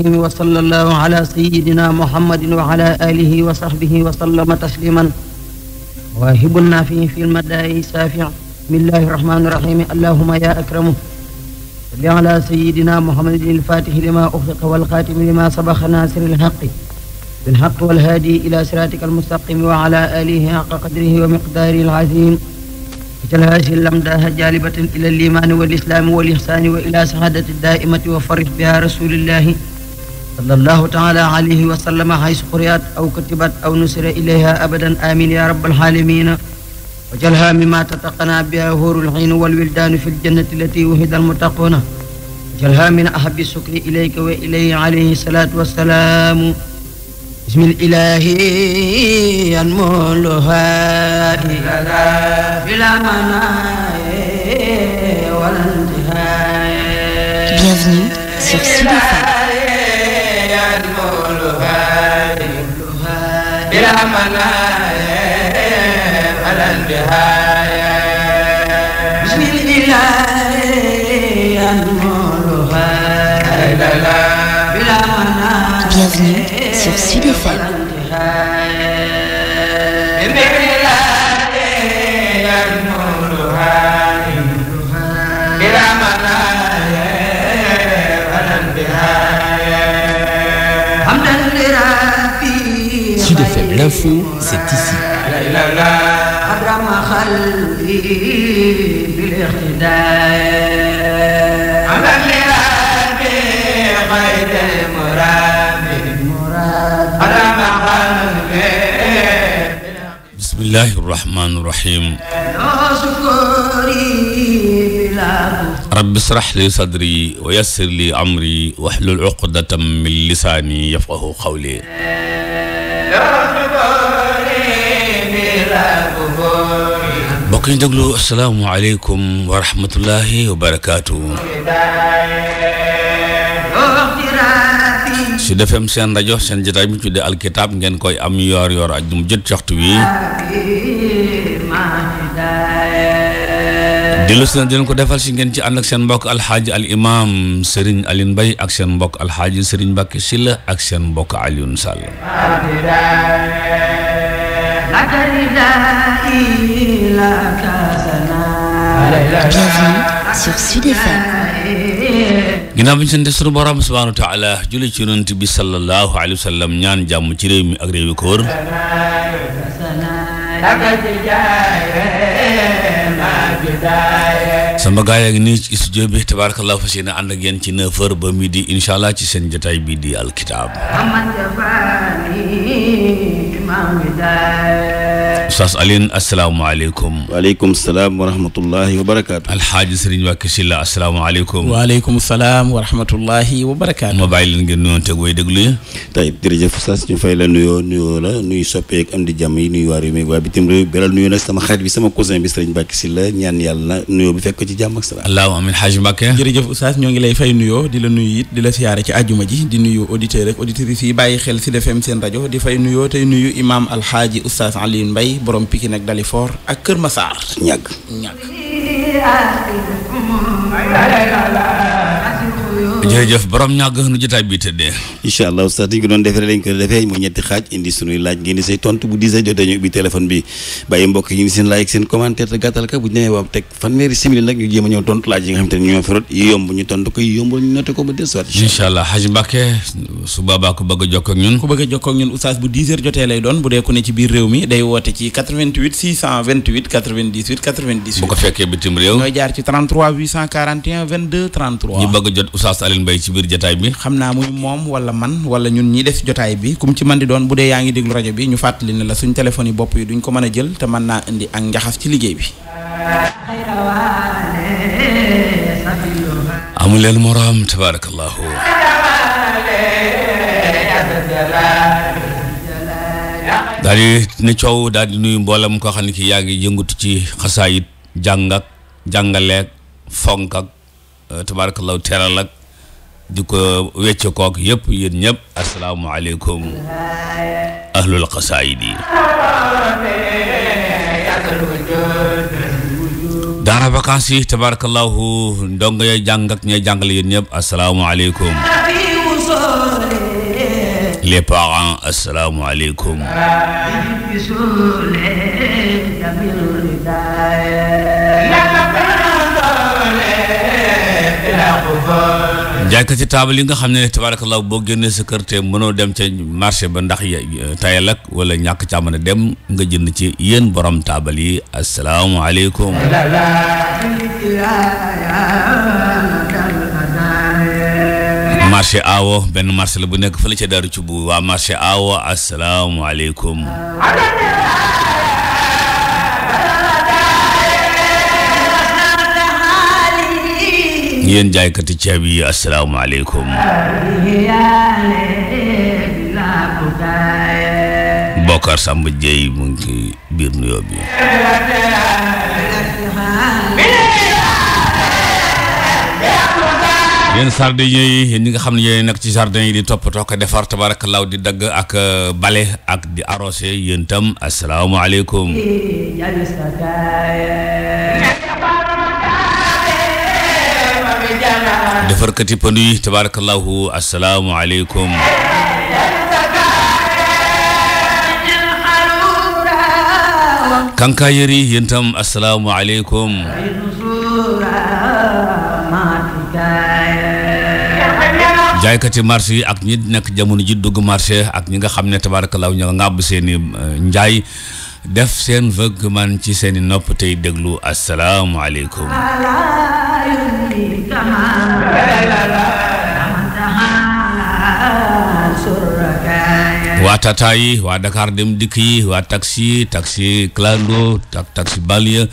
الرحيم وصلى الله على سيدنا محمد وعلى آله وصحبه وسلم تسليما واهب النافع في المداء سافع بسم الله الرحمن الرحيم اللهم يا أكرم صل على سيدنا محمد الفاتح لما أغلق والخاتم لما سبق ناصر الحق بالحق والهادي إلى صراطك المستقيم وعلى آله حق قدره ومقداره العظيم اجعل هذه الأمداح جالبة إلى الإيمان والإسلام والإحسان وإلى سعادة الدائمة وفرج بها رسول الله sallallahu taala alayhi wa sallama haysu quriat aw kutibat aw nusira ilayha abadan amin ya rabbal alamina wajalha mima tataqana biha huurul hiin wal wildaanu fi ljannati allati wuhida almutaquuna wajalha min ahabi sukri ilayka wa ilayhi alayhi salaatu wassalaamu بسم الإله ينملها بلا مناهي ولا انتهاء Bienvenue sur Sud بلا منايا على النهاية بسم الإله أنورها لا لا بلا منايا Bienvenue sur Sud FM. L'info, c'est ici. bismillahi rahmaani rahiim. rabbi israh li sadri wa yassir li amri wahlul uqdatam min lisaani yafqahu qawli mbokk ñu déglu asalaamualeykum wa rahmatullahi wa barakaatu. Sud FM seen rajo seen jotaay bi ñu tuddee alkitab ngeen koy am yoor yoor ak mu jot waxtu wi dellu si na ko defal si ngeen ci ànd ak seen mbokk alxaaji al imam Serigne Alioune Mbaye ak seen mbokk alxaaji Serigne Mbacké sila ak seen mbokk Alioune Sall sur Sud FM. ginnaaw bi ñu sant sunu borom subhaanahu wa taala julli ci yonent bi sallallahu alayhi wa ñaan jàmm ci réew mi ak réew yu ko wër. sama gaay yaa ngi nii ci studio bi tabarakallahu fas yéene ànd ak yéen ci 9h ba midi incha allah ci seen jotaay bii di alkitaab. Oustaz Alioune asalaamaaleykum. waaleykum salaam wa rahmatullahi wa barakaatu. Alxaaji Sëriñ Wàkki Silla asalaamaaleykum. waaleykum salaam wa rahmatullahi wa barakaatu. ma bàyyi leen ngeen nuyoon teg way déglu yi. tey jërëjëf Oustaz ñu fay la nuyoo nuyoo la nuyu soppeek di jàmm yi nuyu waa réew mi waa bitim réew beral nuyoo nag sama xarit bi sama cousin bi Sëriñ Wàkki Silla ñaan la nuyoo bi fekk ko ci jàmm ak salaam. allahumma amiin Xaaji Mbàkke. jërëjëf Oustaz ñoo ngi lay fay nuyoo di la nuyu di la siyaare ci ajuma ji di nuyu auditeur ak auditrices yi bàyyi xel Sud FM seen rajo di fay nuyoo tey nuyu imaam alxaaji oustaz Alioune Mbaye borom Pikine ak Dalifort ak Kër Massar ñàgg ñàgg jërëjëf borom ñàgg nu jotaay bi tëddee incha allah oustaz ñu ko doon defee lañ ko defee mu ñetti xaaj indi sunuy laaj ngi seen laaj tontu bu 10 jotee lay doon bu dee ku ne ci biir réew mi day woote ci 88 fekkee bitim réew ñooy jaar ci ñu bëgg a jot oustaz Aline Mbaye ci biir jotaay bi xam naa muy moom wala man wala ñun ñi def jotaay bi kum ci man di doon bu dee yaa ngi rajo bi ñu fàttali ne la suñ téléphone yi bopp yi duñ a jël te mën naa indi ak njaxas ci liggéey bi amu leen moroom tabaarakallaahu daal di coow daal di nuyu mboolam koo xam ne ki yaa ngi yëngatu ci xasaayit jàng ak jàngaleeg fonk di ko wecc kook yëpp yéen ñëpp asalaamualeykum ahlul qasaayid yi daara vacances yi tabarakallahu ndongo ya jàng ak ñay jàngale yéen ñëpp asalaamualeykum les parents asalaamualeykum jaaykat ci taabal yi nga xam ne tabarakallah boo génnee sa kër te mënoo dem ce marché ba ndax tayal ak wala ñàkk caa dem nga jënd ci yéen borom taabal yi asalaamualeykum. marché awo benn marché la bu nekk fële ca daaru ci bu waa marché awo asalaamualeykum. yéen jaaykati ceeb yi asalaamaaleykum Bokar Samb Jeey mu ngi biir nuyoo bi yéen sardin yi yéen nga xam ne yéen nag ci jardin yi di toppatoo ko defar tabaarakallaaw di dagg ak euh, bale ak di arrosé yéen tam asalaamaaleykum da farkati fani tabarakallahu assalamu alaikum kanka yeri yentam assalamu alaikum jaaykati marché yi ak ñi nekk jamono ji dugg marché ak ñi nga xam ne tabarakallahu ña ngàbb seeni euh, njaay def seen vëgg man ci seeni nopp tey déglu assalaamu aleykum waa tata waa Dakar dem dikk yi waa taksi taksi clando ak taxi banlieue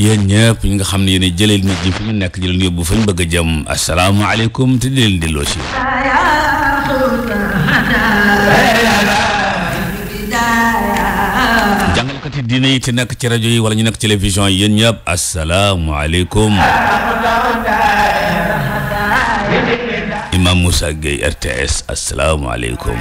yéen ñëpp nga xam ne yéen jëleel nit ñi fi ñu nekk jëleen yóbbu fa ñu bëgg a jëm asalaamaaleykum te di leen delloo si jàngalekat yi diine yi nekk ci rajo yi wala ñu nekk télévision yi yéen ñëpp asalaamaaleykum Imam Moussa Gueye RTS asalaamaaleykum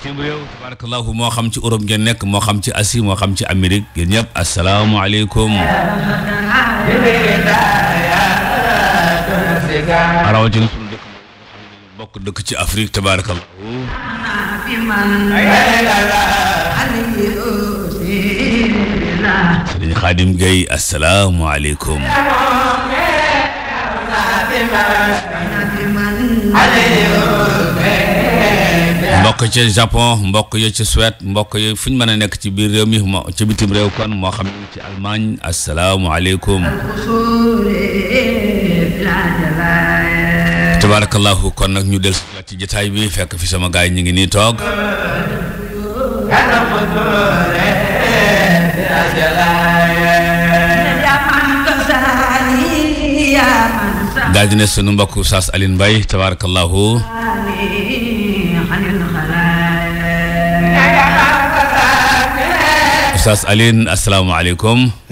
tabarakallahu moo xam ci Europe ngeen nekk moo xam ci Asie moo xam ci Amérique yéen ñëpp asalaamaaleykum rawatina sunu dëkk bokk dëkk ci Afrique tabarakallahu sëñ Xaadim Gay asalaamualeykum mbokk ca Japon mbokk yo ci Suède mbokk yo fu ñu mën a nekk ci biir réew mi moo ci bitim réew kon moo xam ne ci Allemagne asalaamualeykum tabaarakallahu kon nag ñu del ci jataay bi fekk fi sama gaay ñi ngi nii toog daal di ne sunu mbokk Oustaz Alioune Mbaye tabarakallahu Oustaz Alioune asalaamaaleykum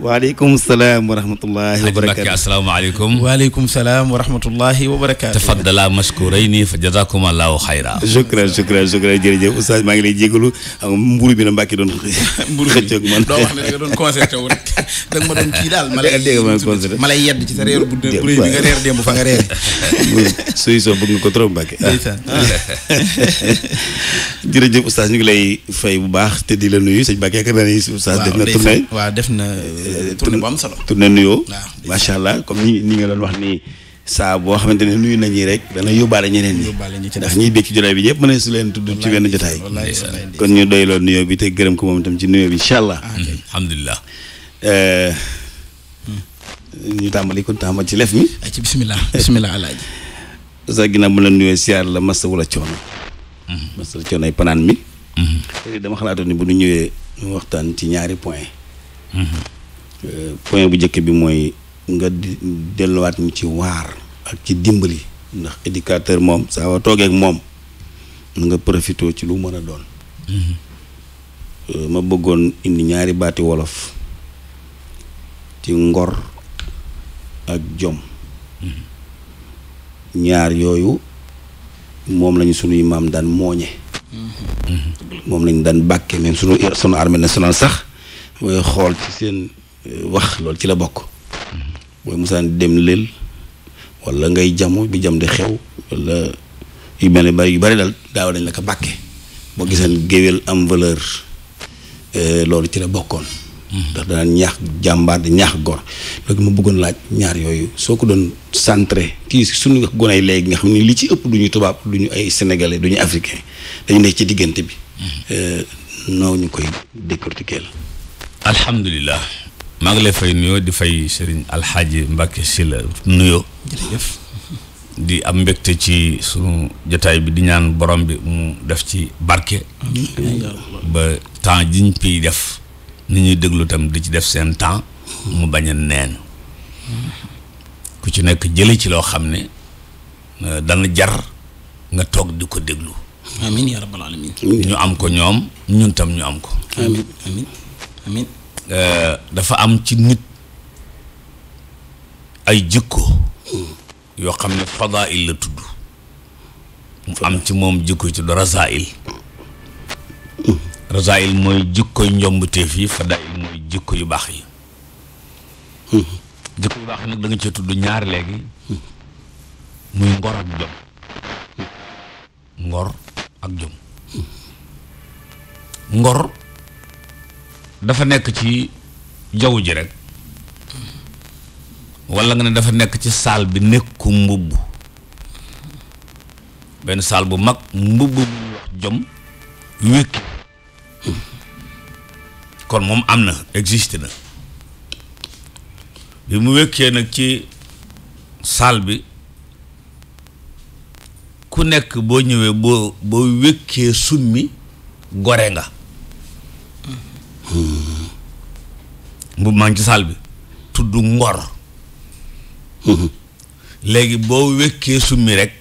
waaleykum salaam wa rahmatullahi wa barakaatu asalaamaaleykum waaleykum salaam wa rahmatullahi wa barakaatu tafaddala mashkurayni fa jazakum allahu xayra shukran shukran shukran jërëjëf oustaz maa ngi lay jégalu mburu bi na mbàkki doon mburu xëccoog man doo wax ne da nga doon concerté wu rek da nga ma doon kii daal ma lay dégg ma concerté ma lay yedd ci sa reer bu rëy bi nga reer démb fa nga reer suy soo bëgg nga ko trop mbàkke jërëjëf oustaz ñu ngi lay fay bu baax te di la nuyu sëñ Mbàkke yaakaar naa ne oustaz def na tournée waaw def na Euh, euh, tournée bu am solo. tournée nuyoo. waaw macha allah comme ni ni nga doon wax nii. saa boo xamante ne nuyu nañu rek dana yóbbaale ñeneen ñi ndax ñiy békk ci jotaay bi ñëpp mën nañ su leen tudd ci benn jotaay kon ñu doy loon nuyoo bi te gërëm ko moom itam ci nuyoo bi incha allah ah, mm-hmm. alhamdulilah euh, ñu tàmbali kon tàmbali ci lef mi ay ci bisimilah bisimilah alaaji sa ginnaaw mu la nuyoo siyaar la masa wala coono mm-hmm. masa la coono ay panaan mi mm-hmm. dama xalaatoon ni bu ñu ñëwee ñu waxtaan ci ñaari point Euh, point bu njëkk bi mooy nga delluwaat ñu ci waar ak ci dimbali ndax éducateur moom saa wa toogeek moom nga profité ci lu mën a doon mm-hmm. euh, ma bëggoon indi ñaari baati wolof ci ngor ak jom mm-hmm. ñaar yooyu moom lañu sunuy maam daan mooñe mm-hmm. moom lañu daan bàkke même sunu sunu armée nationale sax mooy xool ci seen wax loolu ci la bokk mooy mosaan dem lël wala ngay jamu bi jam de xew wala yu mel ne bari yu bari daal daaw dañ la ko bàkke boo giseen géwél am valeur eh, loolu ci la bokkoon ndax danaan ñaax jàmbaar di ñaax gor léegi ma bëggoon laaj ñaar yooyu soo ko doon centré kii suñu gone yi léegi nga xam ne li ci ëpp duñu tubaab duñu ay sénégalais duñu africain dañu nekk ci diggante bi mm-hmm. eh, noo ñu koy décortiquer la maa lay fay nuyoo di fay Serigne Alxaaji Mbacke Sylla nuyoo di am mbégte ci suñu jotaay bi di ñaan borom bi mu def ci barke ba temps jiñ fi def ni ñuy déglu tam di ci def seen temps mu bañ a neen ku ci nekk jële ci loo xam ne euh, dana jar nga toog di ko déglu amiin ñu am ko ñoom ñun tam ñu am ko Euh, dafa am ci nit ay jikko yoo xam ne fadail la tudd mu am ci moom jikko ci tudd rasail rasail mooy jikko njombteef yi fadail mooy jikko yu baax yi jikko yu baax yi nag da nga ci tudd ñaar léegi muy ngor ak jom ngor ak jom ngor dafa nekk ci jaww ji rek walla nga ne dafa nekk ci saal bi nekku mbubb benn saal bu mag mbubb bu wax jom wékki kon moom am na existe na bi mu wékkee nag ci saal bi ku nekk boo ñëwee boo boo wékkee summi gore nga mbubb hmm. maa ci saal bi tudd ngor hmm. léegi boo wékkee summi rek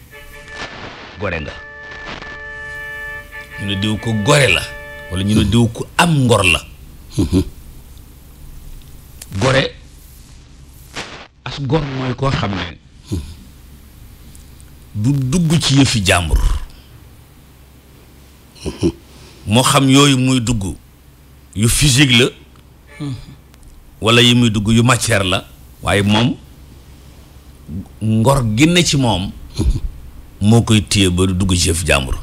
gore nga ñu ne diw ko gore la wala ñu ne diw ko am ngor la hmm. gore as gor mooy koo xam ne du dugg ci yëfi jàmbur moo xam yooyu muy dugg yu physique la walla yi muy dugg yu matière la waaye moom ngor gi ci moom moo koy téye ba du dugg jëf jàmbur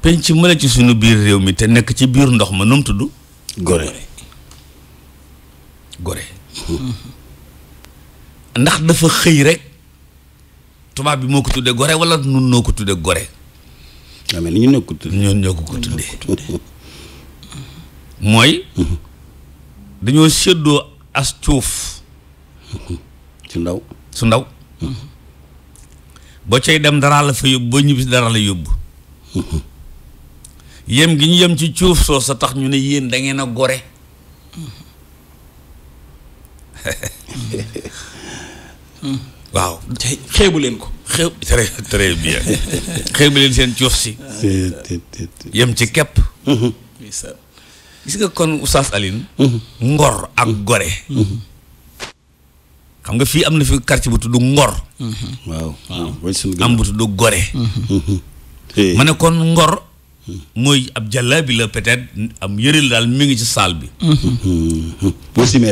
penc ci la ci sunu biir réew mi te nekk ci biir ndox ma nu tudd gore gore ndax dafa xëy rek tubaab bi moo ko tuddee gore wala nun noo ko tuddee gore waaw mais ñu ñoo ko tuddee ñoo ñoo ko tuddee mooy. dañoo seddoo as cuuf. su ndaw su ndaw. boo cay dem daraa la fa yóbbu boo ñibbisi dara la yóbbu. yem gi ñu yem ci cuuf soo sa tax ñu ne yéen da ngeen a gore. waaw xeebu leen ko xew très très bien xeebu leen seen cuuf yem ci kepp mm-hmm. gis nga kon Oustaz Alioune mm-hmm. ngor ak gore mm-hmm. xam nga fii am na fi quartier bu tudd ngor waaw am bu tudd gore ma ne kon ngor mooy ab jàlla bi la peut-être am yëril daal mi ngi ci saal bi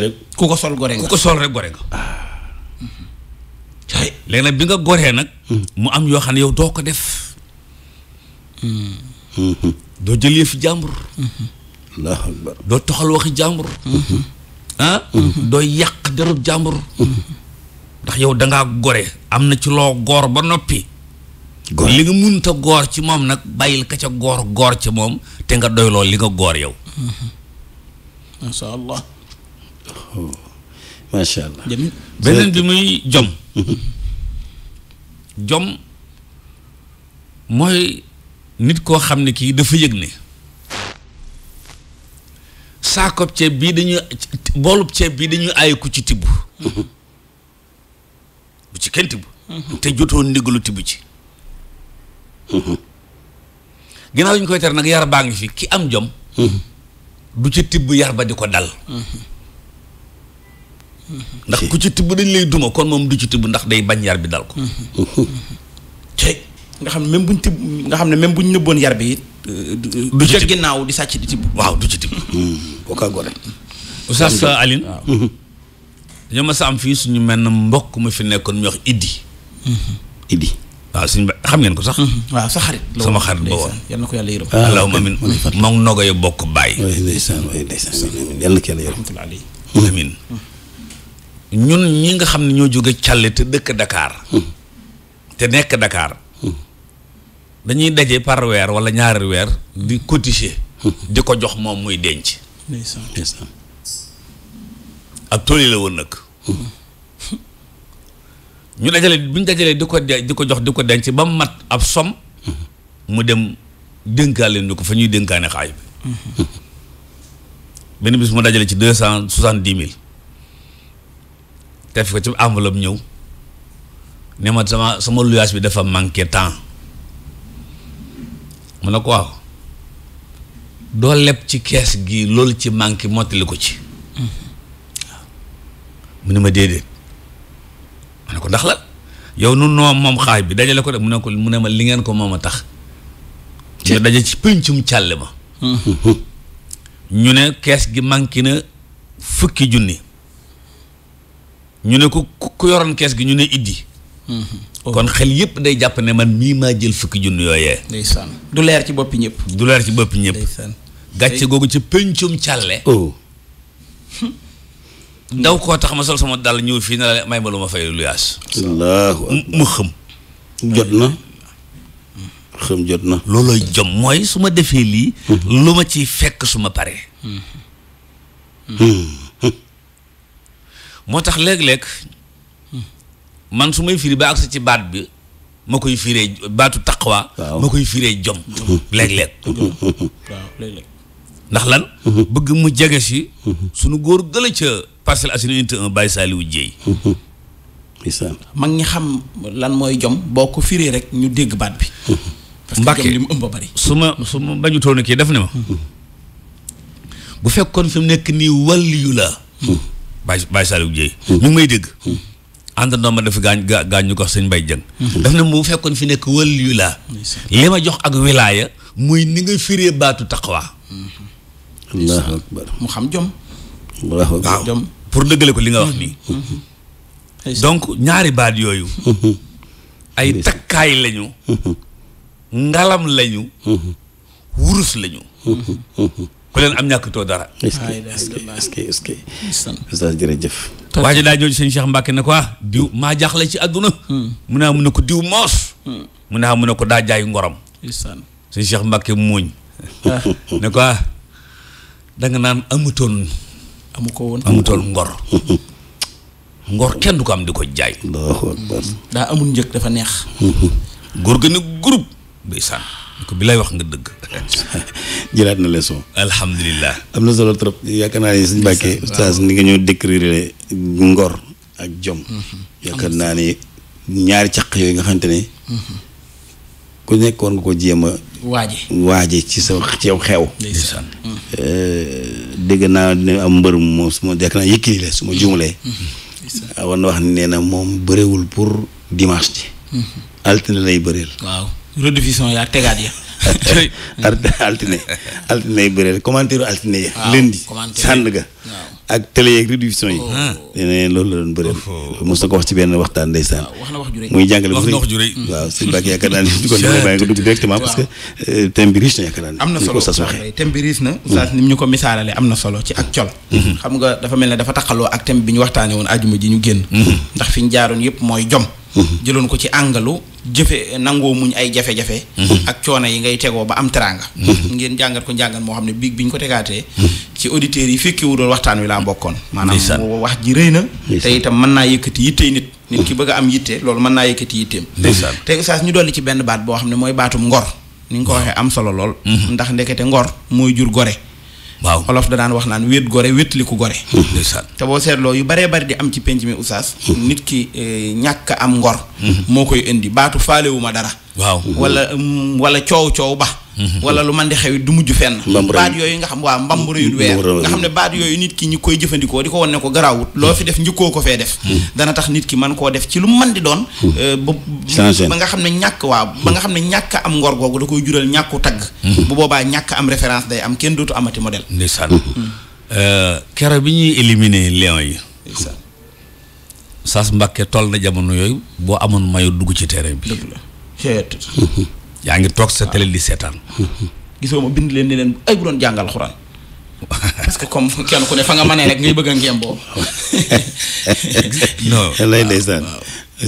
rek ku ko sol gore nga ku ko sol rek gore nga ah. léegi nag bi nga goree nag. Hmm. mu am yoo xam ne yow doo ko def. Hmm. doo jël fi jàmbur. Hmm. doo toxal waxi jàmbur. ah. doo yàq derub jàmbur. ndax yow da ngaa gore am na ci loo goor ba noppi. góor li nga munta goor ci moom nag bàyyil ka ca goor goor ci moom te nga doyloo li nga goor yow. macha allah beneen bi muy jom jom mooy nit koo xam ne kii dafa yëg ne saakob ceeb bii dañuy boolub ceeb bii dañuy aaye ci tibb bu ci kenn tibb te jotoon ndigalu tibb ci ginnaaw ñu koy tere nag yar baa ngi fi ki am jom mm-hmm. du ci tibb yar ba di ko dal mm-hmm. ndax ku ci tibb dañ lay duma kon moom du ci tibb ndax day bañ yar bi dal ko te nga xam ne même buñ tibb nga xam ne même buñ nëbboon yar bi du ca ginnaaw di sàcc di tibb waaw du ci tibb hmm. kooka gore oustaz Alioune dañoo sa am fii suñu mel na mbokk mu fi nekkoon mu wax iddi hmm. iddi waaw suñ ba xam ngeen ko sax hmm. waaw sa xarit sama xarit ba woon yal na amin moom nogo bokk bàyyi ndeysaan ndeysaan yal na ko ñun ñi nga xam ne ñoo jóge càll te dëkk dakaar hmm. te nekk dakaar hmm. dañuy daje par weer wala ñaari weer di cotiser hmm. di ko jox moom muy denc ab tolli la woon nag ñu dajale bu ñu dajalee di ko di ko jox di ko denc ba mu mat ab som mu dem dénkaale ñu ko fa ñuy dénkaane xaaj bi benn bis mu dajale ci deux cent soixante-dix mille def ko ci enveloppe ñëw ne ma sama sama luyaas bi dafa manqué temps mu ne ko waaw doo leb ci kees gi loolu ci manqué mottali ko ci mm-hmm. mu ne ma déedéet ma ne ko ndax la yow nu noo moom xaaj bi dajale ko de mu ne ko mu ne ma li ngeen ko moom a tax ñu daje ci pëncum càll ma mm-hmm. ñu ne kees gi manqué na fukki junni ñu ne ku ku yoroon kees gi ñu ne iddi mm-hmm. kon oh. xel yëpp day jàpp ne man mii maa jël fukki junni yooyee ndeysaan du leer ci boppi ñëpp du leer ci boppi ñëpp gàcce googu ci pëncum càlle oh. ndaw koo tax ma sol sama dàll ñëw fii ne la may ma lu ma fay lu yaas mu xëm jot na xam jot na loolooy jom mooy su ma defee lii mm-hmm. lu ma ciy fekk suma pare hmm. moo tax léeg-léeg man su may firi ba agsi ci baat bi ma koy firee baatu taqwa ma koy firee jom léeg-léeg ndax lan bëgg mu jege si suñu góor gëla ca Parcelles Assainies unité 1 Baye Saliou mag ñi xam lan mooy jom boo ko firee rek ñu dégg baat bi Mbàkke li mu ëmb bari su ma su ma bañu toon kii def ne ma bu fekkoon fi mu nekk nii wàlliyu la Baye Baye Saliou Dieye hmm. ñu may dégg hmm. àndandoo ma dafa gaañ gaañ ñu ko sëñ Mbaye Dieng hmm. daf ne bu fekkoon fi nekk wël yu laa li ma jox ak wilaaya muy ni nga firee baatu taqwa allahu xam jom pour dëggale ko li nga wax nii donc ñaari baat yooyu ay takkaay lañu ngalam lañu wurus lañu ku leen am ñàkkatoo dara. Ah, est ce que est jërëjëf. waa ji daa ñëw sëñ Cheikh Mbacke ne ko ah diw maa jaaxle ci àdduna. mun naa mun na ko diw moos. mun naa mun na ko daa jaay ngorom. sëñ Cheikh Mbacke muuñ. Ah. ne ko ah danga naan amutoon. ko woon amutoon ngor. ngor kenn du ko am di ko jaay. daa amul njëg dafa neex. góor gën a groupe. ko bi lay wax nga dëgg. jëlaat na leçon. alhamdulilah. am na solo trop yaakaar naa ne suñu bàkkee. oustaz ni nga ñoo décrire ngor ak jom. Mm-hmm. yaakaar naa ne ñaari caq yooyu nga xamante ne. Mm-hmm. ku nekk war nga ko jéem a. waaje ci sa ci yow xew. Eh, dégg naa ne am mbër moom su ma yaakaar naa yëkkili la su war mm-hmm. na wax ne nee na moom bëriwul pour dimanche ji. altine lay bëreel. rediffusion yaa tegaat ya. altine altine yu bëri commentaire altine ya. waaw lundi sànd ga. ak télé yeeg rediffusion yi. Oh. nee loolu la doon bëri. Oh. mos na ko wax ci benn waxtaan ndeysaan. wax na wax ju rëy muy jàngale bu rëy. Mm. waaw sëñ Bakk yaakaar naa ne du ko defee bàyyi ko dugg directement parce que euh, thème bi riche na na solo thème bi riche na. Mm. oustaz ni mu ñu ko misaalalee am na solo ci ak col. Mm-hmm. xam nga dafa mel ne dafa taxaloo ak thème bi ñu waxtaanee woon ajuma ji ñu génn. Mm-hmm. ndax fi ñu jaaroon mooy jom. jëloon ko ci àngalu jëfe nangoo muñ ay jafe-jafe ak coono yi ngay tegoo ba am teraanga ngeen jàngat ko njàngat moo xam ne biig bi ñu ko tegaatee ci auditeurs yi fekkiwu doon waxtaan wi laa bokkoon maanaam wax ji rëy na te itam mën naa yëkkati yittey nit nit ki bëgg a am yitte loolu mën naa yëkkati yitteem te saas ñu dolli ci benn baat boo xam ne mooy baatum ngor ni nga ko waxee am solo lool mm-hmm. ndax ndekete ngor mooy jur gore waaw olof da daan wax naan wéet gore wéetliku gore hmm. te boo seetloo yu baree bari di am ci penc mi oustaz hmm. nit ki eh, ñàkk am ngor hmm. moo koy indi baatu faalewuma dara waaw wala um, wala coow coow ba. Mhm. wala lu man di xew du mujj fenn. baat yooyu nga xam waa mbambu rëyut weer nga xam ne baat yooyu nit ki ñu koy jëfandikoo di ko wan ko garaawut loo fi def njëkkoo ko fee def. Mhm. dana tax nit ki man koo def ci lu man di doon. Mhm. Euh, ba nga xam ne ñàkk waaw ba nga xam ne ñàkk am ngor googu da koy jural ñàkku tagg. bu boobaa ñàkk am référence day am kenn dootu amati modèle. ndeysaan euh, kero bi ñuy élimine lion yi. ndeysaan Saas Mbàkke toll na jamono yooyu boo amoon mayu dugg ci terrain bi. xeet yaa ngi toog sa télé di seetaan gisoo ma bind leen ni leen ay bu doon jàngal xuraan parce que comme kenn fa nga mënee rek a ngéem boo non lay ndeysaan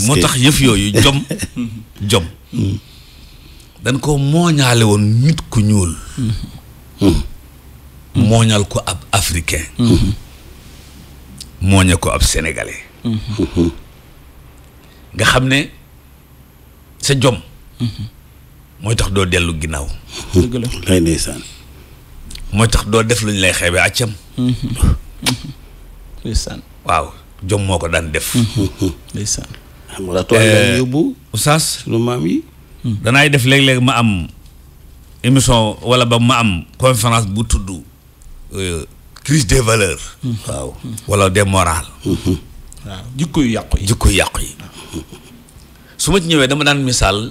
moo tax yëf yooyu jom jom dañ ko mooñaale woon nit ku ñuul mooñal ko ab africain mooñal ko ab sénégalais nga xam ne sa jom. Mm-hmm. mooy tax doo dellu ginnaaw. dëgg la mooy tax doo def lu lay xeebee àccam. Mm-hmm. waaw jom moo ko daan def. Mm-hmm. ndeysaan. xam nga daal yóbbu. Eh, oustaz yi. danaay def léeg-léeg ma am émission wala ba ma am conférence bu tudd euh, crise de valeurs. waaw wala des morales. waaw jikko yu yàqu yi. jikko yàqu yi. su ma ñëwee dama daan misaal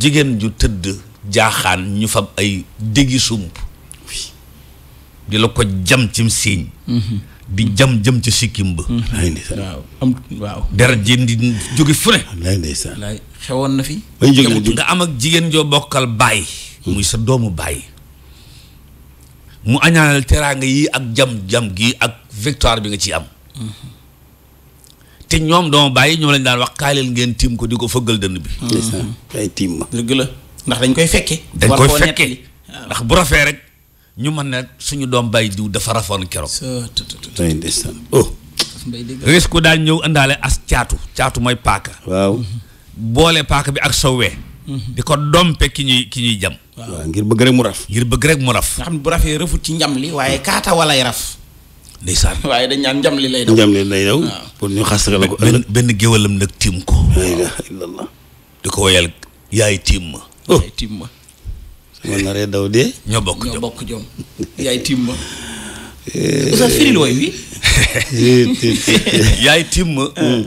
jigéen ju tëdd jaaxaan ñu fab ay déggi sump di la ko jam cim siiñ di jam jëm ci sikkim ba. waaw am waaw. dara jéem xewoon na fi. nga am ak jigéen joo bokkal baay. Hmm. muy sa doomu baay. mu añaanal teraanga yi ak jam jam gi ak victoire bi nga ci am. Hmm. te ñoom dama bàyyi ñoom lañ daan wax kaaleel ngeen tiim ko di ko fëggal dënn bi. Mm-hmm. ay tiim ma. la ndax dañ koy fekke dañ koy fekke ndax bu rafee rek ñu mën na suñu doom bàyyi diw dafa rafoon keroog. oh. ko daal ñëw indaale as caatu caatu mooy paaka. boole paaka bi ak sowee. Mm-hmm. di ko dompe ki ñuy ki ñuy jam. waaw ngir bëgg rek mu raf. ngir bëgg rek mu raf. nga xam ne bu rafee rafut ci njam li waaye kaata walay raf. ndeysaan waaye dañ ñaan njam li lay daw njam li lay daw pour ñu xas la ko benn benn ko la ilaha illallah di ko woyal yaay tiim ma yaay tiim ma oh. bokk ñoo bokk jom yaay tiim eh. hmm.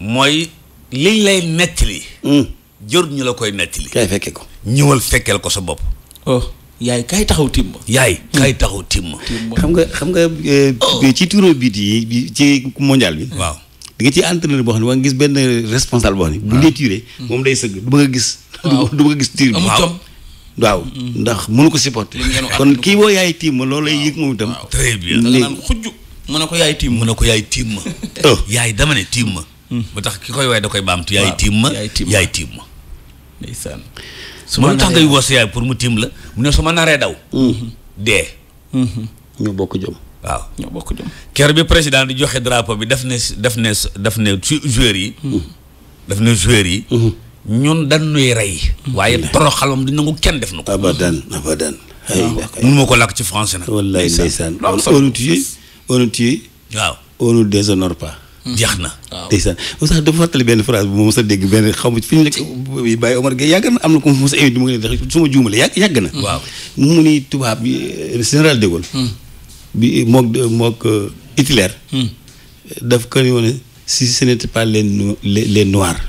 mooy liñ lay nettali hmm. jor ñu la koy nettali kay fekke ko ñëwal fekkeel ko sa bopp oh. yaay kaay taxaw timma yaay hmm. kaay taxaw timma xam nga xam nga oh. euh, ci turo biit yi ci mondial bi waaw di nga ci entraîneur boo xam ne ba gis benn responsable boo xam ne hmm. moom day sëgg du bëgg gis du bëgg gis tir bi waaw waaw hmm. ndax mënu ko supporter kon kii boo yaay timma loolu lay yëg moom itam très bien naan xujj mën na ko yaay tiim mën na ko yaay tiim oh. yaay dama ne tiim ma ba tax ki koy waaye da koy baamtu yaay tiim ma yaay tiim ma ndeysaan su ma tax ngay woo sa yaay pour mu tiim la mu ne su ma naree daw. Mm-hmm. dee. Mm-hmm. ñoo bokk jom. waaw ñoo bokk jom. ker bi président di joxe drapeau bi daf ne daf ne daf ne ci joueurs yi. Mm-hmm. daf ne joueurs yi. ñun dañuy rey. waaye toroxalam du nangu kenn def na ko. abadan abadan. mun moo ko làkk ci français na wallaay ndeysaan on on nous tue, on nous tue. waaw on nous déshonore pas. jeex na. waaw ndeysaan sax dafa benn phrase bu ma mos a dégg benn xaw ma a invité mu ngi ne su ma juumalee yàgg yàgg na. mu ni tubaab bi euh, général de Gaulle. Hmm. bi mook mook euh, Hitler. Hmm. daf ko ni woon si ce n'était pas les no les noirs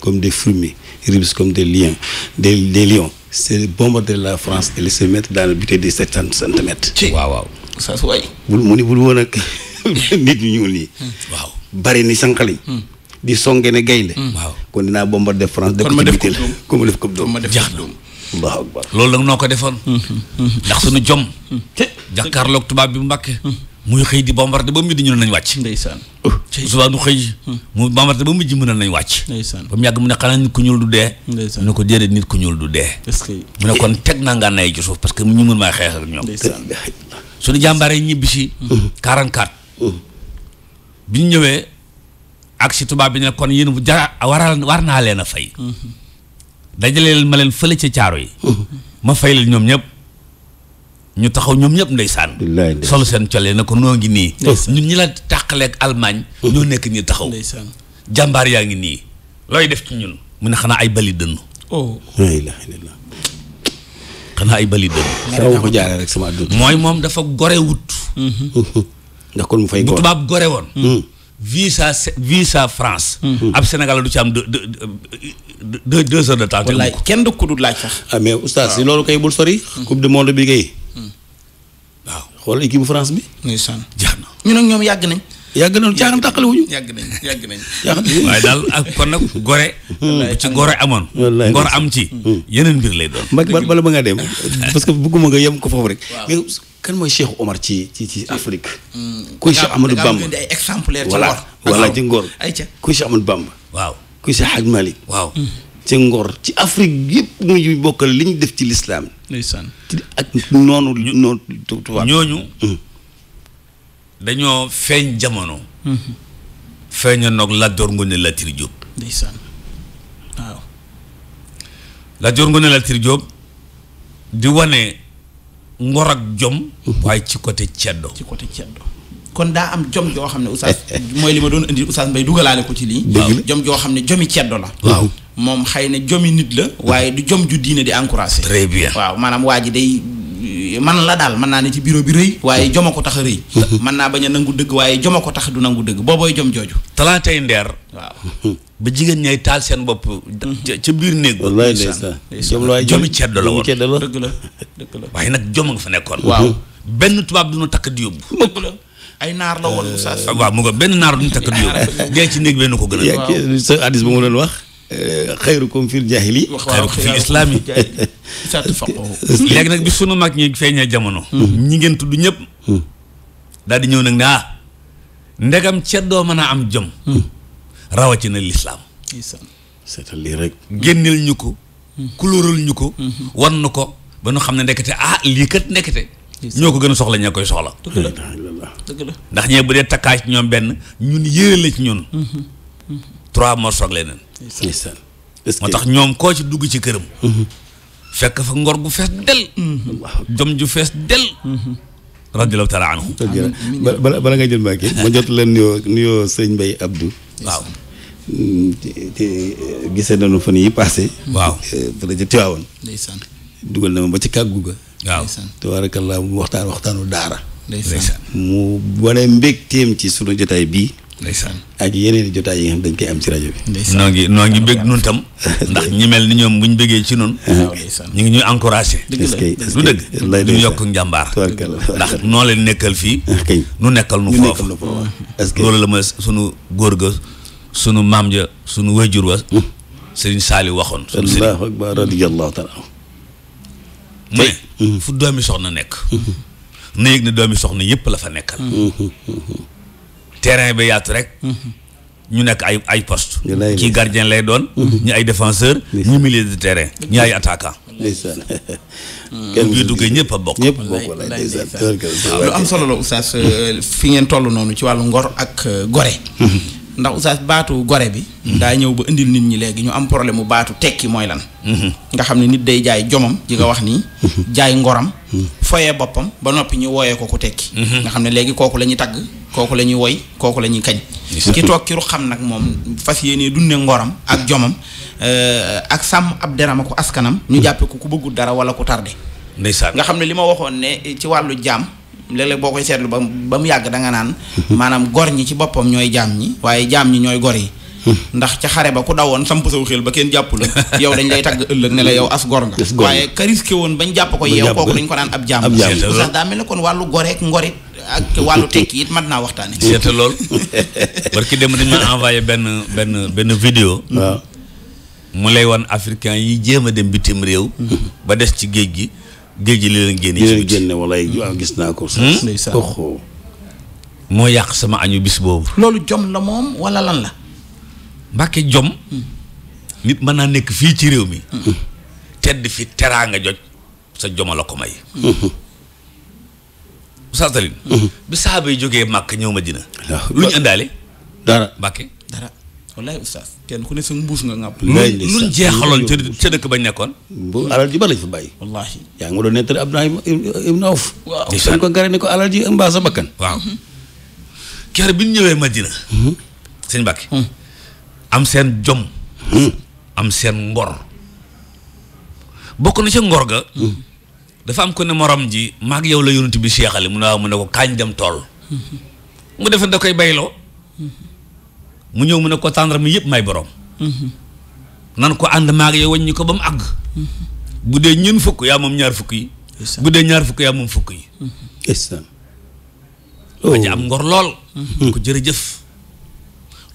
comme des fourmis ribes comme des lions des des lions c'est bombarder la France et les se mettre dans le butée cent centimètres. waaw waaw. mu ni bul woon ak. nit ñu ñuul ñi. waaw bari ni sànqal yi. Hmm. di songe ne gaynde. Hmm. waaw kon dinaa bombardé France. def ko ci bitel kon ma def ko doom ma def jax doom. allahu akbar loolu nag noo ko defoon. Hmm, ndax suñu jom. te jàkkaarloog tubaab bi Mbàkke. muy xëy di bombardé ba midi ñu ne nañ wàcc. ndeysaan. Uh, suba nu xëy. mu bombardé ba midi mu ne nañ wàcc. ndeysaan ba mu yàgg mu ne xanaa nit ku ñuul du dee. ndeysaan mu ne ko déedéet nit ku ñuul du dee. est-ce que mu ne kon teg naa ngaa nay ci suuf parce que ñu mën maa xeex ak ñoom. ndeysaan suñu jàmbaare ñibbi si. 44. bi ñëwee ak si tubaab bi ne kon yéen bu jara waral war naa leen a fay. dajaleel ma leen fële ci caaro yi. ma fay leen ñoom ñëpp. ñu taxaw ñoom ñëpp ndeysaan. solo seen colee na ko noo ngi nii. ñun ñi la tàqaleeg Allemagne. ñoo nekk nii taxaw. jàmbaar yaa ngi nii. looy def ci ñun. mu ne xanaa ay bali dënnu. oh. ay bali mooy moom dafa gore wut. Mm-hmm. ndax kon mu fay góor bu tubaab gore woon. Hmm. Hmm. visa visa France. Hmm. ab Sénégal du ci am deux deux deux heures de temps. wallaay kenn du ko du laaj sax. ah mais oustaz si loolu kay bul sori. coupe du monde bi kay. waaw xool équipe France bi. ndeysaan jaar na ñun ak ñoom yàgg nañ. yàgg nañ caaram tàqale wuñu. yàgg nañ yàgg nañ. waaye daal ak kon nag gore. ci gore amoon. gore am ci. yeneen mbir lay doon. mbag bala ba nga dem. parce que bëgguma nga yem ko foofu rek. kan mooy Cheikh Omar ci ci ci Afrique. Hmm, kuy Cheikh Amadou Bamba da ay ci ngor. voilà ci waaw kuy Cheikh Hadj Malick. waaw hmm. ci ngor ci Afrique yëpp ñu bokkal li def ci lislaam ndeysaan ak noonu tubaab. ñooñu. Hmm. dañoo feeñ jamono. feeña noog Lat Joor Ngoone Latir Jóob. Latir Jóob di wane. ngor ak jom. waaye ci côté ceddo. ci côté ceddo kon daa am jom joo xam ne oustaz mooy li ma doon indi oustaz mbay dugalaale ko ci lii. jom joo xam ne jomi ceddo la. moom xay na jomi nit la. waaye du jom ju diine di encouragé. très waaw maanaam waa ji day. man la daal man naa ne ci bureau bi rëy waaye mm-hmm. joma ko tax a mm-hmm. naa bañ a nangu dëgg waaye joma ko tax du nangu dëgg boobooy jom jooju talaatay ndeer waaw mm-hmm. ba jigéen ñay taal seen bopp ca biir néeg wallaay ndeysaan jomi ceddo la woon la dëgg la waaye nag jom nga fa nekkoon waaw benn tubaab du ñu takk di yóbbu dëgg la ay naar la woon Moussa waaw mu nga benn naar du ñu takk di yóbbu dee ci néeg benn ko gën a waaw sa hadiis ba mu doon wax Euh, xayrukum fil jaahili xayrukum fil islaami léegi nag bi sunu mag ñi feeñee jamono hmm. Hmm. ñi ngeen tudd ñëpp hmm. daal di ñëw nag ne ah ndegam ceddoo mën a am jom rawatina lislaam seetal lii rek génneel ñu ko kulóoral ñu ko wan na ko ba ñu xam ne ndekete ah lii kat ndekete ñoo ko gën a soxla ña koy soxla dëgg la ndax ñee bu dee takkaay ci ñoom benn ñun yéere la ci ñun trois morceaux ak leneen. ndeysaan moo tax ñoom koo ci dugg ci këram. Mm-hmm. fekk fa ngor gu fees del. Mm-hmm. jom ju fees del. Mm-hmm. radiyallahu taala anhu. bala bala ngay jël mbaa ma jot la nuyoo nuyoo sëñ Mbaye Abdou. waaw. Mm, gisee nañu fa yi passé. waaw euh, fële ca Tiwaawan. ndeysaan dugal na ma ba ci kàggu ga. waaw tabaarakallaa mu waxtaan waxtaanu daara. ndeysaan mu wane mbégteem ci sunu jotaay bii. ndeysaan ak yeneen i jotaay dañ koy am ci rajo bi. ndeysaan noo ngi noo ngi bëgg nun tam. ndax ñi mel ni ñoom buñ bëggee ci noonu. Ah, ñu ngi ñuy encouragé. dëgg la du dëgg. du yokk njàmbaar. ndax noo leen nekkal fii. nu nekkal nu foofu mm-hmm. loolu la ma sunu góor ga sunu maam ja sunu wajur wa. Mm. sëriñ Saali waxoon. sunu sëriñ allahu akbar radiyallahu taala mu mm-hmm. fu doomi soxna nekk. Mm-hmm. na yëg ne doomi soxna yëpp la fa nekkal. terrain bi yaatu rek. Mhm. ñu nekk ay ay poste kii gardien lay doon. Mhm. ñu ay défenseur ñu milieu de terrain. ñu ay attaquant. ndeysaan. duggee ñëpp a bokk. ñëpp lu am solo la oustaz euh, fi ngeen toll noonu ci wàllu ngor ak euh, gore. Mhm. ndax oustaz baatu gore bi daa ñëw ba indil nit ñi léegi ñu am problème mu baatu tekki mooy lan mhm. nga xam ne nit day jaay jomam ji nga wax nii mhm. jaay ngoram mhm. foyee boppam ba noppi ñu wooyee ko ku tekki nga xam ne léegi kooku la ñuy tagg kooku la woy kooku la ñuy kañ ki toog ki ru xam nag moom fas yéenee dunde ngoram ak jomam euh, ak sàmm ab deram ak askanam ñu jàppee ko ku bëggul dara wala ku tardé ndeysaan nga xam ne li ma waxoon ne ci wàllu jaam léeg-léeg boo koy seetlu ba ba mu yàgg da nga naan maanaam gor ñi ci boppam ñooy jaam ñi waaye jaam ñi ñooy gor yi ndax ca xare ba ku dawoon samp saw xel ba kenn jàpp la yow dañ lay tàgg ëllëg ne la yow as gor nga waaye ka risqué woon bañ jàpp ko yeew kooku dañ ko naan ab jaam sax daa mel kon wàllu goreek ngorit ak wàllu tekki it mat naa waxtaane seeta lool parce que dem dañ ma envoyé benn benn benn vidéo mu lay won africain yi jéem a dem bitim réew mm-hmm. ba des ci géej gi géej gi li leen génne. li leen génne wala hmm? gis naa ko. Hmm? ndeysaan oxo moo yàq sama añu bis boobu. loolu jom na moom wala lan la. mbàkke jom. Hmm. nit mën naa nekk fii ci réew mi. tedd fi teraanga jot sa joma la ko may. Oustaz Alioune. bi saaba jógee màkk ñëw Madina. Ah, lu ñu àndaale. dara mbàkke dara. wallaay oustaz kenn ku ne sa mbuus nga ngàpp lu jeexaloon ca dëkk bañ nekkoon bu alal ji ba lañ fa bàyyi wallaahi yaa ngi doon nettali Abdoulaye ibn Awf waaw dañ ko gare ne ko alal ji mbaa sa bakkan waaw kere bi ñu ñëwee Madina mhm. sëñ Mbàkke mhm. am seen jom mhm. am seen ngor bokk na ca ngor ga dafa am ko ne moroom ji maag yow la yonent bi seexale mun a mun ne ko kaañ dem tool mu defe da koy bayloo mu ñëw mu ne ko tàndarma yëpp may borom. nan ko ànd maag yow wàññi ko ba mu àgg. bu dee ñun fukk yaa moom ñaar fukk yi. bu dee ñaar fukk yaa moom fukk yi. Oh. am ngor lool. Mm-hmm. ko jërëjëf.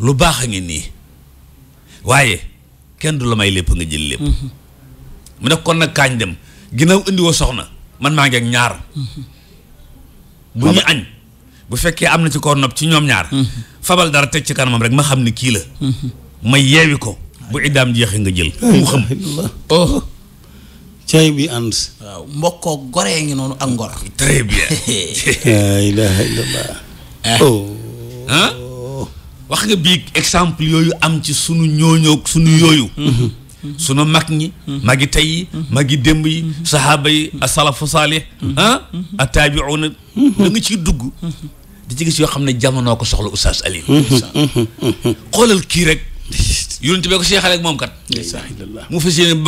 lu baax a ngi waaye kenn du la may lépp nga jël lépp. Mm-hmm. mu ne kon nag kaañ dem ginnaaw indiwoo soxna man maa ngi ak ñaar. Mm-hmm. bu ñu añ. bu fekkee am na ci koo nopp ci ñoom ñaar fabal dara teg ci kanamam rek ma xam ne kii la ma yeewi ko bu iddaam jeexee nga jël oh. bi ànd waaw mbokkoo goree ngi noonu ak ngor très bien la ilaha illallah ah. oh. ah? wax nga bii exemple yooyu am ci sunu ñooñoog sunu yooyu mm-hmm. sunu mag ñi magi tey yi magi démb yi sahaaba yi asalafu saalih ah ataabiuuna da nga ciy dugg di ci gis yoo xam ne jamonoo ko soxla oustaz Aliou xoolal kii rek yonent bi ko seexale ak moom kat mu fas yéene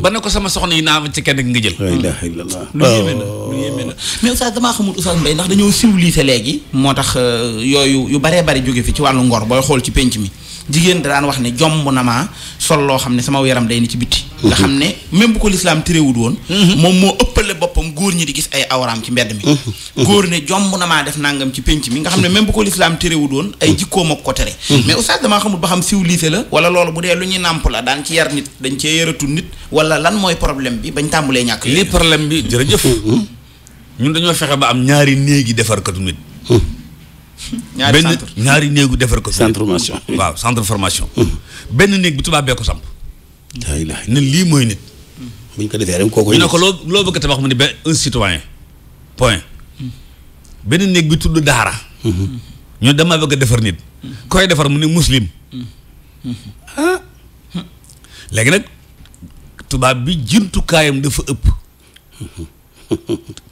ba ne ko sama soxna yi naa fa ci kenn nga jël la ilaha illallah lu yéeme na oh. lu yéeme na mais oustaz damaa xamul oustaz Mbaye ndax dañoo siwliise léegi moo tax euh, yooyu yu baree bari jóge fi ci wàllu ngor booy xool ci penc mi jigéen da daan wax ne jomb na maa sol loo xam ne sama yaram day ni ci bitti. nga xam ne même bu ko lislaam téréwul woon. Mhm. moom moo ëppale boppam góor ñi di gis ay awraam ci mbedd mi. Mhm. Mhm. góor ne jomb na maa def nangam ci penc mi nga xam ne même bu ko lislaam téréwul woon ay jikkoom ak ko tere. mais oustaz damaa xamul ba xam civilisé la. wala loolu bu dee lu ñuy nàmp la daan ci yar nit dañ cee yaratul nit wala lan mooy problème bi bañ tàmbalee ñàkk. lii problème bi jërëjëf. ñun dañoo fexe ba am ñaari néegi defarkatu nit. ñaari centre ñaari néegu defar ko. centre waaw centre formation. Hmm. benn néeg bi tubaab bee ko samp. lii mooy nit. Hmm. ko defee rek ñu ne ko loo loo bëgg a mu ne benn un citoyen hmm. néeg bi tudd daara. ñu dama bëgg defar nit. koy defar mu ne muslim. ah. nag tubaab bi jumtukaayam dafa ëpp.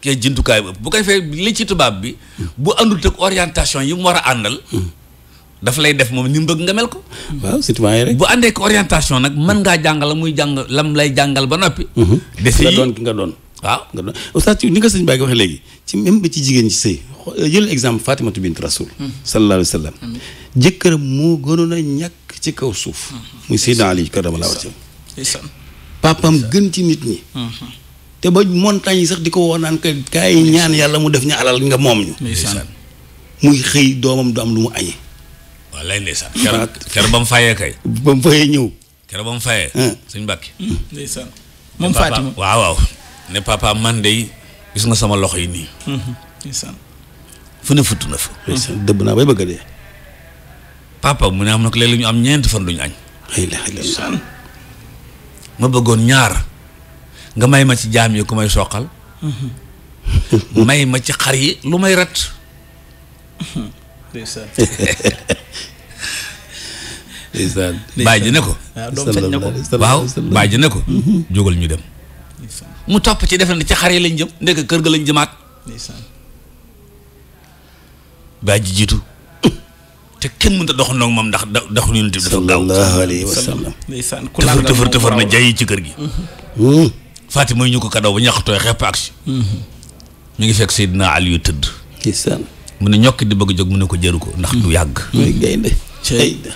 kee jëntukaay bu bu ko defee li ci tubaab bi bu àndut ak orientation yi mu war a àndal daf lay def moom ni mu bëgg nga mel ko waaw citoyen rek bu àndee ak orientation nag man ngaa jàngal la muy jàng lam lay jàngal ba noppi mhm. desi nga ki nga doon waaw nga doon oustaz ci ni nga sëñ Baye waxee léegi ci même ba ci jigéen ci sëy jël exemple Fatimatu bint Rasul mhm. sallallahu alayhi wa sallam mhm. jëkkëram moo gënoon a ñàkk ci kaw suuf muy Seydina Ali karamallahu wajhahu papam gën ci nit ñi te ba montagne yi sax di ko woo naan ñaan yàlla mu def ñu alal nga moom ñu. muy xëy doomam du am lu mu añee. wallaay ndeysaan. keroog keroog ba mu fayee kay. ba mu fayee ñëw. keroog ba mu fayee. suñu mbàkk. ndeysaan moom man de gis nga sama loxo yi nii. ndeysaan. fu ne futt na fa. dëbb naa bay bëgg a dee. papa mu ne am na ko léeg ñu am ñeent fan duñu añ. ma bëggoon ñaar. nga may ma ci jaam yi ku may soqal may ma ci xar yi lu may rat ndeysaan bàyyi ji ne ko ah, waaw bàyyi ji ne ko jógal ñu dem mu topp ci def na ci xar yi lañ jëm ndekk kër ga lañ jëmaat bàyyi ji jiitu te kenn mënut a doxandoo moom ndax da doxu yonent bi dafa gaaw sallallahu alayhi wa sallam ci kër gi mm. fàtte mooy ñu ko kadaw ba ñaxtooy xepp ak si mm-hmm. mi ngi fekk Seydina Aliou tëdd mu ne ñokki di bëgg jog mu ne ko jëru ko ndax du mm-hmm. yàgg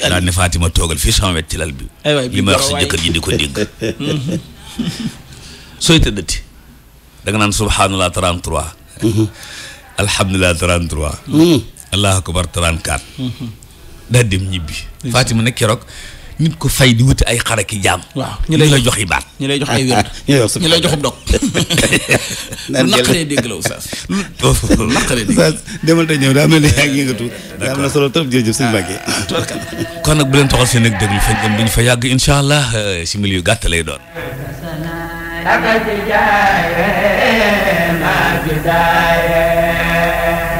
daal ne Fatima toogal fii sama wet ci lal bi li ma wax si jëkkër ji di ko dégg mm-hmm. sooy tëddati da nga naan subhanallah 33 alhamdulilah 33 allahu akbar 34 daa dem ñibbi Fatima ne keroog nit ko fay di wuti ay xaraki jaam. waaw ñu lay jox yi baat. ñu lay jox ay wér. ñu lay jox dog. naan jël naqaree dégg la oustaz. naqaree dégg oustaz demal te ñëw daa mel ni yaa ngi yëngatu. daa am na solo trop jërëjëf sëñ Mbacke. Ah, ah, kon nag bu leen toxal seen ak déglu fañ dem duñ fa yàgg incha allah euh, simili yu gàtt lay doon.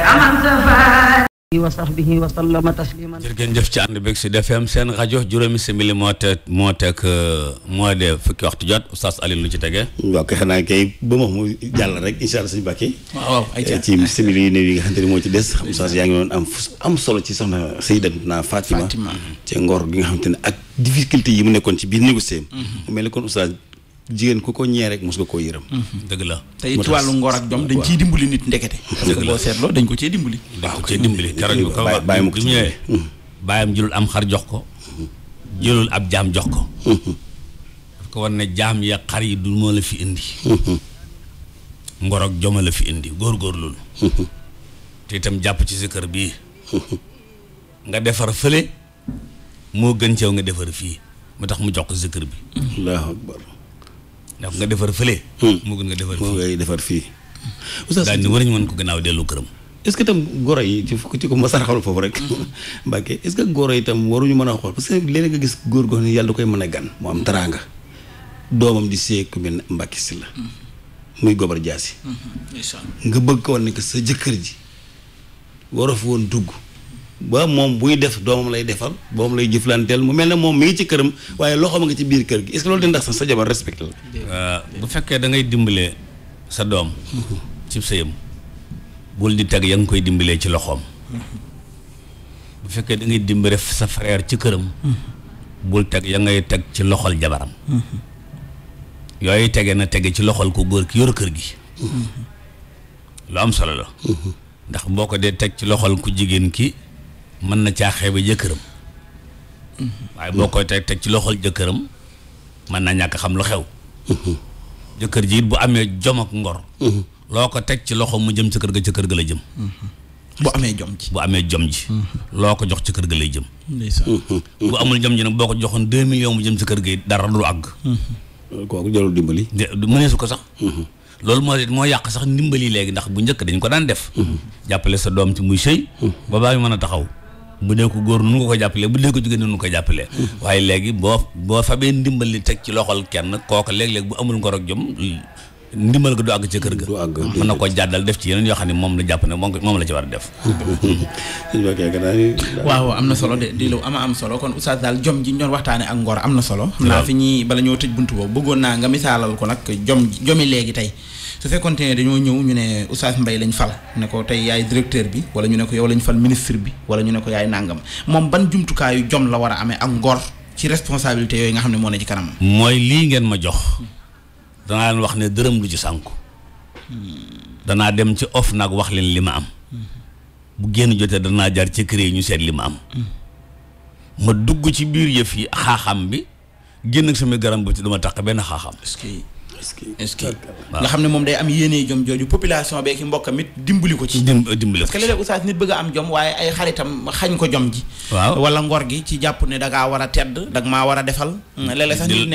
aman safa wa sahbihi wa sallama tasliman jërëngeen jëf ci seen rajo juróomi simili moo te moo euh, de fukki waxtu jot oustaz Alioune lu ci tege mbokk xanaa kay ba max mu jàll rek incha allah suñu bàkke waaw ci simili yu néew yi nga xam te moo ci des xam oustaz yaa ngi doon am am solo ci soxna Sayyidatuna Fatima ci ngor gi nga xam te ne ak difficulté yi mu nekkoon ci biir négocié mhm. mu mel kon oustaz jigéen ku ko ñee rek mos nga koo yërëm. Mhm. dëgg la te it wàllu ngor dañ ciy dimbali nit ndekete. parce que boo dañ ko cee dimbali. dañ ko cee dimbali keroog bi ko bàyyi mu ko mm-hmm. am xar jox ko mm-hmm. ab jaam jox ko mm-hmm. daf ko jaam ya xar yi du moo la fi indi ngor fi indi góorgóorlul te itam jàpp ci sa kër bii nga defar fële moo gën ceew nga defar fii mu tax mu jox ko sa bi ndax nga defar fële. mu hmm. gën nga defar fii mu ngay defar fii. oustaz daañu war nañu mën ko gannaaw dellu këram. est-ce que tam goro yi ci ci ko masar xool foofu rek. Hmm. Mbacke est-ce que goro yi tam waruñu mën a xool parce que nga gis góor goo xam yàlla da koy mën a gan. mu am taraanga doomam di seey ku mel ne Mbacke Sylla hmm. muy gobar jaasi. nga bëgg ko woon ne que sa jëkkër ji waroo fi woon dugg. ba moom buy def doomam lay defal doomam lay jëflanteel mu mel ne moom mi ngi ci këram waaye loxoom nga ci biir kër gi est-ce que loolu dina tax sa jabar respecté la. Euh, bu fekkee da ngay dimbale sa doom. ci sëyam bul di teg ya nga koy dimbalee ci loxoom. bu fekkee da ngay dimbale sa frère ci këram. bul teg ya ngay teg ci loxol jabaram. yooyu tege na tege ci loxol ko góor ki yor kër gi. lu am solo la. Mm-hmm. ndax boo ko dee teg ci loxol ku jigéen ki. mën na caa xeebe jëkkëram waaye boo koy teg teg ci loxol jëkkëram mën na ñàkk xam lu xew jëkkër jiit it bu amee jom ak ngor loo ko teg ci loxo mu jëm ci kër ga ci kër ga la jëm bu amee jom ji bu amee jom ji loo ko jox ci kër ga lay jëm bu amul jom ji nag boo ko joxoon deux millions mu jëm sa kër ga dara du àgg kooku jarul dimbali mëneesu ko sax loolu moo moo yàq sax ndimbali léegi ndax bu njëkk dañ ko daan def jàppale sa doom ci muy sëy ba baa mën a taxaw bu dee ko góor nu nga ko jàppale bu dee ko jigéen nu ko jàppalee mm. waaye léegi boo boo fabee ndimbal li teg ci loxol kenn kooku léeg-léeg bu amul ngor ak jom ndimbal ga du àgg ca kër ga. du àgg na ko jàddal def ci yeneen yoo xam ne moom la jàpp ne moom la ci war a def. Mm-hmm. waaw am na solo de di lu am solo kon oustaz jom ji ñoon waxtaane ak ngor am na solo. xam naa fi ñuy bala ñoo tëj bunt boobu bëggoon naa nga misaalal ko nag jom jomi léegi tey. su fekkoonte ne dañoo ñëw ñu ne Oustaz mbay lañ fal ne ko tey yaay directeur bi wala ñu ne ko yow lañ fal ministre bi wala ñu ne ko yaay nàngam moom ban jumtukaayu jom la war a amee ak ngor ci responsabilité yooyu nga xam ne moo ne ci kanamam. mooy lii ngeen ma jox danaa wax ne dërëm lu sànku danaa dem ci of nag wax leen li ma am bu génn jotee danaa jar ci kër yi ñu seet li ma am ma dugg ci biir yëf yi xaaxam bi génn ak sama garam bu ci duma taq benn xaaxam. est que nga xam ne moom day am yéene jom jooju population beeki mbokkam it dimbali ko ci dimbali parce que léeg-léeg nit bëgg am jom waaye ay xaritam xañ ko jom ji waaw wala ngor gi ci jàpp ne da ngaa war a tedd da maa war a defal mm. léeg-léeg sax nit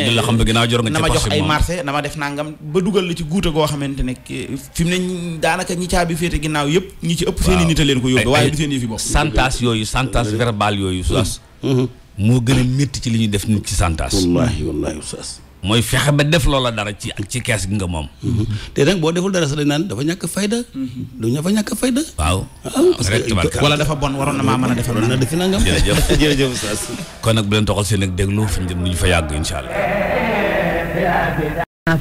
ne jor nga na ma jox ay marché na ma def nangam ba dugal la ci guuta goo xamante ne fi mu ne daanaka ñi caabi féete ginnaaw yëpp ñi ci ëpp seen i nit a leen ko yóbbu waaye du seen yëfi bopp santas yooyu santas verbal yooyu mm-hmm. Mm-hmm. moo gën a métti ci li ñuy def nit ci santas wallaahi wallaahi oustaz mooy fexe ba def loola dara ci ci kees gi nga moom. Mhm. te nag boo deful dara sax dañ naan dafa ñàkk fayda. Mhm. du ña fa ñàkk fayda. waaw ah, wala dafa bon waroon na maa mën a defal na def nangam. jërëjëf jërëjëf Sass. kon nag bu leen toxal seen ak déglu fi ñu jëm ñu fa yàgg incha allah.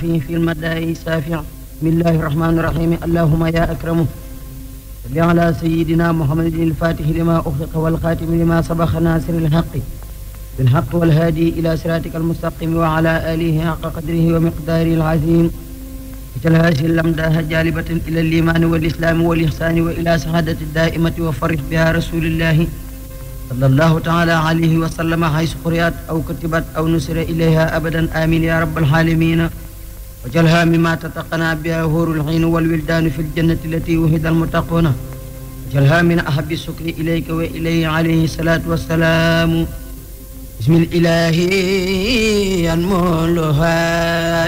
في في المدائن سافع بسم الله الرحمن الرحيم اللهم يا أكرم صل على سيدنا محمد الفاتح لما أخلق والخاتم لما سبق ناصر الحق بالحق والهادي إلى صراطك المستقيم وعلى آله حق قدره ومقداره العظيم اجعل هذه اللمدة جالبة إلى الإيمان والإسلام والإحسان وإلى سعادة الدائمة وفرح بها رسول الله صلى الله تعالى عليه وسلم حيث قرئت أو كتبت أو نسر إليها أبدا آمين يا رب العالمين وجعلها مما تتقنا بها هور العين والولدان في الجنة التي وهد المتقون وجعلها من أحب السكر إليك وإليه عليه الصلاة والسلام بسم الإله ينمو لها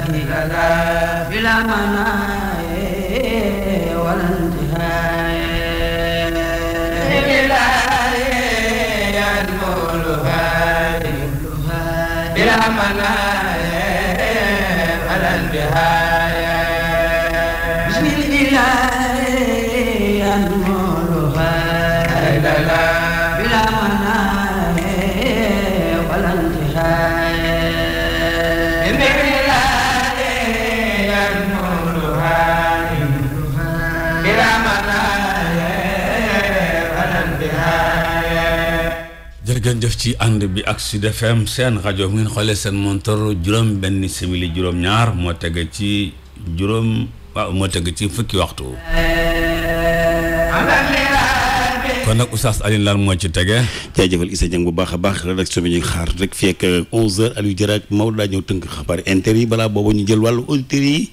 بلا مناي ولا انتهاء بسم الإله ينمو لها بلا مناي ولا انتهاء بسم الإله jërëjëf ci ànd bi ak si FM seen rajo mu ngeen xoolee seen montor juróom benn simili juróom ñaar moo teg ci juróom waaw moo teg ci fukki waxtu kon nag Oustaz Alioune lan moo ci tege jaajëfal Issa Dieng bu baax a baax rédaction bi ñu ngi xaar rek fekk onze heures Aliou Diarra ak daa ñëw tënk xabaar interi yi balaa boobu ñu jël wàllu auditeurs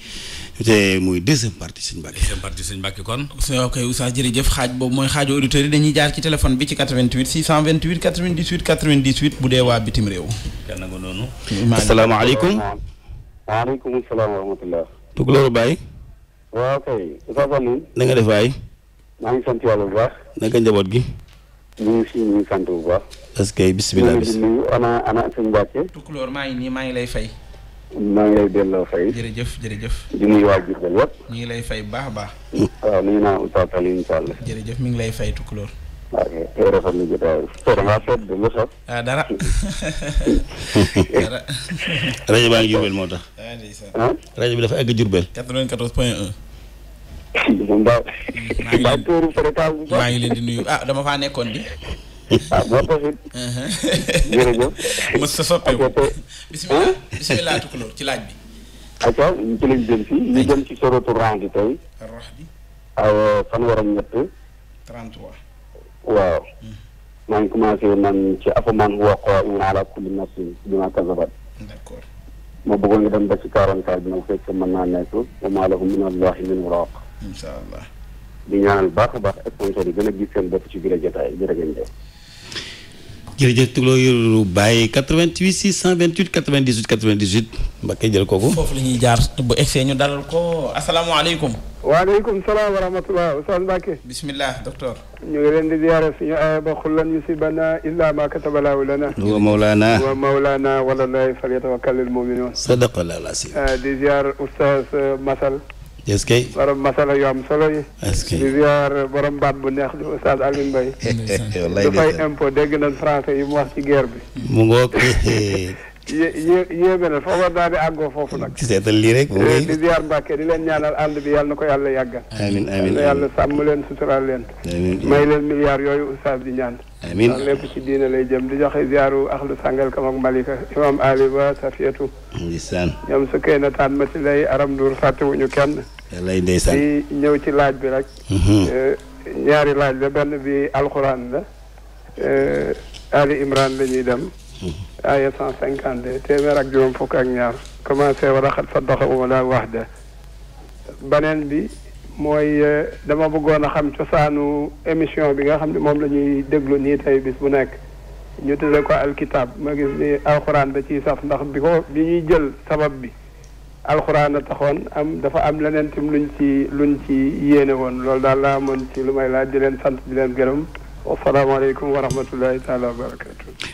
te muy deuxième partie sëñ Mbacke. deuxième partie sëñ Mbacke kon. ok Oustaz jëf xaaj boobu mooy xaaju auditeurs yi dañuy jaar ci téléphone bi ci 88 628 98 98 bu dee waa bitim réew. kenn nga noonu. asalaamaaleykum. waaleykum salaam wa rahmatulah. Tukulóoru Baye. waaw kay. Oustaz Alioune. na nga def waay. maa ngi sant yàlla njaboot gi. ñu si ñu ngi sant bu baax. parce que bisimilah bisimilah ana ana sëñ maa ngi maa ngi lay fay. maa ngi lay delloo jërëjëf jërëjëf. di nuyu waa Diourbel yëpp. ñu ngi lay fay baax a baax. waaw nuyu naa Oustaz Alioune Sall. jërëjëf mu ngi lay fay Tukulóor. waaw kay tey rafetlu jotaay ah, dara. rajo baa ngi Diourbel moo tax. Ah, rajo bi dafa egg Diourbel. 94 point 1. maa ngi leen di nuyu ah dama faa nekkoon di. ah boo ko xit. jërëjëf. mos a soppeeku bisimilah bisimilah ci laaj bi. ayca ci lañ jëm si ñu jëm ci sorotu Rahd tey. Rahd. aw fan war a ñett. 33. waaw. Hmm. maa ngi man ci afaman huwa qaa'imun ala kulli nafsin bimaa kasabat. d'accord. ma bëggoon nga dem ba ci 44 bi nag fekk mën naa nekk wa maa lahum min allahi min wiraaq. incha allah. di ñaanal baax a baax sponsor yi gën a gis seen bopp ci biir jotaay jër ngeen jëf. jërëjëf Tukulóoru Baye 88 628 98 98 Mbakke jël kooku. foofu la ñuy jaar bu egsee ñu dalal ko asalaamaaleykum. waaleykum salaam wa rahmatulah Oustaz Mbakke. bisimilah docteur. ñu ngi leen di ziyaare suñu aaya ba xul lan yusibana illa ma katabalaahu lana. wa mawlaana wa mawlaana wala lay falyatawakkalil muminuun. sadaqa laa di ziyaar Oustaz Masal. est ma que. borom yu am solo yi. est-ce bu neex di Oustaz Alioune du fay impôt dégg nañ français yi mu wax bi. mu ngoog. Eh, eh. yé yéeme na foofa daal di àggoo foofu nag. seetal lii rek. Eh, di ziar Mbàkke di leen ñaanal ànd bi yàlla na ko yàlla yàggal. amiin amiin yàlla sàmm leen suturaal leen. may leen milliards yooyu oustaz di ñaan. amiin ndax lépp ci diine lay jëm di joxe ziaru ahlu sàngal kam ak Malika imam Ali ba Safiyatu. ndeysaan ñoom su kay na taan ma ci lay aram nduur fàttewuñu kenn. yàlla ndeysaan di ñëw ci laaj bi rek. Mhm. Eh, ñaari laaj la benn bi alxuraan la. Eh, Ali Imran la dem. aaya cent cinquante téeméer ak juróom fukk ak ñaar commencé war a sa doxawuma laa wax de baneen bi mooy dama bëggoon a xam cosaanu émission bi nga xam ne moom la ñuy déglu nii tay bis bu nekk ñu tudde ko alkitab ma gis ni alxuraan da ciy saf ndax bi ko bi ñuy jël sabab bi alxuraan a taxoon am dafa am leneen tim luñ ci luñ ci yéene woon loolu daal laa moon ci lu may laaj di leen sant di leen gërëm wasalaamaaleykum wa rahmatullahi taala wa barakatu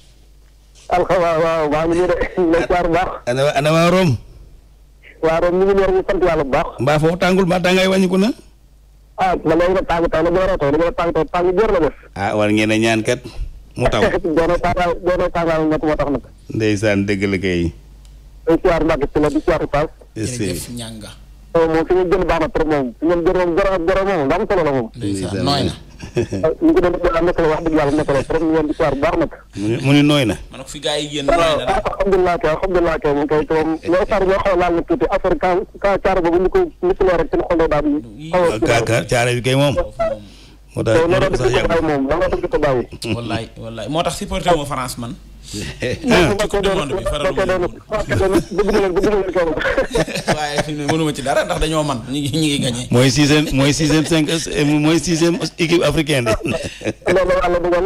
alhamdulilah waaw waaw ñu ngi de lay jaar baax. ana ana waa Rome. waa Rome ñu bu baax. mbaa foofu tàngul mbaa tàngaay wàññiku na. ah man loolu la tàng tàng la booroo taw la la def. ah war ngeen a ñaan kat moo tax nag. ndeysaan dëgg la kay. di siwaar Mbacke si la di siwaar Paal. jërëjëf ñànga. moom fi ñu jël baax na trop moom fi ñu jël moom goro ak moom lu am solo la moom. ñu ko doon wax la wax dëgg yàlla naka la trop ñu woon di soir bu baax nag. mu ni nooy na. man fi gars yi yéen nooy moom kay saar loo xaw laal na tuuti affaire ka caare boobu ñu ko ñu ko loo rek seen xol daal di. xaw a caare bi kay moom. moo tax moo tax yàgg ko moom da nga bëgg ko bàyyi. wallaay wallaay supporter wu France man. ci dara ndax dañoo man ñu ngi ñu ngi gagné. mooy sixième mooy sixième cinq mooy sixième équipe africaine de. loolu la bëggoon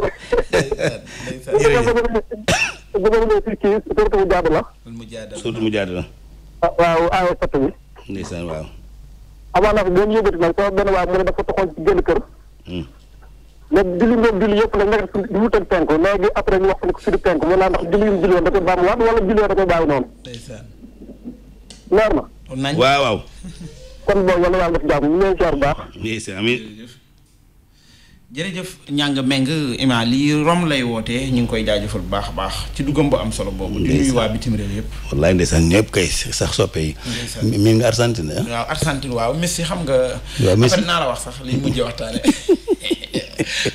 la. surtout mu jaadu la. waaw waaw Fatou. ndeysaan waaw. avant nag bu ñu yëgati nag benn waaye mu ne dafa toxoon ci kër. léegi julli ngoog julli yëpp nag nekk du mu teg penku léegi après ñu wax ko si di penku mu laa ndax julli yum julli woon da koy baamuwaat wala julli woon na. waaw waaw. kon boobu wala waa Ndefleng jàmm ñu ngi leen si bu baax. jërëjëf ñàng meng ima li rom lay wootee ñu ngi koy jaajëfal bu baax a baax ci duggam bu am solo boobu. di nuyu waa bitim réew yëpp. wallaay ndeysaan ñëpp kay sax soppe yi. mi nga Argentine ah. waaw Argentine waaw Messi xam nga. waaw naa la wax sax li mujj waxtaane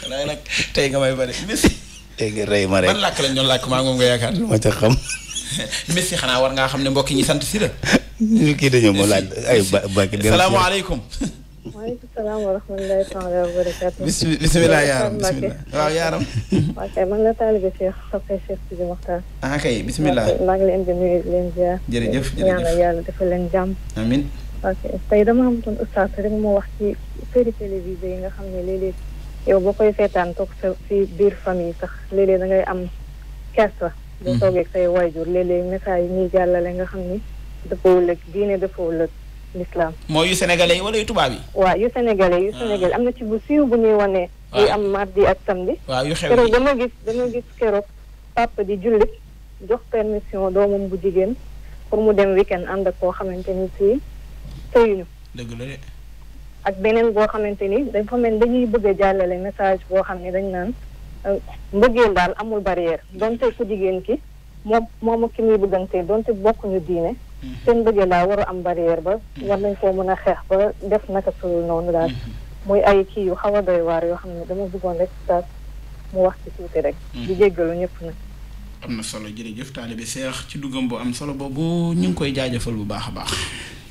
xanaa nag tey nga may bari Messi. tey nga rey ma rek làkk lañ doon làkk maa moom nga yaakaar. lu ma ca xam. Messi xanaa war ngaa xam ne mbokk ñi sant si la. ñu kii dañoo ma laaj ay ba ba. salaamaaleykum. maaleykum salaam wa rahmatulahi taala wa barakaatu. bisimilah yaaram bisimilah waaw yaaram. waaw kay man la taalibe Cheikh Sopé Cheikh Sidi Mokhtar. ah kay bisimilah. maa ngi leen di nuyu leen ziar. jërëjëf jërëjëf ñaanal yàlla defal leen jàmm. amiin. ok tey dama xamutoon wax ci série télévisée yi nga xam ne léeg-léeg yow boo koy seetaan toog sa si biir famille sax léeg-léeg da ngay am kersa. Mhm. boo toogee say waajur léeg-léeg message yi ñuy jàllale nga xam ni dëppoo wul ak diine dëppoo wul ak lislaam mooy yu sénégalais yi wala yu tubaab yi waaw yu sénégalais yu ah. sénégalais am na ci bu siiw bu ñuy wane yu am mardi ak samedi waaw yu xew keroog dama gis dama gis keroog papa di jullit jox permission doomam bu jigéen pour mu dem weekend ànd ak koo xamante ni si sëyuñu dëgg ak beneen boo xamante ni dafa mel dañuy bëgg a jàllale message boo xam ne dañ naan euh, mbëggeel daal amul barrière donte ku jigéen ki moom moom ak ki muy bëggante donte bokkuñu diine seen mhm. bëggee laa war a am barrière ba mhm. war nañ koo mën a xeex ba def naka su noonu daal mhm. muy ay kii yu xaw a doy waar yoo xam ne dama bëggoon rek mu wax ci tuuti rek di jéggalu ñëpp nag am na solo jërëjëf taalibe Seex ci duggam bu am solo boobu ñu ngi koy jaajëfal bu baax a baax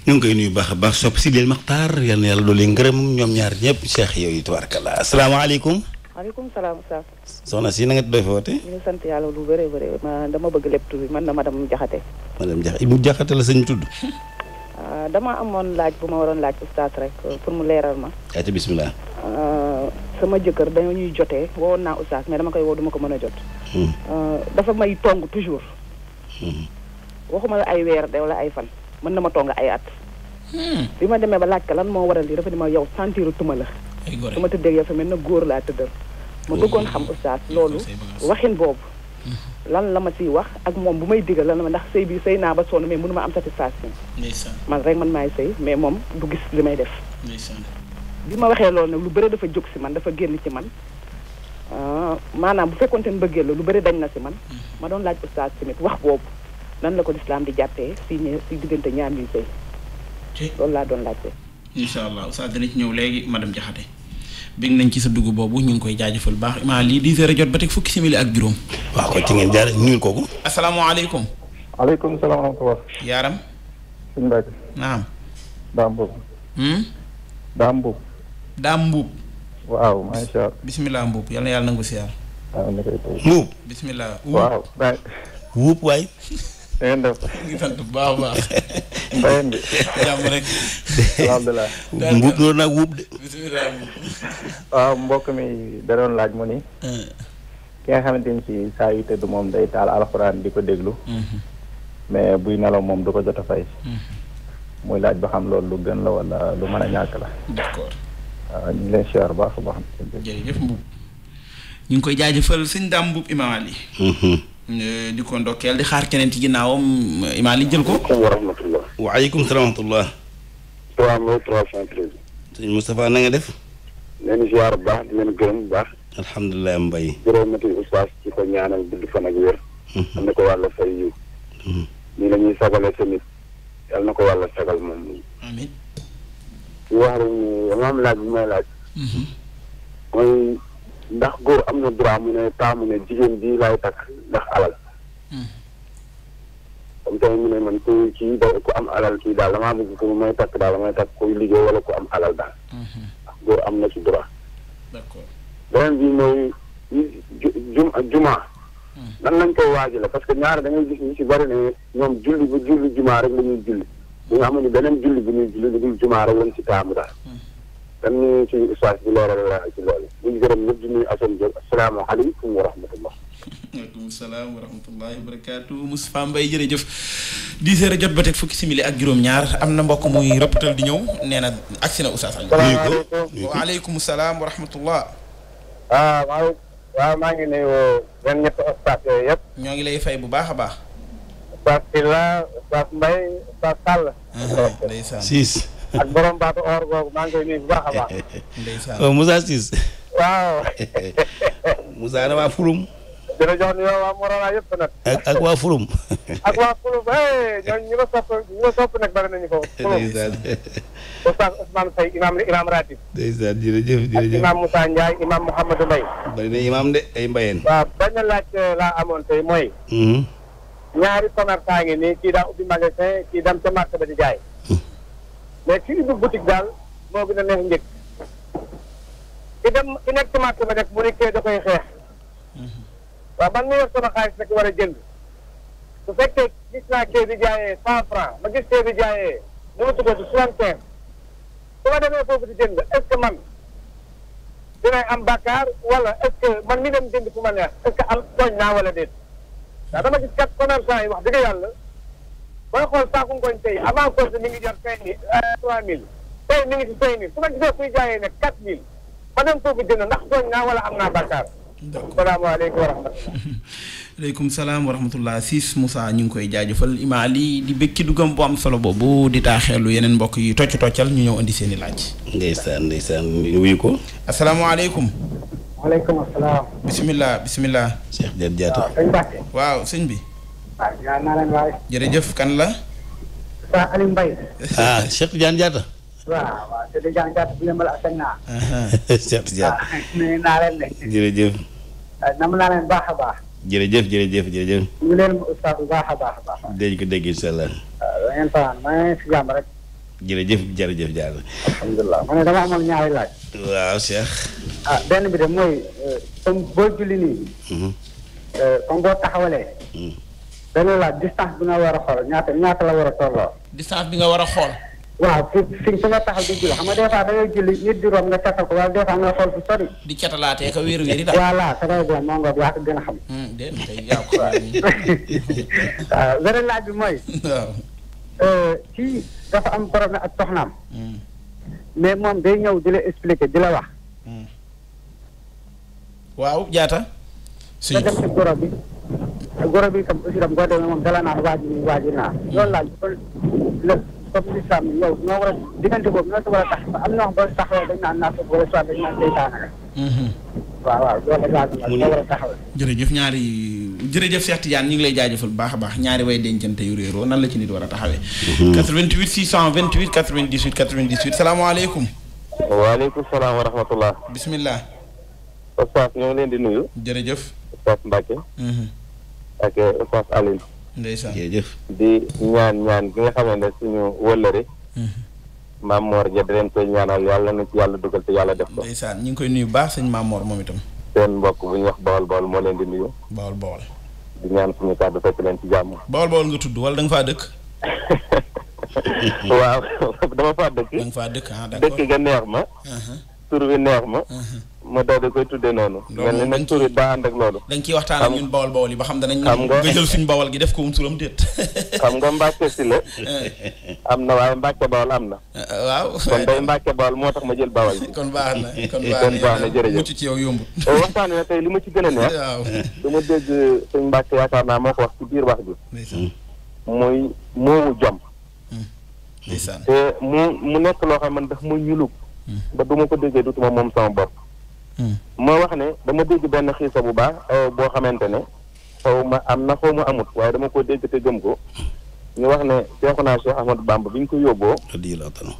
ñu ngi koy nuyu baax a baax sopp si leen maxtaar yal na yàlla doole ngërëm ñoom ñaar ñëpp Seex yooyu tubaarkalla asalaamaaleykum maaleykum salaam Oustaz. soxna si na nga doy sant yàlla lu bëree bëri dama bëgg lépp tur bi man la madame Jaxate. madame Jaxate Ibou Jaxate la sañ tudd. Ah, dama amoon laaj bu ma waroon laaj Oustaz rek pour mu leeral ma. ayca bisimilah. Ah, sama jëkkër dañoo ñuy jotee wowoon naa Oustaz mais dama koy woo duma ko mën a jot. Hmm. Ah, dafa may tong toujours. Hmm. waxuma la ay weer de wala ay fan mën na ma tong ay at. Hmm. bi ma demee ba laaj ka lan moo waral lii dafa ne ma yow sentir tuma la. ay gore su ma tëddee yow sa mel na góor laa tëddal. ma bëggoon xam oustaz loolu waxin boobu lan la ma ciy wax ak moom bu may digal lan la ma ndax sëy bii sëy naa ba sonn mais mënu ma am satisfaction man rek man maay sëy mais moom bu gis li may def bi ma waxee loolu nag lu bëri dafa jóg ci man dafa génn ci man euh, maanaam bu fekkoonte ne bëggee la lu bëri dañ na ci man mm-hmm. ma doon laaj oustaz tamit wax boobu nan la ko lislaam di jàppee si ñë si diggante ñaar ñuy sëy loolu laa doon laajte incha allah oustaz ci ñëw léegi madame Diakhaté bég nañ ci sa dugg boobu ñu ngi koy jaajëfal baax Imaam lii 10 heures jot ba teg fukki simili ak juróom. waaw kon ci ngeen jaar ñuul kooku. asalaamaaleykum. aleykum salaam wa rahmatulah. yaaram. sëñ Mbacke. naam. Dame Mboup. Hmm? waaw macha allah. bisimilah Mboup yal na yàlla nangu si yaar. waaw na koy tey. da ngeen def baax a baax. bayeen bi. jàmm rek. alhamdulilah. mbuub nag wuub de. waaw mbokk mi da doon laaj mu ni. ki nga xamante ni si saa yu tëdd moom day taal alxuraan di ko déglu. mais buy nelaw moom du ko jot a fay. muy laaj ba xam loolu lu gën la wala lu mën a ñàkk la. d'accord. waaw ñu leen siyaar baax a baax. jërëjëf ñu ngi koy jaajëfal sëñ Dame Mbuub Imaam Ali. di ko ndokkeel di xaar keneen ci ginnaawam imaam li jël ko. wa rahmatullah. waaleykum salaam wa rahmatullah. 3 313. sëñ Moustapha na nga def. leen ziar bu baax di leen bu baax. alhamdulilah Mbaye. juróomati oustaz ci ko ñaanal gudd fan ak wér. Mhm. am na ko wàlla fay yu. Mhm. nii la ñuy yal na ko wàlla sagal moom. amiin. di wax rek ni laaj bi may laaj. Mhm. ndax góor am na droit mu ne taamu ne jigéen bii laay takk ndax alal. Hmm. comme tamit mu ne man ku kii da ku am alal kii daal damaa bëgg ku may takk daal damay takk kuy liggéey wala ku am alal daal. Hmm. ndax góor am na ci droit. d'accord beneen bi mooy jum juma. Hmm. nan lañ koy waajale parce que ñaare da gis ñu ci bari ne ñoom julli bu julli juma rek la ñuy julli. bu nga amoon beneen julli bu ñuy julli lu dul juma rek lañ ci taamu daal. dan ñu ci ustaas bi leeral waaye ci loolu ñu ngi gërëm ñëpp di nuyu Assane Diop asalaamaaleykum wa rahmatullah waaleykum salaam wa rahmatullahi wa barakaatu Moustapha Mbaye jërëjëf dix heures jot ba teg fukki simili ak juróom-ñaar am na mbokk muy rëppatal di ñëw nee na agsi na Oustaz Alioune waaleykum salaam wa rahmatullah waaw ah, waaw waaw maa ngi nuyu ñun ñetti Oustaz yooyu yëpp ñoo ngi lay fay bu baax a baax Oustaz Sylla Oustaz Mbaye Oustaz Sall ndeysaan siis ak borom baatu or googu maa ngi koy nuyu bu baax a baax. ndeysaan euh, Moussa Ciss. waaw. Moussa na waa Furum. dina jox ni yow waa Morala yëpp nag. ak waa Furum. ak waa Furum hey ñooñu ñu ko sopp ko sopp nag bari nañu ko. ndeysaan Oustaz Ousmane Faye imaam la imaam ratib. ndeysaan jërëjëf jërëjëf na imaam de ay mbayeen. waaw bañ a laaj euh, laa amoon tey mooy. Mhm. ñaari commerçant ngi nii kii daa ubbi magasin kii dem ca marché jaay. mais ki ubbi boutique daal moo gën a neex njëg ki dem ki nekk ci marché ba rek bu nekkee da koy xeex waaw man mi yor sama xaalis rek war a jënd su fekkee gis naa kii bi jaayee cent franc ma gis kii bi jaayee nu mu tuddati soixante quinze su ma demee foofu di jënd est ce que man am bàkkaar wala est man mi dem jënd ku ma neex est ce que am tooñ naa wala déet. daa dama gis kat commerçant yi wax dëgg yàlla booy xool saako ngooñ tey avant cause mi ngi jar cinq mille euh, trois mille su ma gisee kuy jaayee nag quatre mille ma dem foofu jënd naa wala am naa bàkkaar d'accord salaamaaleykum salaam wa rahmatulah Ciss ñu ngi koy jaajëfal Ima Ali di bëgg ci dugam bu am solo boobu di taaxeelu yeneen mbokk yi tocc toccal ñu ñëw indi seen i laaj. ndeysaan ndeysaan wuyu ko. asalaamaaleykum. waaleykum salaam. bisimilah bisimilah. Cheikh Diatta. waaw sëñ bi. waaw naa leen jërëjëf kan la. Oustaz Aliou Mbaye. ah Cheikh Tidiane Diatta. waaw waaw Cheikh Tidiane Diatta bu ah, yembal jërëjëf. Ah, nam naa baax baax. jërëjëf jërëjëf jërëjëf. ñu leen si ah, jàmm jërëjëf jërëjëf Diatta. alhamdulilah ma ne dama amal ñaari waaw Cheikh. benn bi de mooy euh, comme boo dana laa distance bi nga war a xool ñaata ñaata la war a tolloo. distance bi nga war a xool. waaw fi fi fi nga taxaw di julli xam nga des fois da ngay julli nit di romb nga catal ko wala des fois nga xool fu sori. di catalaatee ka wéeru wéeri daal. voilà c'est vrai bon moo ko gën a xam. Hmm, déedéet tey yaa ko waaw mooy. Euh, kii dafa am problème ak soxnaam. Hmm. mais moom day ñëw di la expliquer di la wax. Hmm. waaw jaata. suñu ko bi. goro bi itam aussi tam boo demee moom dala naa hmm. loolu laa loolu lépp comme a diggante a tax na wax boo taxawee dañ naan naa wala soit dañ naan hmm. a taxawee jërëjëf ñu ngi lay jaajëfal bu baax a baax ñaari way dencante yu réeroo nan la ci nit war a taxawee 88 628 98 98 salaamaaleykum waaleykum salaam wa rahmatullah bismillah Oustaz ñoo ngi leen di nuyu jërëjëf Oustaz Mbacke hmm. ak eh, Oustaz Alioune. ndeysaan jërëjëf. di ñaan ñaan bi nga xamante ne suñu wëllëri. Mhm. maam Mor ja di leen koy ñaanal yàlla na ci yàlla dugal te yàlla def ko. ndeysaan ñu ngi koy nuyu baax sëñ maam moom itam. seen mbokk bu ñuy wax Bawol Bawol moo leen di nuyu. Bawol Bawol. di ñaan suñu kàddu fekk leen ci jàmm. Bawol Bawol nga tudd wala da nga faa dëkk. waaw dama faa dëkk. da nga faa dëkk ah d'accord dëkk ga neex ma. Uh-huh. tur neex ma. Uh-huh. mu daal koy tuddee noonu. mel ni nañ turi ba ànd ak loolu. dañ ciy waxtaan ak ñun bawal bawal yi xam danañ. xam nga gëjal suñu bawal gi def ko xam nga Mbacke si la. am na waaye Mbacke bawal am na. Ah, waaw kon day moo tax ma jël bawal bi. kon baax na kon baax na jërëjëf mucc ci yow yomb. Oh, waxtaan na tey li ma ci gën a neex. waaw dégg sëñ Mbacke yaakaar naa moo ko wax ci biir wax bi. mooy moomu jom. Hmm. ndeysaan te mu mu nekk loo xam ne daf ma ñulug. Hmm. ba ma ko déggee dutuma moom sama bopp moo wax ne dama dégg benn xiisa bu baax boo xamante ne xaw ma am na xaw ma amut waaye dama ko dégg te gëm ko ñu wax ne Seexuna Cheikh Ahmadou Bamba bi ñu ko yóbboo ci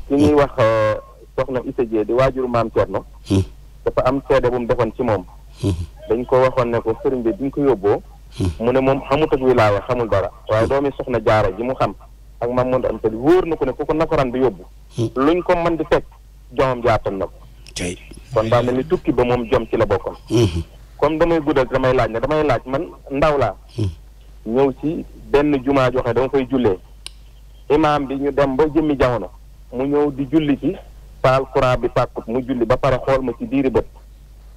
ñuy wax euh, soxna Issa Dié di waajuru maam Cerno hmm. dafa am seede bu mu defoon moom hmm. dañ ko waxoon ne ko sëriñ bi bi ko yóbboo hmm. mu ne moom xamut ak wilaaye xamul dara waaye doomi soxna jaara ji mu xam ak maam mënut am sëriñ wóor na ko ne ku ko nakoraan bi yóbbu luñ ko man di teg jomam jaatal na ko tey kon daa mel ni tukki ba moom jom ci la bokkoon. Mm-hmm. comme damay guddal damay laaj ne damay laaj man ndaw laa. Mm-hmm. ñëw ci benn jumaa joxe dama fay jullee imaam bi ñu dem ba jëmmi jamono mu ñëw di julli ci paal courant bi pàkkut mu julli ba pare xool ma ci diiri bët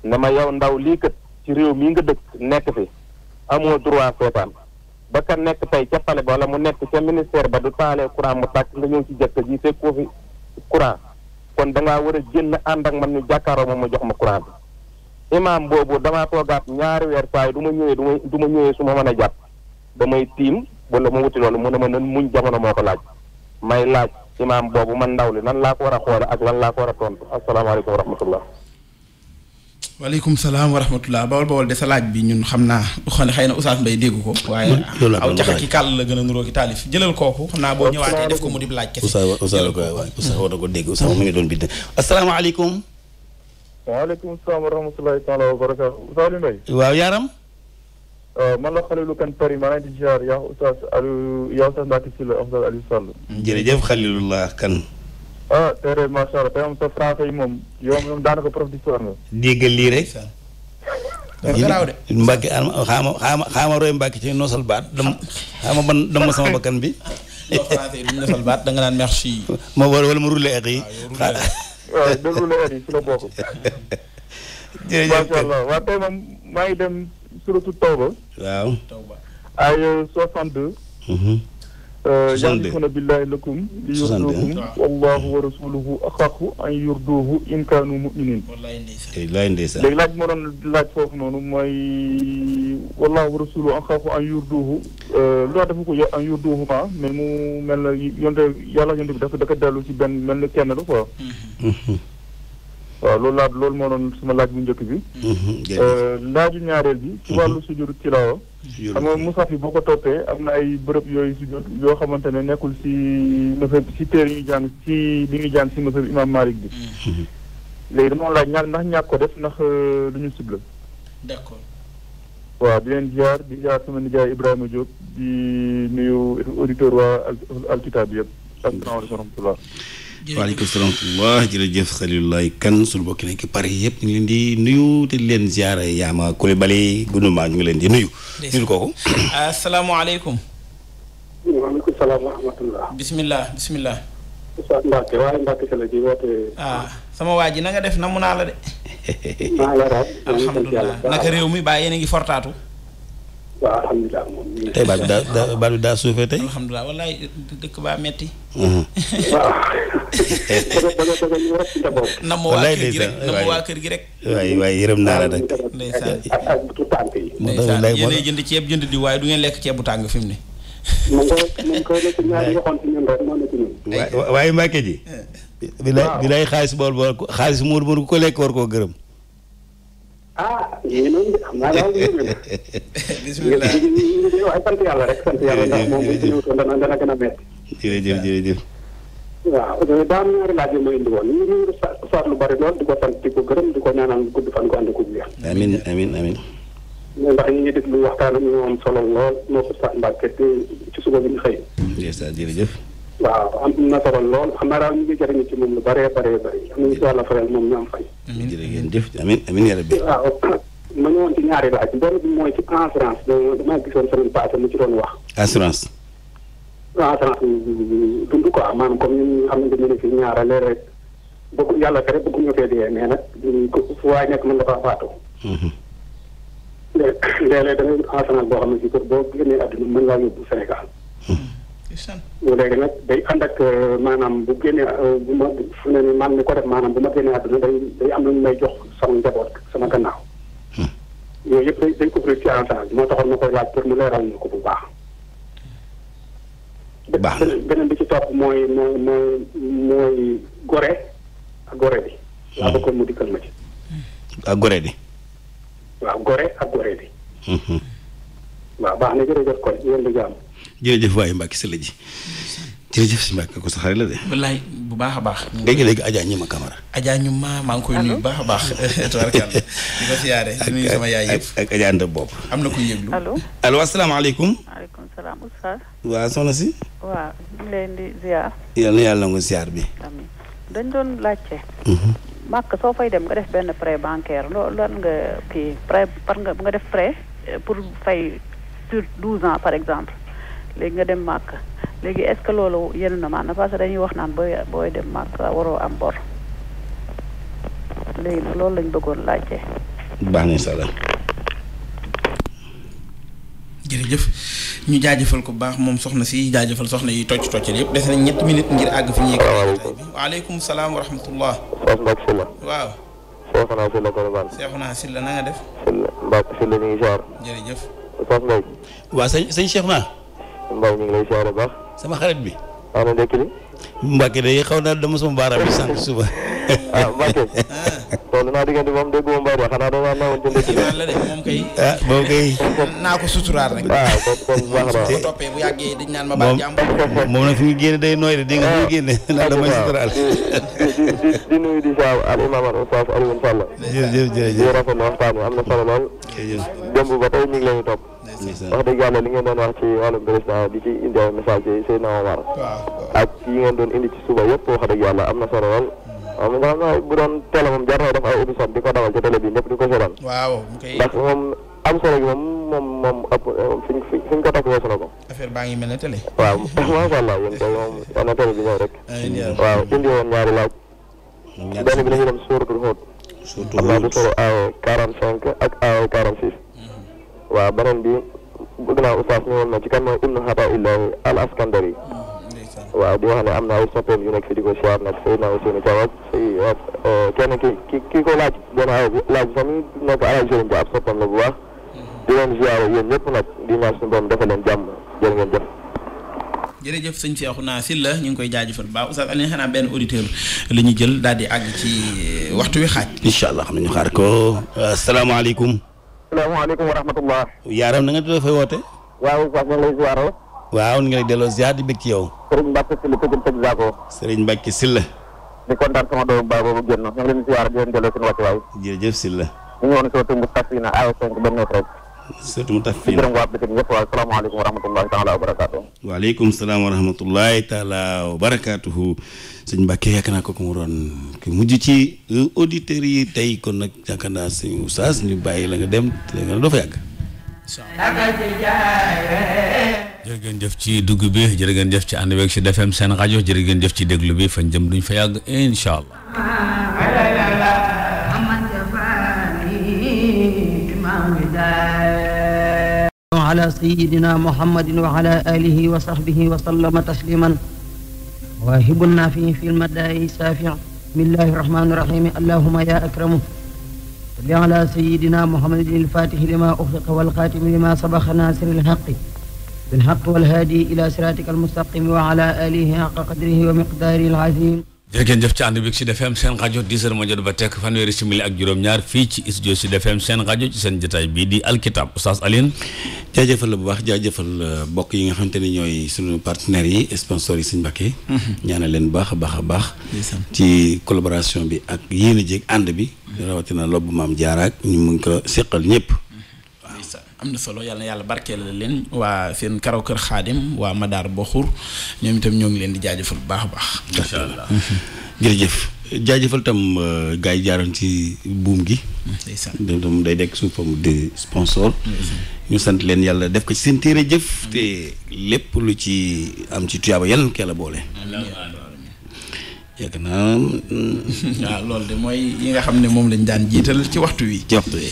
ne ma yow ndaw lii kat ci réew mii nga dëkk nekk fi amoo droit seetaan ba ka nekk tey ca pale ba wala mu nekk ca ministère ba du taalee courant mu tàkk nga ñëw ci jëkk ji te koo fi courant kon dangaa war a génn ànd ak man ni jàkkaaroo moom ma jox ma courant bi imaam boobu damaa toogaat ñaari weer saay du ma ñëwee duma ma du ma ñëwee su ma mën a jàpp damay tiim wala ma wuti loolu mu ne ma nan muñ jamono moo ko laaj may laaj imaam boobu man ndaw li nan laa ko war a xoole ak lan laa ko war a tontu asalaamaaleykum wa rahmatullah waaleykum salaam wa rahmatulah bawol bi ñun xam naa xam ne xëy na Oustaz Mbaye dégg ko. waaye aw jaxa ki kàll la gën a nuróo ki taalif jëlal kooku xam naa boo ñëwaatee ko mu di laaj kese. Oustaz Oustaz waay Oustaz war na ko dégg Oustaz mu ngi doon bind. asalaamaaleykum. waaleykum salaam wa rahmatulah taala wa barakaatu Oustaz Mbaye. waaw yaaram. Euh, man la Xalilu kan Paris maa ngi di ziar yaa Oustaz Aliou yaa Oustaz Mbacke Sylla Oustaz Aliou Sall. jërëjëf kan. ah tere macha allah tey moom sa français yi moom yow moom daanaka prof di soor nga. déggal lii rek. garaaw de xaama xaama xaama roy Mbacke ci noosal baat. dama xaama man dama sama bakkan bi. non français yi duñ noosal da nga naan merci. ma wala ma yi. Ah, ah, waaw de roulé ak yi ci la bokk. jërëjëf macha allah waaw moom maa ngi dem surtout Tawba. waaw. ay 62. Euh, Euh, ya'rifuuna billaahi lakum li yurduukum wallaahu wa rasuluhu axaqu an yurduuhu in kaanu mu'miniin eh, léegi laaj moo doon laaj foofu noonu mooy wallaahu wa rasuluhu axaqu an yurduuhu euh, lu tax dafa ko y an yurduuhu ma mais mu mel na yonte yàlla yonte bi dafa dafa dellu ci benn mel na kenn la quoi mm-hmm. Mm-hmm. waaw loolu laa loolu moo doon suma laaj bu njëkk bi. Mhm, euh, laaju ñaareel bi. ci wàllu mhm. sujjóotu tilaawa. xam nga musaf yi boo ko toppee am na ay bërëb yooyu sujjóot yoo xamante ne nekkul si mësëb si téer yi ñu jàng si li ñu jàng si mësëb imaam Malik bi. Mhm. léegi dama laaj ñaar ndax ñàkk ko def ndax euh, lu ñu sibla. d'accord. waaw di leen ziar di ziar suma nijaay Ibrahima Diop di nuyu auditeur waa Al Alkitab bi yëpp. asalaamaaleykum wa waaleykum salaam wa rahmatulah jërëjëf Xalilullaay kan suñu bokki nekk Paris yëpp ñu leen di nuyu te leen ziara Yaama Coulibaly Gunuma ñu ngi leen di nuyu. nuyu kooku. asalaamaaleykum. waaleykum salaam wa rahmatulah. bisimilah bisimilah. Moussa ji woote. ah na nga def la de. alhamdulilah naka réew mi baa yéen ngi fortaatu. waaw alhamdulilah moom. tey baat bi daa suufee tey. alhamdulilah walaay dëkk baa metti. Mm-hmm. waaw. na ma waa kër gi rek na ma yërëm naa la nag. ndeysaan ak jënd ceeb jënd di waaye du ngeen lekk ceeb bu tàng fi mu ne. man koy man koy waaye bi lay bi lay xaalis bool bool xaalis muur muur ku ko lekk war koo gërëm. ah yooyu noonu xam naa daal di gën bisimilah waaye sant yàlla rek sant yàlla ndax moom bu ñu ñëwtoon dana dana gën a métti. jërëjëf jërëjëf. waaw daam ñaari laaj yi saat lu lool di ko sant di ko gërëm di ko ñaanal gudd fan ko ànd ko wér. amiin amiin amiin. ndax ñu ngi déglu waxtaan ak ñu am solo lool moo ko sax Mbàkke ci suba bi ñu xëy. jërëjëf. waaw am na solo lool xam naa daal ñu ngi jëriñu ci moom lu bare bëree bëri am nañu si wàllu moom ñu am fay. jërëjëf amiin amiin yaa rabbi. waaw ma ñëwoon ci ñaari laaj benn bi mooy ci assurance damaa gisoon semaine passée mu ci doon wax. assurance. assurance dund ko maanaam comme ñu xam ne dañu fi ñaarale rek bëgg yàlla tere bëgg nga fee dee mais nag fu waay nekk mën nga faa faatu. Mhm. léeg-léeg boo xam ne si kër boo génnee àdduna mën ngaa yóbbu Sénégal. Mhm. léegi nag day ànd ak euh, maanaam bu génnee euh, bu ma fu ne ni man mi maanaam bu ma génnee àdduna day day am lu ñu may jox sama njaboot sama gannaaw. Hmm. yëpp dañ dañ ko en charge moo taxoon ma koy laaj mu leeral ñu ko bu baax. baax beneen bi ci topp mooy mooy mooy gore ak gore bi. laa hmm. bëggoon mu dikkal ma ci. ak gore bi. waaw gore ak gore bi. Hmm, waaw baax na jërëjëf kon yéen di jàmm. jërëjëf waaye Mbacke si la ji. jërëjëf si Mbacke ko sa la de. bu baax a baax. léegi léegi Adja ñu ma Camara. Adja ñu ma maa ngi koy baax a baax. tubaarkàlla am na ku yëglu allo allo asalaamaaleykum. maaleykum salaam Oustaz. waaw soxna si. yàlla nga ziar bi. amiin dañ doon laajte. Mhm. màkk soo fay dem nga def benn prêt bancaire loolu lan nga kii prêt par def eh, pour fay sur douze ans par exemple. léegi nga dem màkk léegi est-ce que loolu yenu na maanaam parce que dañuy wax naan booy booy dem màkk waroo am bor léegi nag loolu lañ bëggoon laajte. baax na salaam. jërëjëf ñu jaajëfal ko bu baax moom soxna si jaajëfal soxna yi tocc tocc yëpp des nañ ñetti minutes ngir àgg fi ñuy. salaamaaleykum waaleykum salaam wa rahmatullah. waaw. Seexuna Sylla sëñ sëñ Mbaye ñu ngi lay siyaare baax. sama xarit bi. maa ngi dëkk li. Mbacke de xaw naa dama sama baaraam bi sànq suba. ah Mbacke. toll naa diggante moom na. Ah, ah, ma baal jàmm. moom moom nag fi mu génne day nooy de dégg nga fi mu génne. Ah. ndax damay suturaal. di di di nuyu di saa al am na solo lool. ba tey ñu ngi topp wax dëgg yàlla li ngeen doon wax ci wàllum président di ci indi ay message yi Seydina Omar ak yi ngeen doon indi ci suba yëpp wax dëgg yàlla am na solo lool waaw hmm. mi doon télé moom jar na def ay émission di ko dawal ci télé bi ko seetaan ndax moom am moom moom moom ëpp fi fi ñu ko takk weesu na ko ngi mel ne télé waaw macha allah yéen kay moom war na télé bi ñëw rek waaw indi la ñu dem suuratul Hud surtout am naa du solo aaw 45 ak waaw beneen bi bëgg naa oustaz ñëwoon na ci kan mooy ibnu haba illahi al askandari waaw di wax ne am na ay soppeem yu nekk fi di ko siwaar nag Seydina Ousseynou Diaw eh, kenn ki ki ki ko laaj benn aw laaj fa muy nekk alal Serigne Dia mhm. leen jàmm jërë ngeen jëf jërëjëf sëñ Cheikhouna Sylla ñu ngi koy jaajëfal bu baax oustaz Alioune xanaa jël daal di àgg ci eh, waxtu wi xaaj. incha allah xam nañu xaar ko asalaamaaleykum. asalaamaaleykum wa rahmatullah. yaaram na nga doon fay woote. waaw Oustaz maa ngi lay ziar. waaw ñu ngi lay delloo ziar di bëgg ci yow. Serigne Mbacke Sylla tëjum tëj Zago. Serigne Mbacke Sylla. di kontaan sama doomu baa boobu génn ñoo ngi leen ziar di leen delloo seen wàccuwaay. jërëjëf Sylla. ñu ngi woon sootu Mustafina aw 5 ba 9 rek. sootu Mustafina di gërëm waa Bitim yëpp waaw salaamaaleykum wa rahmatullahi taala wa barakaatu. waaleykum salaam wa rahmatullahi taala wa barakaatuhu. sëñ Mbacke yaakaar naa ko mu doon ki mujj ci euh, auditeurs yi tey kon nag yaakaar naa sëñ Oustaz ñu bàyyi la nga dem te nga doo fa yàgg. jërë ngeen jëf ci dugg bi jërë ngeen jëf ci ànd beeg Sud FM seen rajo jërë ngeen jëf ci déglu bi fañ jëm duñ fa yàgg incha allah. ala sayyidina muhammadin wa ala alihi wa sahbihi wa sallama tasliman واهب النافع في المداء سافع بسم الله الرحمن الرحيم اللهم يا أكرم صل على سيدنا محمد الفاتح لما أخلق والخاتم لما سبق ناصر الحق بالحق والهادي إلى صراطك المستقيم وعلى آله حق قدره ومقداره العظيم jërëngeen jëf ci ànd bi Sud FM seen rajo 10h ma jot ba tekk fanweeri simili ak juróom-ñaar fii ci studio Sud seen rajo seen jotaay bii di alkitab Oustaz Alioune jaajëfal la bu baax jaa jëfal euh, mbokk yi nga xamante ni ñooy suñu partenaires yi sponsors yi suñu mbàkkee mhm. ñaanal leen baax a baax a baax ci collaboration bi ak yéen a jéeg ànd bi mhm. rawatina lobu maam jaaraak ñu mu ngi ko seqal ñëpp am na solo yàlla na yàlla barkeel la leen waa seen karaw kër xaadim waa Madaar Boxur ñoom itam ñoo ngi leen di jaajëfal bu baax a baax. incha allah jërëjëf. jaajëfal tam euh, gars yi jaaroon ci buum gi. ndeysaan day dekk suuf forme de sponsor. ñu sant leen yàlla def ko ci seen téere jëf. te lépp lu ci am ci tuyaaba yàlla ko yàlla boole. yàgg naa. Mm. loolu de mooy yi nga xam ne moom lañ daan jiital ci waxtu wi. ci waxtu wi.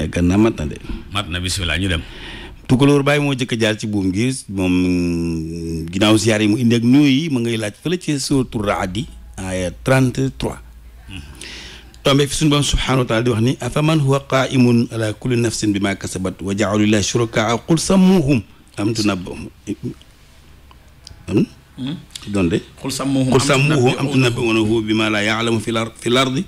yaakaar naa mat na de. mat na bisimilah ñu dem. tukulóor bàyyi moo jëkk jaar ci buum gi moom ginnaaw ziyaar yi mu indi ak nuyu yi ma ngay laaj fële ci suuratul Ra'd aaya 33 tombe fi suñu borom subhaanahu wa taala di wax ni afaman huwa qaa'imun ala kulli nafsin bima kasabat wa ja'alu lillahi shurakaa qul Hmm? donte xul sàmmuhu am tunabbi'uunahu bimaa laa ya'lamu fil ard fil ardi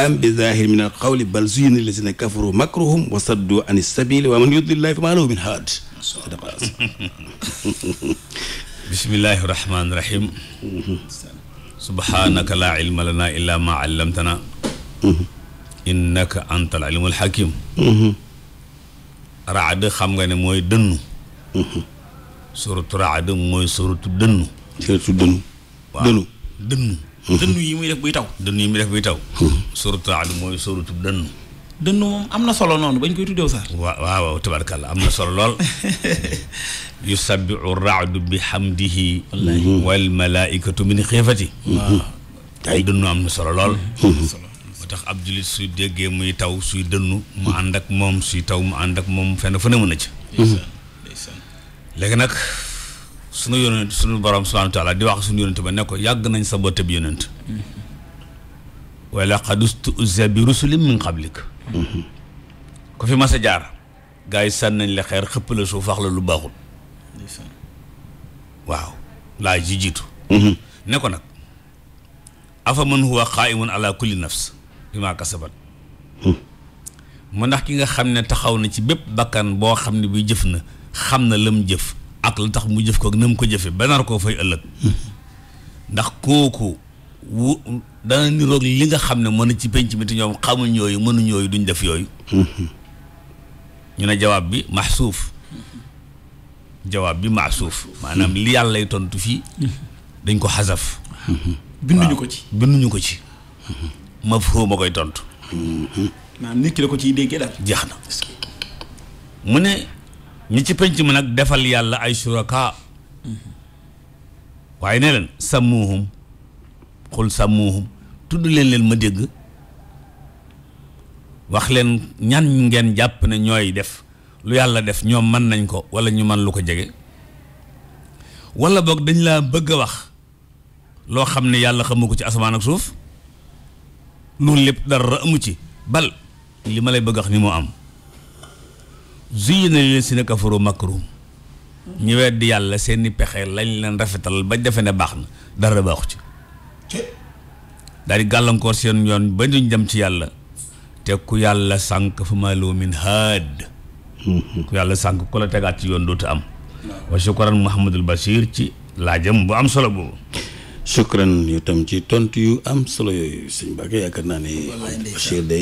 am bi zaahir min al qawli bal zuyyina lillaziina kafaru makruhum wa saddu ani sabiili wa man yudlillaahi famaa lahu min haad bismillaahi rahmaani rahiim subhaanaka laa ilma lanaa illaa maa allamtanaa innaka antal alimul hakiim raad xam nga ne mooy dënnu suratu raad mooy suratu dënnu surtout dënnu. waaw dënnu dënnu. dënnu yi muy def buy taw. dënn yi muy def buy taw. suratu Aad mooy suratu dënnu. dënn moom am na solo noonu bañ koy tuddeew sax. waaw waaw tabarkalla am na solo lool. yusabbihu raadu bi hamdihi. wallaahi wal malaaikatu min xiifati. waaw ay dënnu am na solo lool. tax ab jullit suy déggee muy taw suy dënnu mu ànd ak moom suy taw mu ànd ak moom fenn fu ne mën a ci léegi nag sunu yonent sunu borom subhaanahu di wax sunu yonent ba ne ko yàgg nañ sa bët bi yonent mm-hmm. wa laqad ustuhziya bi rusulin min qablik mm-hmm. ku fi ma a jaar gars yi sànni nañ la xeer xëpp la suuf wax la lu baaxul waaw laa ji jiitu mm-hmm. ne ko nag afa man huwa qaa'imun ala kulli nafs bimaa kasabat mm. mu ndax ki nga xam ne taxaw na ci bépp bakkan boo xam ne bi jëf na xam na lam jëf ak lu tax mu jëf kook ak mu ko jëfe ba koo fay ëllëg ndax kooku wu dana niroog li nga xam ne mën ci penc mi te ñoom xamuñ yooyu mënuñ yooyu duñ def yooyu ñu ne jawaab bi maxsuuf jawaab bi maxsuuf maanaam li yàlla lay tontu fii dañ ko xasaf binduñu ko ci binduñu ko ci mafhum a koy tontu maanaam la ko ciy déggee daal jeex na mu ne ñi ci penc mi nag defal yàlla ay suraka waaye ne leen sàmmuuhum xul sàmmuuhum tudd leen leen ma dégg wax leen ñan ngeen jàpp ne ñooy def lu yàlla def ñoom mën nañ ko wala ñu man lu ko jege wala boog dañ laa bëgg a wax loo xam ne yàlla xamu ko ci asamaan ak suuf loolu lépp dara amu ci bal li ma lay bëgg a wax ni mu am a lillazina kafaru makruhum ñu weddi yàlla seen seeni pexee lañ leen rafetal ba defe ne baax na dara baaxu ci daal gàllankoor seen yoon ba duñ dem ci yàlla te ku yàlla sànq fa maalo min haad mm-hmm. ku yàlla sànq ku la tegaat ci yoon dootu am wa shukran Mouhamadul Bachir ci laa jëm bu am solo boobu shukran yu tam ci tontu yu am solo yooyu sëñ naa ne. Bachir bi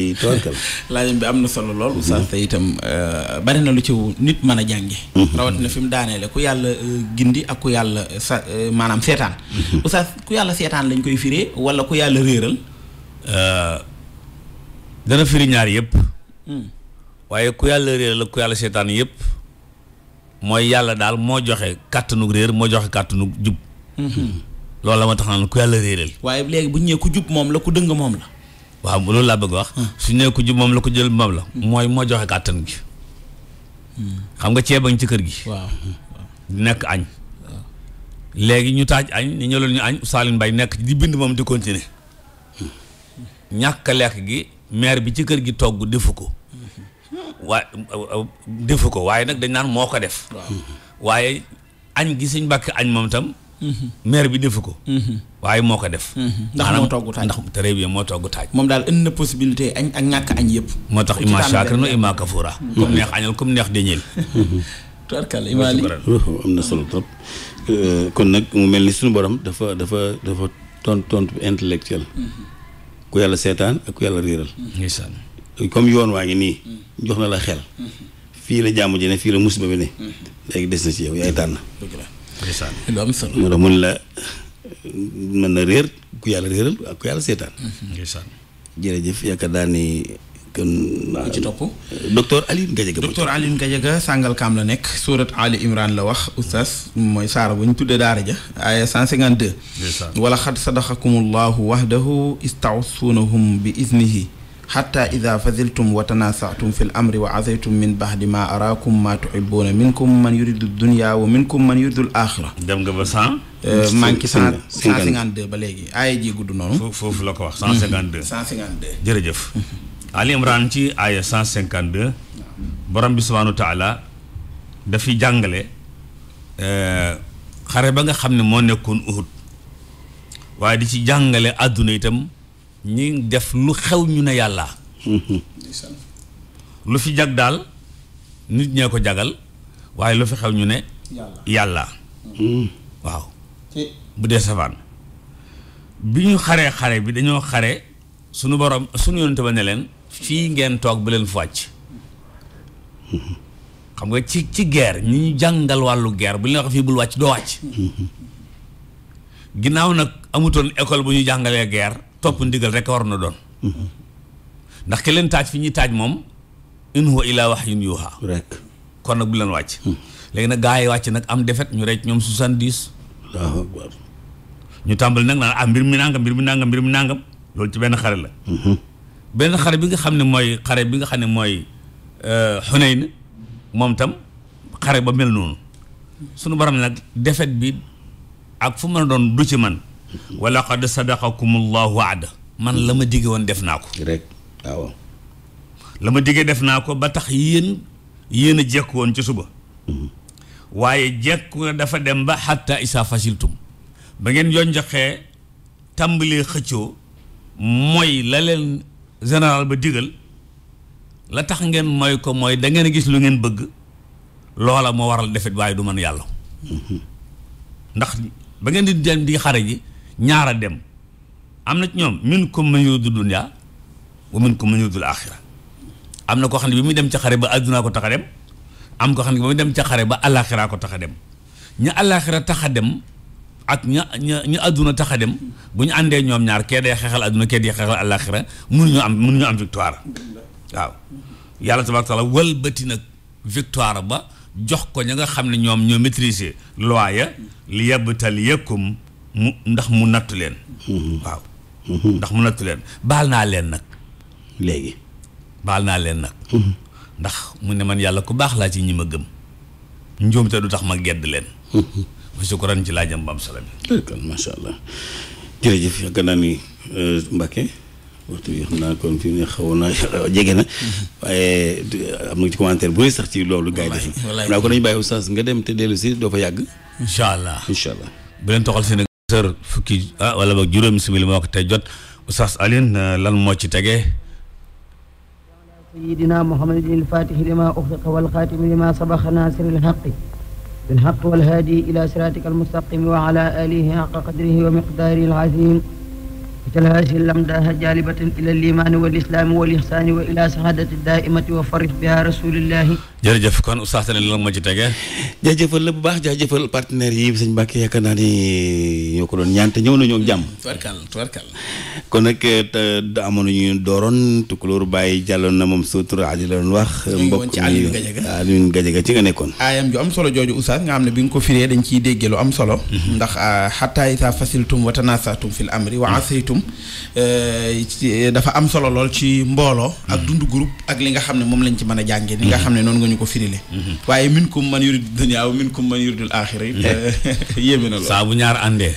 am na solo lool. Mhm. oustaz tey euh, bari na lu ci nit mën a jànge mhm. rawatina fi mu daaneele ku yàlla euh, gindi ak yàlla euh, sa maanaam seetaan. Mhm. ku yàlla seetaan lañ koy firee wala ku yàlla réeral. dana firi ñaar yëpp. Hmm. waaye ku yàlla réeral ku yàlla seetaan yëpp. mooy yàlla daal moo joxe kàttanu réer moo joxe kàttanu jub. Hmm. lool la ma tax naan ku yàlla réeral waaye léegi bu ñu ñëwee jub moom la ku dëng moom la waaw loolu laa bëgg wax hmm. su ñëwee jub moom la ku jël moom la hmm. mooy moo joxe kàttan gi hmm. xam nga ceebañ ci kër gi waaw nekk añ léegi ñu taaj añ ni ñëloon ñu añ Saalum Mbaye nekk di bind moom di continuer ñàkk lekk gi maire bi ci kër gi togg difu ko waaye defu ko waaye nag dañ naan moo ko def waaye añ gi suñ bàkk añ moom tam maire bi defu ko. waaye moo ko def. ndax moo togg taaj ndax très bien moo togg taaj. moom daal indi na possibilité añ ak ñàkk añ yëpp. moo tax imma shaakir na imma kafuura. comme neex añal comme neex deñeel. tubarkalla imaali am na solo trop. Euh, kon nag mu mel ni suñu borom dafa dafa dafa tont tontu intellectuel mm-hmm. ku yàlla seetaan ak ku yàlla réeral. ndeysaan comme yoon waa ngi nii. jox na la xel. Mm-hmm. fii la jàmm ji fii la musiba bi ne. Mm-hmm. léegi des na ci yow yaay tànn. lu am solo moo tax mun la mën na réer ku yàlla réeral ak ku yàlla seetaan mhm, jërëjëf yaakaar daal ni kon ci topp docteur Alioune Gadiaga la nekk suurat Ali Imran la wax oustaz mooy saara bu ñu tuddee daara ja aaya 152 wala xad sadaqakumullahu wahdahu istawsunahum bi iznihi xatta ida fadiltum wa tanasatum fi l wa azaytum min baxdi ma araakum ma tuhibuuna minkum minkum man yuridu l dem nga ba cent euh, maa ngi cent cinquante deux ba léegi aaya ji gudd noonu foofu la ko wax cent cinquante deux cent cinquante deux jërëjëf Ali ci aaya cent cinquante deux borom bi subhaanahu wa dafi jàngale euh, xare ba nga xam ne moo nekkoon Uhud waaye di ci jàngale àdduna itam ñi def lu xew ñu ne yàlla lu fi jag daal nit ñee ko jagal waaye lu fi xew ñu ne yàlla hmm. waaw bu dee safaan bi ñu xaree xare bi dañoo xare sunu borom sunu yonente ba ne leen fii ngeen toog bu leen fu wàcc xam nga ci ci guerre ñi ñu jàngal wàllu guerre bu ñu la fii bul wàcc doo wàcc hmm. ginnaaw nag amutoon école bu ñu jàngalee guerre topp ndigal rek war na doon ndax ke leen taaj fi ñuy taaj moom in huwa laa wax yuuhaa rek kon nag bu leen wàcc hmm. léegi nag gaa yi wàcc nag am defet ñu rek ñoom soixante-dix waaw ñu tàmbali nag naan ah mbir mi nàngam mbir mi nangam mbir mi nàngam loolu ci benn xare la hmm. benn xare bi nga xam ne mooy xare bi nga xam ne mooy Xunayn euh, moom tam xare ba mel noonu sunu borom nag defet bi ak fu mën a doon du ci man wa laqad sadaqakum allahu waada man la ma digge woon def naa ko rek la ma digge def naa ko ba tax yéen yéen a jekk woon ca suba mhm. waaye jekk dafa dem ba xatta isa fasiltum ba ngeen yoon joxee tàmbalee xëccoo mooy la leen général ba digal la tax ngeen mooy ko mooy da ngeen a gis lu ngeen bëgg loola moo waral defet waaye du man yàlla mhm. ndax ba ngeen di dem di xare ñaara dem am na ci ñoom minkum man yuriidu dunya wa minkum man yuriidu aaxira am na koo xam ne bi muy dem ca xare ba àddunaa ko tax a dem am koo xam ne bi dem ca xare ba alaaxiraa ko tax a dem ña alaaxira tax a dem ak ña ña ña àdduna tax a dem bu ñu àndee ñoom ñaar kee day xeexal àdduna kee day xeexal alaaxira mënuñu am ñu am victoire waaw yàlla tabaaraka taala wëlbati nag victoire ba jox ko ña nga xam ne ñoom ñoo maîtriser loi ya li yabtaliyakum mu ndax mu nattu leen mm-hmm. waaw mm-hmm. ndax mu nattu leen baal naa leen nag léegi baal naa leen nag mm-hmm. ndax mu ne man yàlla ku baax laa ci ñi ma gëm njuumte du tax ma gedd leen ma sukkuran ci laajam ba am solo bi masha allah jërëjëf yaakaar naa ni euh, Mbacke waxtu bi xam naa kon fi mu ne xaw na jege na waaye am na ci commentaire bu sax ci loolu gars yi def naa ko dañu bàyyi oustaz nga dem te dellu si doo fa yàgg incha allah incha allah bu leen toxal seen sër fukki ah wala boog juróomi simili moo ko tey jot Oustaz Alioune euh, lan moo ci tegee sayidina muhammadin alfaatihi lima uxliqa walxaatimi lima sabaxa naasiri alxaqi bilxaq walhaadi ila siratika almustaqimi wa ala alihi xaqa qadrihi wa miqdaari alazim مثل هذه الأمداح جالبة إلى الإيمان والإسلام والإحسان وإلى سعادة الدائمة وفرح بها رسول الله jërëjëf kon oustaz Tane lan moo ci tege jaajëfal la bu baax jaajëfal partenaires yi sëñ Mbacke yaakaar naa ni ñoo ko doon ñaan ñëw nañoo jàmm tubarkal tubarkal kon nag eh, amoon nañu dooroon tukulóor bàyyi jàlloon na moom sutur aji la doon wax mbokk Aliou Gadiaga Aliou Gadiaga ci nga nekkoon aayam ju am solo jooju oustaz nga xam ne bi nga ko firee dañ ciy déggee lu am solo mhm. ndax xataa ah, isa fasiltum wa tanasatum amri wa mhm. asaytum moom euh, dafa am solo lool ci mbooloo ak mm-hmm. dund groupe ak li nga xam ne moom lañ ci mën a jànge ni nga mm-hmm. xam ne noonu nga ñu ko firile mm-hmm. waaye min kum man yurid dunya min kum man yuridul axira eh. euh, yéeme na lool saa bu ñaar àndee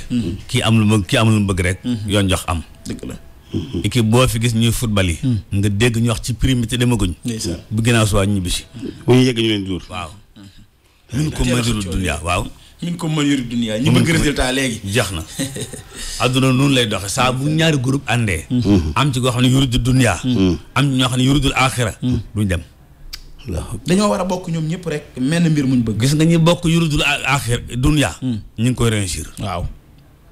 kii am lu kii am lu bëgg rek yoon jox am dëgg la équipe boo fi gis ñuy football yi mm. nga dégg ñu wax ci prime te demaguñ bu ginnaaw suwaa ñibbisi bu ñu yegg ñu leen dóor waaw min ko man yuri dunia ñu bëgg taa léegi jax na adduna noonu lay doxe saa bu ñaari groupe àndee mhm. am ci koo xam ne yuridu dunia mhm. am ñoo xam ne yuridul axira mhm. duñ dem dañoo war a bokk ñoom ñëpp rek menn mbir muñ bëgg gis nga ñu bokk yuridul axira dunia ñu ngi koy réussir waaw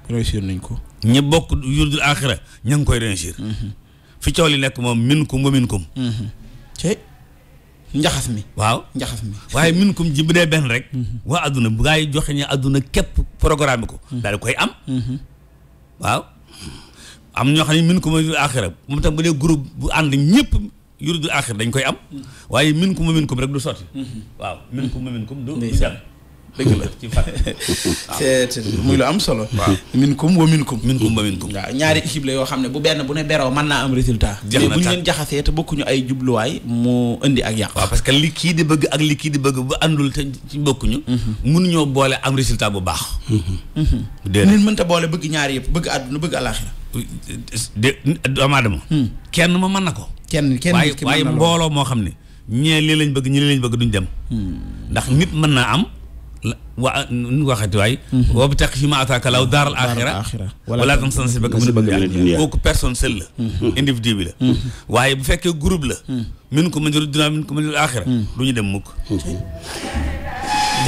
réussir nañ ko ñu bokk yuridul axira ñu ngi koy réussir fi coow li lekk moom min kum wa min njaxas mi waaw njaxas mi waaye min kum ji bu dee benn rek mhm. waa àdduna bu gaa yi joxe ñu adduna képp programme ko mhm. daal koy am mhm. waaw am ñoo xam ne min kum yuridu axira moom tam bu dee group bu ànd ñëpp yuridu axira dañ koy am waaye min kum min kum rek du sotti waaw min kum min kum du dem dëgg la ci fàtte muy lu am solo waaw minkum wa minkum minkum ba minkum waaw ñaari équipe la yoo xam ne bu benn bu ne beroo mën naa am résultat mais bu ñu leen jaxasee te bokkuñu ay jubluwaay mu indi ak yàq parce que li kii di bëgg ak li di bëgg bu àndul te ci bokkuñu mhm. mënuñoo boole am résultat bu baax mhm. Mhm. déedéet nit mënta boole bëgg ñaari yëpp bëgg àdduna bëgg àlaaxira de doomu aadama hmm. kenn ma mën na ko kenn kenn waaye mbooloo moo xam ne ñee lii lañ bëgg ñi lii lañ bëgg duñ dem hmm. ndax nit mën naa am wa nu waxati waay mhm. wa btaqi fi ma ataaka law daaral axira wala tam sansi bëgg mën a dunya kooku personne seul la mhm. Mhm. individu bi la waaye bu fekkee group la min ko mënjëru dunya min ko mënjëru axira du ñu dem mukk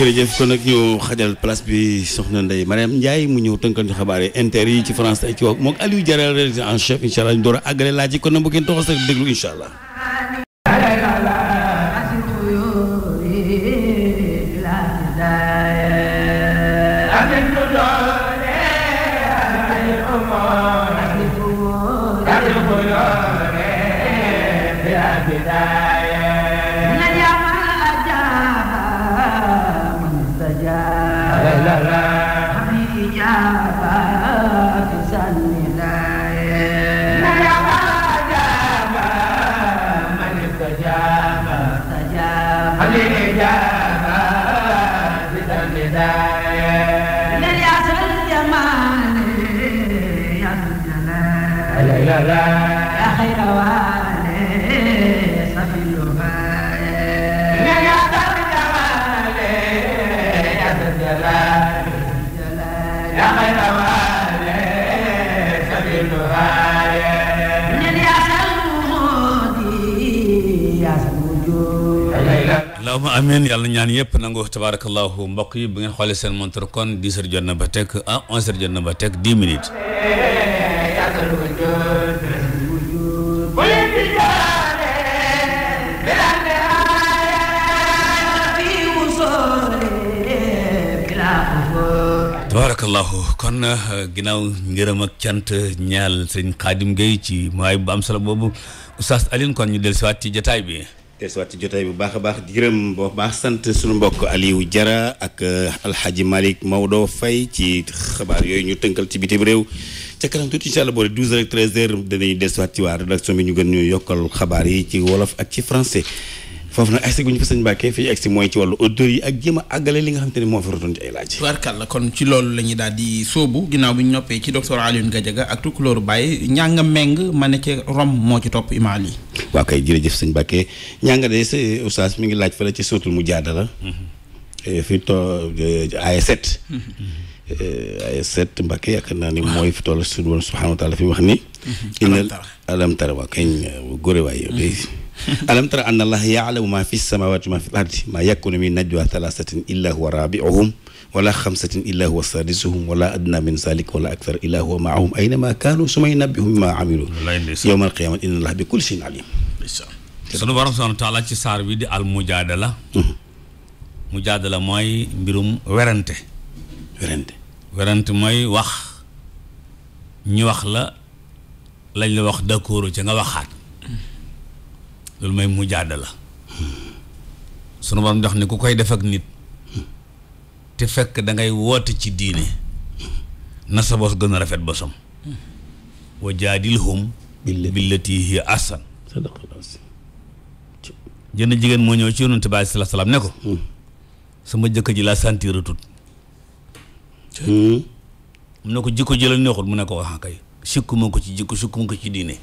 jërëjëf kon nag ñu xajal place bi soxna ndey Mariam Ndiaye mu ñëw tënkal ñu xabaar yi inter yi ci France ay ci wax moom Aliou Diarra rédacteur en chef incha allah ñu door a àggale laaj yi kon nag bu ngeen toxos rek déglu incha allahuma amin yàlla ñaan yëpp nangu tabarakallahu mbokk yi bi ngeen xoolee seen montre kon dix heures jot na ba teg ah onze heures jot na ba teg dix minutes tabarakallahu kon ah, ginnaaw ngërëm ak cant ñaal sëñ Xaadim Gueye ci maay bu am solo boobu oustaz Alioune kon ñu dellusiwaat ci jataay des dellusiwaat ci jotaay bu baax a baax di gërëm bu baax sant suñu mbokk Aliou Diarra ak euh, alxaaji Malick Maodo Faye ci xabaar yooyu ñu tënkal ci bitim réew ca kanam tuuti incha allah boole 12 heures ak 13 heures danañu dellusiwaat ci waa rédaction bi ñu gën ñu yokkal xabaar yi ci wolof ak ci français foofu nag agsi gu ñu sëñ Mbàkke fi mooy ci wàllu auditeurs ak jéem li nga xam te ne moo fi rotoon ci ay laaj tubaarkàlla kon ci loolu la ñuy daal di sóobu ginnaaw bi ñu noppee ci docteur Alioune Gadiaga ak tukkulóoru Baye ñanga meng ma ne ci rom moo ci topp imaal yi waaw kay jërëjëf sëñ Mbàkke ñanga de sa oustaz ngi laaj fa ci sóotul mu jaada la mhm. eh, to eh, ay set mhm. eh, ay set Mbàkke yaakaar naa ni mooy fi toll suñu woon subhaanahu wa fi wax ni mhm. inna alam waa kañ góore waay alam tara anna allaha yaalamu ma fi samawati ma fi l ma yakunu min najwa thalathatin illa huwa wala xamsatin illa huwa sadisuhum wala adna min zalik wala akthar illa huwa maahum aynama kaanu suma yunabbihum bima amilu yowma alqiyamati bi kulli shay'in alim sunu borom subhanahu wa ci saar bi di al mhm. mooy mbirum werante werante werante mooy wax ñu wax la lañ la wax d'accord ca nga waxaat loolu mooy mu jaada la sunu borom dox ni ku koy def nit te fekk dangay ngay ci diine na sa bos gën a rafet bosam wa jaadilhum billati hiya ahsan jënn jigéen moo ñëw ci yonent bi aleyhi salaatu salaam ne ko hmm. sama jëkkër laa sentir tut hmm. mu ne ko jikko ji neexul mu ne ko wax kay sikkuma ko ci jikko sikkuma ko ci diine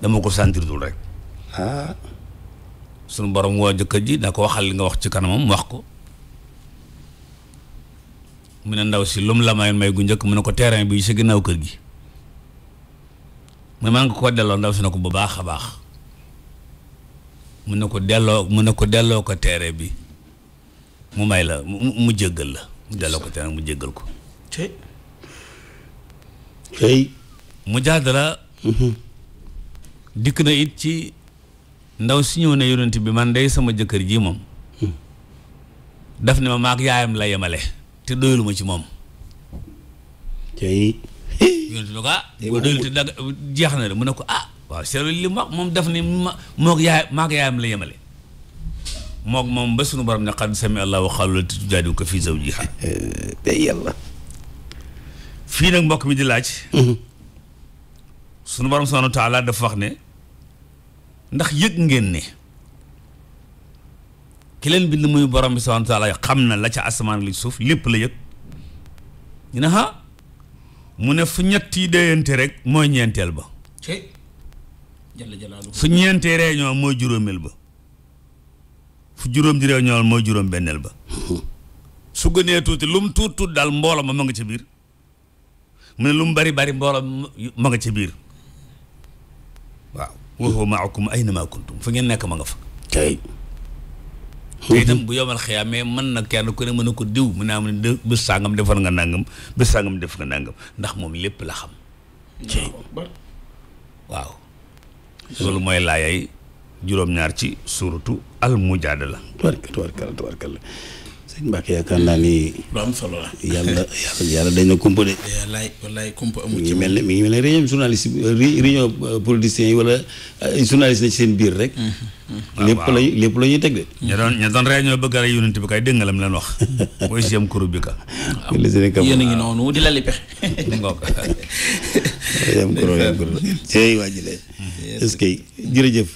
dama ko sentir tul rek ah. sunu borom woo jëkkër ji na ko waxal li nga wax ci kanamam mu wax ko mu ne ndaw si lum la mayoon may gu njëkk mu ne ko terrain bi si ginnaaw kër gi ne man nga ko delloo ndaw si ne ko bu baax a baax mu ne ko delloo mu ne ko delloo ko terrain bi mu may la mu mu jéggal la mu delloo ko terrain mu jëggal ko. tey mu jaadala. Mm-hmm. dikk na it ci. ndaw si ñëw ne yonent bi man day sama jëkkër ji moom hmm. daf ne ma maag yaayam la yemale te doylu ma ci moom tey yonent bi ko ah, na mu ne ko ah waaw seetlu li mu wax moom daf ne ma moog yaayam la yemale mook moom ba sunu borom ne xad sami allahu qawlallati tujaadiluka ko fii zawjiha tey fii nag mbokk mi di laaj hmm. sunu borom subhaanahu wa taala dafa wax ne ndax yëg ngeen ne ki leen bind muy borom bi subhaanahu wa taala xam na la ca asamaan li suuf lépp la yëg ñu ha mu ne fu ñett yi rek mooy ñeenteel ba fu ñeentee réunion mooy juróomeel ba fu juróom di mooy juróom benneel ba su gënee tuuti lu mu tuut tuut daal mbooloo ma ma nga ci biir mu ne lu mu bari bari mbooloo ma nga ci biir wa huwa maakum aynama kuntum fu ngeen nekk ma nga fa tey te bu yomal xiyaamee mën na kenn ku ne mën na ko diw mu ne am ne bés sàngam defar nga nàngam bés sàngam def nga nàngam ndax moom lépp la xam waaw loolu mooy laayay juróom-ñaar ci suuratu al mujaadala tubarkalla tubarkalla tubarkalla sëñ Mbacke yaakaar naa ni. lu am solo la yàlla yàlla yàlla dañ na kumpa de. Eh, wallaay wallaay kumpa amul ci mel ne mi ngi mel ne réunion journaliste euh, réunion euh, politiciens yi wala euh, journaliste na ci seen biir rek. Mm-hmm. lépp la lépp teg de. ña doon ña doon réunion bëgg a rey yonent bi kay dégg nga la wax. mooy a ngi noonu di la li pexe. yam kuréel yam kuréel. est-ce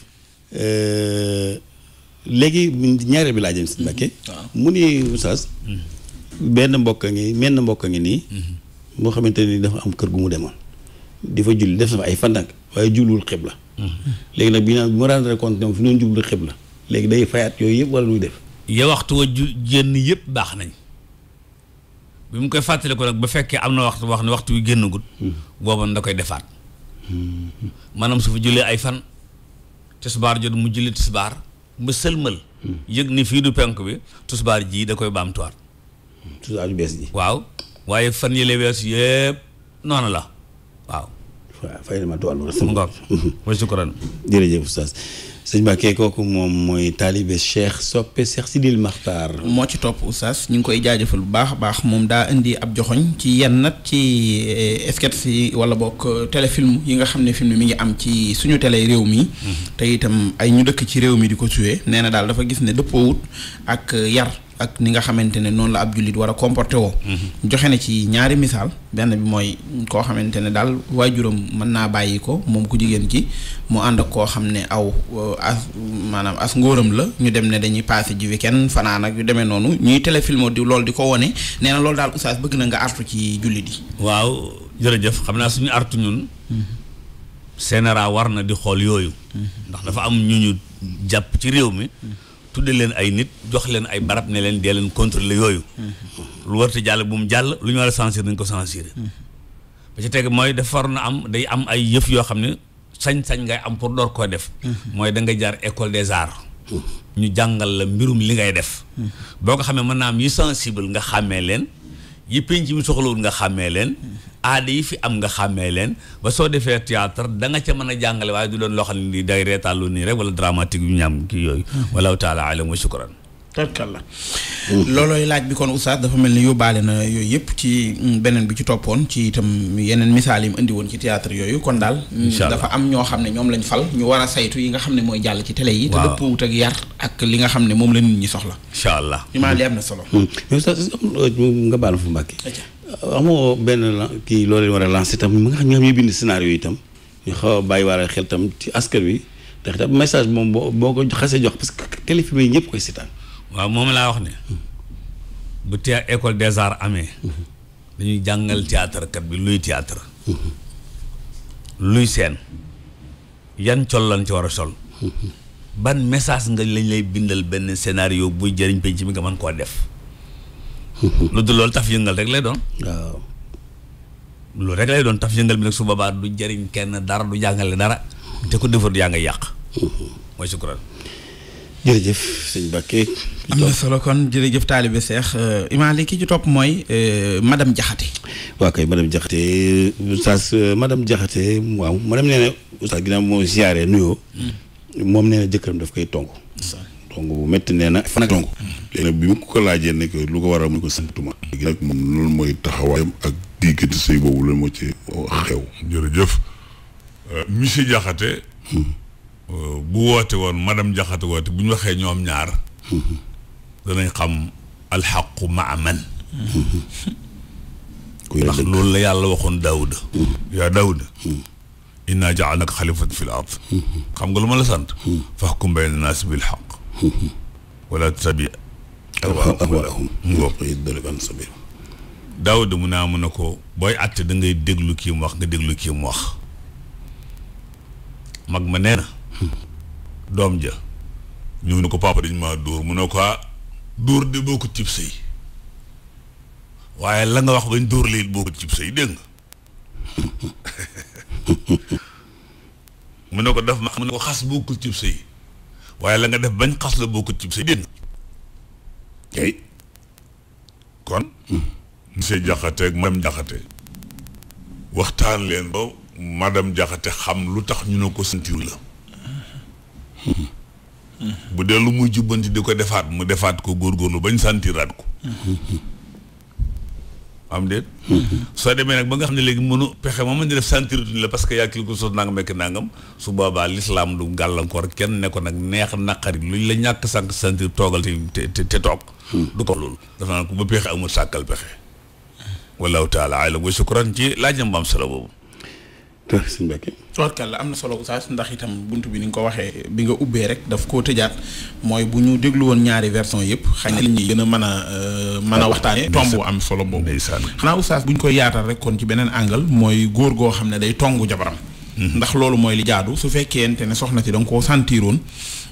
léegi ñaareel bi laa jëm si mm-hmm. Mbacke mu ni Oustaz mm-hmm. benn mbokk a ngi menn mbokk a ngi nii moo mm-hmm. xamante ni dafa am kër gu mu demoon di fa julli def na ay fan nag waaye jubluwul xibla léegi nag bi naan bi ma rendre compte ñoom fi léegi day fayaat yooyu yëpp walla muy def ya waxtu wa ju génn yëpp baax nañ bi mu koy fàttali ko nag ba fekkee am na waxtu wax ne waxtu wi génnagul booba da koy defaat maanaam su fa jullee ay fan tisbaar jot mu julli tisbaar ba sëlmal yëg ni fii du penk bi tusbaar ji da koy baamtuwaat tusbaar ju bees ji waaw waaye fan yële weesu yëpp noonu la waaw waaw fay na ma tuwàllu rek mu ngoog wa shukran jërëjëf oustaz sëñ Mbacké kooku moom mooy taalibe Cheikh soppe si Sidil Maxtaar moo ci topp oustaz ñu ngi koy jaajëfal bu baax a baax moom daa indi ab joxoñ ci yenn nag ci eh, sketch si wala boog eh, téléfilm yi nga xam ne film mi ngi am ci suñu telee réew mi mhm. te itam ay ñu dëkk ci réew mi di ko suwe nee na daal dafa gis ne dëppoowut ak yar ak ni nga xamante ne noonu la ab jullit war a comporté woo mm-hmm. joxe na ci ñaari misaal benn bi mooy koo xamante ne daal waa waajuram mën naa bàyyi ko moom ku jigéen ki mu ànd ak koo xam ne aw euh, as maanaam as ngóoram la ñu dem ne dañuy passé ji kenn fanaan ak ñu demee noonu ñuy téléfilmo di lool di ko wone nee na loolu daal oustaz bëgg na nga artu ci jullit yi waaw jërëjëf xam naa suñu artu ñun CNRA mm-hmm. war na di xool yooyu mm-hmm. ndax dafa am ñu ñu jàpp ci réew mi tudde leen ay nit jox leen ay barab ne leen dee leen contrôler yooyu. lu warti jàll bu mu jàll lu ñu walla a dañ ko censurer. ba ci teg mooy def for na am day am ay yëf yoo xam ne sañ-sañ ngay am pour door koo def. mooy da nga jaar école des arts. ñu jàngal la mbirum li ngay def. boo ko xamee mën naa am yi sensible nga xàmmee leen. yi penc bi soxlawul nga xàmmee leen aada yi fi am nga xàmmee leen ba soo defee théâtre da nga ca mën a jàngale waaye du doon loo xam ni day reetaalu nii rek wala dramatique yu ñaam kii yooyu hmm. wallahu taala alam wa shukran tarkal la loolooy laaj bi kon oustaz dafa mel ni yóbbaale na yooyu yëpp ci mm, beneen bi ci toppoon ci itam yeneen misaal yi indi woon ci théâtre yooyu kon daal mm, dafa am ñoo xam ne ñoom lañ fal ñu war a saytu yi nga xam ne mooy jàll ci télé yi te dëppwut ak yar xam ne moom la nit ñi soxla incha allah imaam li am na solo hmm. oustaz euh, nga baal fu mbàkke amoo benn la kii loolu war a lancé itam mu nga xam ñi bind scénario yi tam ñu xaw a war a xel tam ci askan wi ndax itam message moom boo boo ko xasee jox parce que téléfilm yi ñëpp koy seetaan waaw moom laa wax ne bu tee école des arts amee dañuy jàngal théâtre kat bi luy théâtre luy seen yan col lañ ci war a sol ban message nga lañ lay bindal benn scénario buy jëriñ penc mi nga mën koo def lu du loolu taf yëngal rek lay doon waaw loolu rek lay doon taf yëngal bi nag su boobaa du jëriñ kenn dara du jàngale dara te ko defar yaa ngay yàq mooy sukkural jërëjëf sëñ Bakke. am na solo kon jërëjëf taalibe Seex euh, Imaam ki ci topp mooy euh, madame Jaxate waaw kay madame Jaxate oustaz euh, madame Jaxate waaw madame nee na oustaz ginnaaw nuyoo. moom nee na jëkkëram daf koy tongu. tongu bu métti nee na fan ak tongu. Mm-hmm. léegi nag bi mu ko laajee ne lu ko waral mu ko santuma. loolu mooy taxawaayam ak diggante sëy boobu loolu moo ci xew. jërëjëf monsieur Jaxate bu woote woon madame Jaxate woote bu ñu waxee ñoom ñaar danañ xam alxaqu maaman ndax loolu la yàlla waxoon daawuda hmm. yaa daawuda inna jaalnaka xalifatan fi ard xam nga lu ma la sant hmm. faxkum bayna naas bil xaq hmm. wala tabi ahwaahum mu naa ah, mun na ko booy att da ngay déglu kii mu wax nga déglu kii mu wax mag ma neena doom ja ñëw ne ko papa dañ maa dóor mu ne ko ah, dóor de bokkut cib sëy waaye la nga wax bañ dóor lii bokkut cib sëy dégg ne ko def ma mu ne ko xas bokkul cib sëy waaye la nga def bañ xas la bokkut cib sëy dégg nga tey kon monsieur Jaxate ak madame Jaxate waxtaan leen ma madame Jaxate xam lu tax ñu ne ko sentir la Hmm. bu dee lu muy jubbanti di ko defaat mu defaat ko góor góorlu bañ santiraat ko am déet soo demee nag ba nga xam ne léegi mënu pexe moom ma di def sentirituñ la parce que yàkkil ko sos nangam mekk su boobaa lislaam du gàllankoor kenn ne ko nag neex naqari luñ la ñàkk sànq sentir toogal te te te toog du ko loolu dafa naan ko ba pexe amul sàkkal pexe wallahu taala alam wa shukran ci laajam baam solo boobu sëñ Mbacke toorkal la am na solo oustaz ndax itam bunt bi ni nga ko waxee bi nga ubbee rek daf koo tëjaat mooy bu ñu déglu woon ñaari version yëpp xañ na li ñuy gën a mën a euh, mën a waxtaane tomb am solo boobu xanaa oustaz bu ñu koy yaatal rek kon ci beneen angle mooy góor goo xam ne day tongu jabaram mhm. ndax loolu mooy li jaadu su fekkente ne soxna si da nga koo santiroon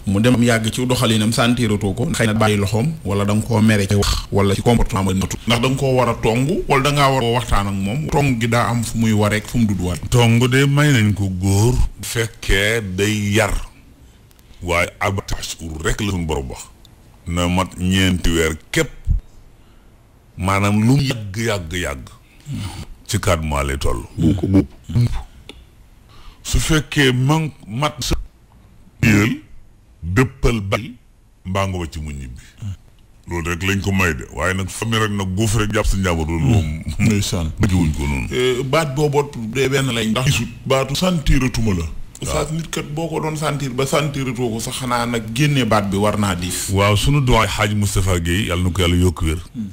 mu dem yàgg ci doxalinam santiratoo ko xëy na bàyyi loxoom wala da nga koo mere ci wax wala ci comportement ba natu ndax da ko koo war a tong wala da a waxtaan ak moom tong gi daa am fu muy wareek fu mu duduwaat tong de may nañ ko góor fekkee day yar waaye abatage ur rek la suñu borom wax na mat ñeenti weer képp maanaam lu mu yàgg-yàgg-yàgg ci quatre mois lay toll bu ko bu su fekkee man mat sa dëppal bay mbaa nga wàcc mu ñibbi loolu rek lañ ko may de waaye nag famille rek nag guuf rek jàpp sa njaboot loolu moom mm. ndeysaan bëgguñ ko noonu euh, baat booboot dee benn baatu santiratuma la saas nit kat boo ko doon santiir ba sentiratoo ko sax xanaa nag génne baat bi war naa diis waaw sunu doom xaaj Moustapha Guèye yàlla na ko yàlla yokk wér mm.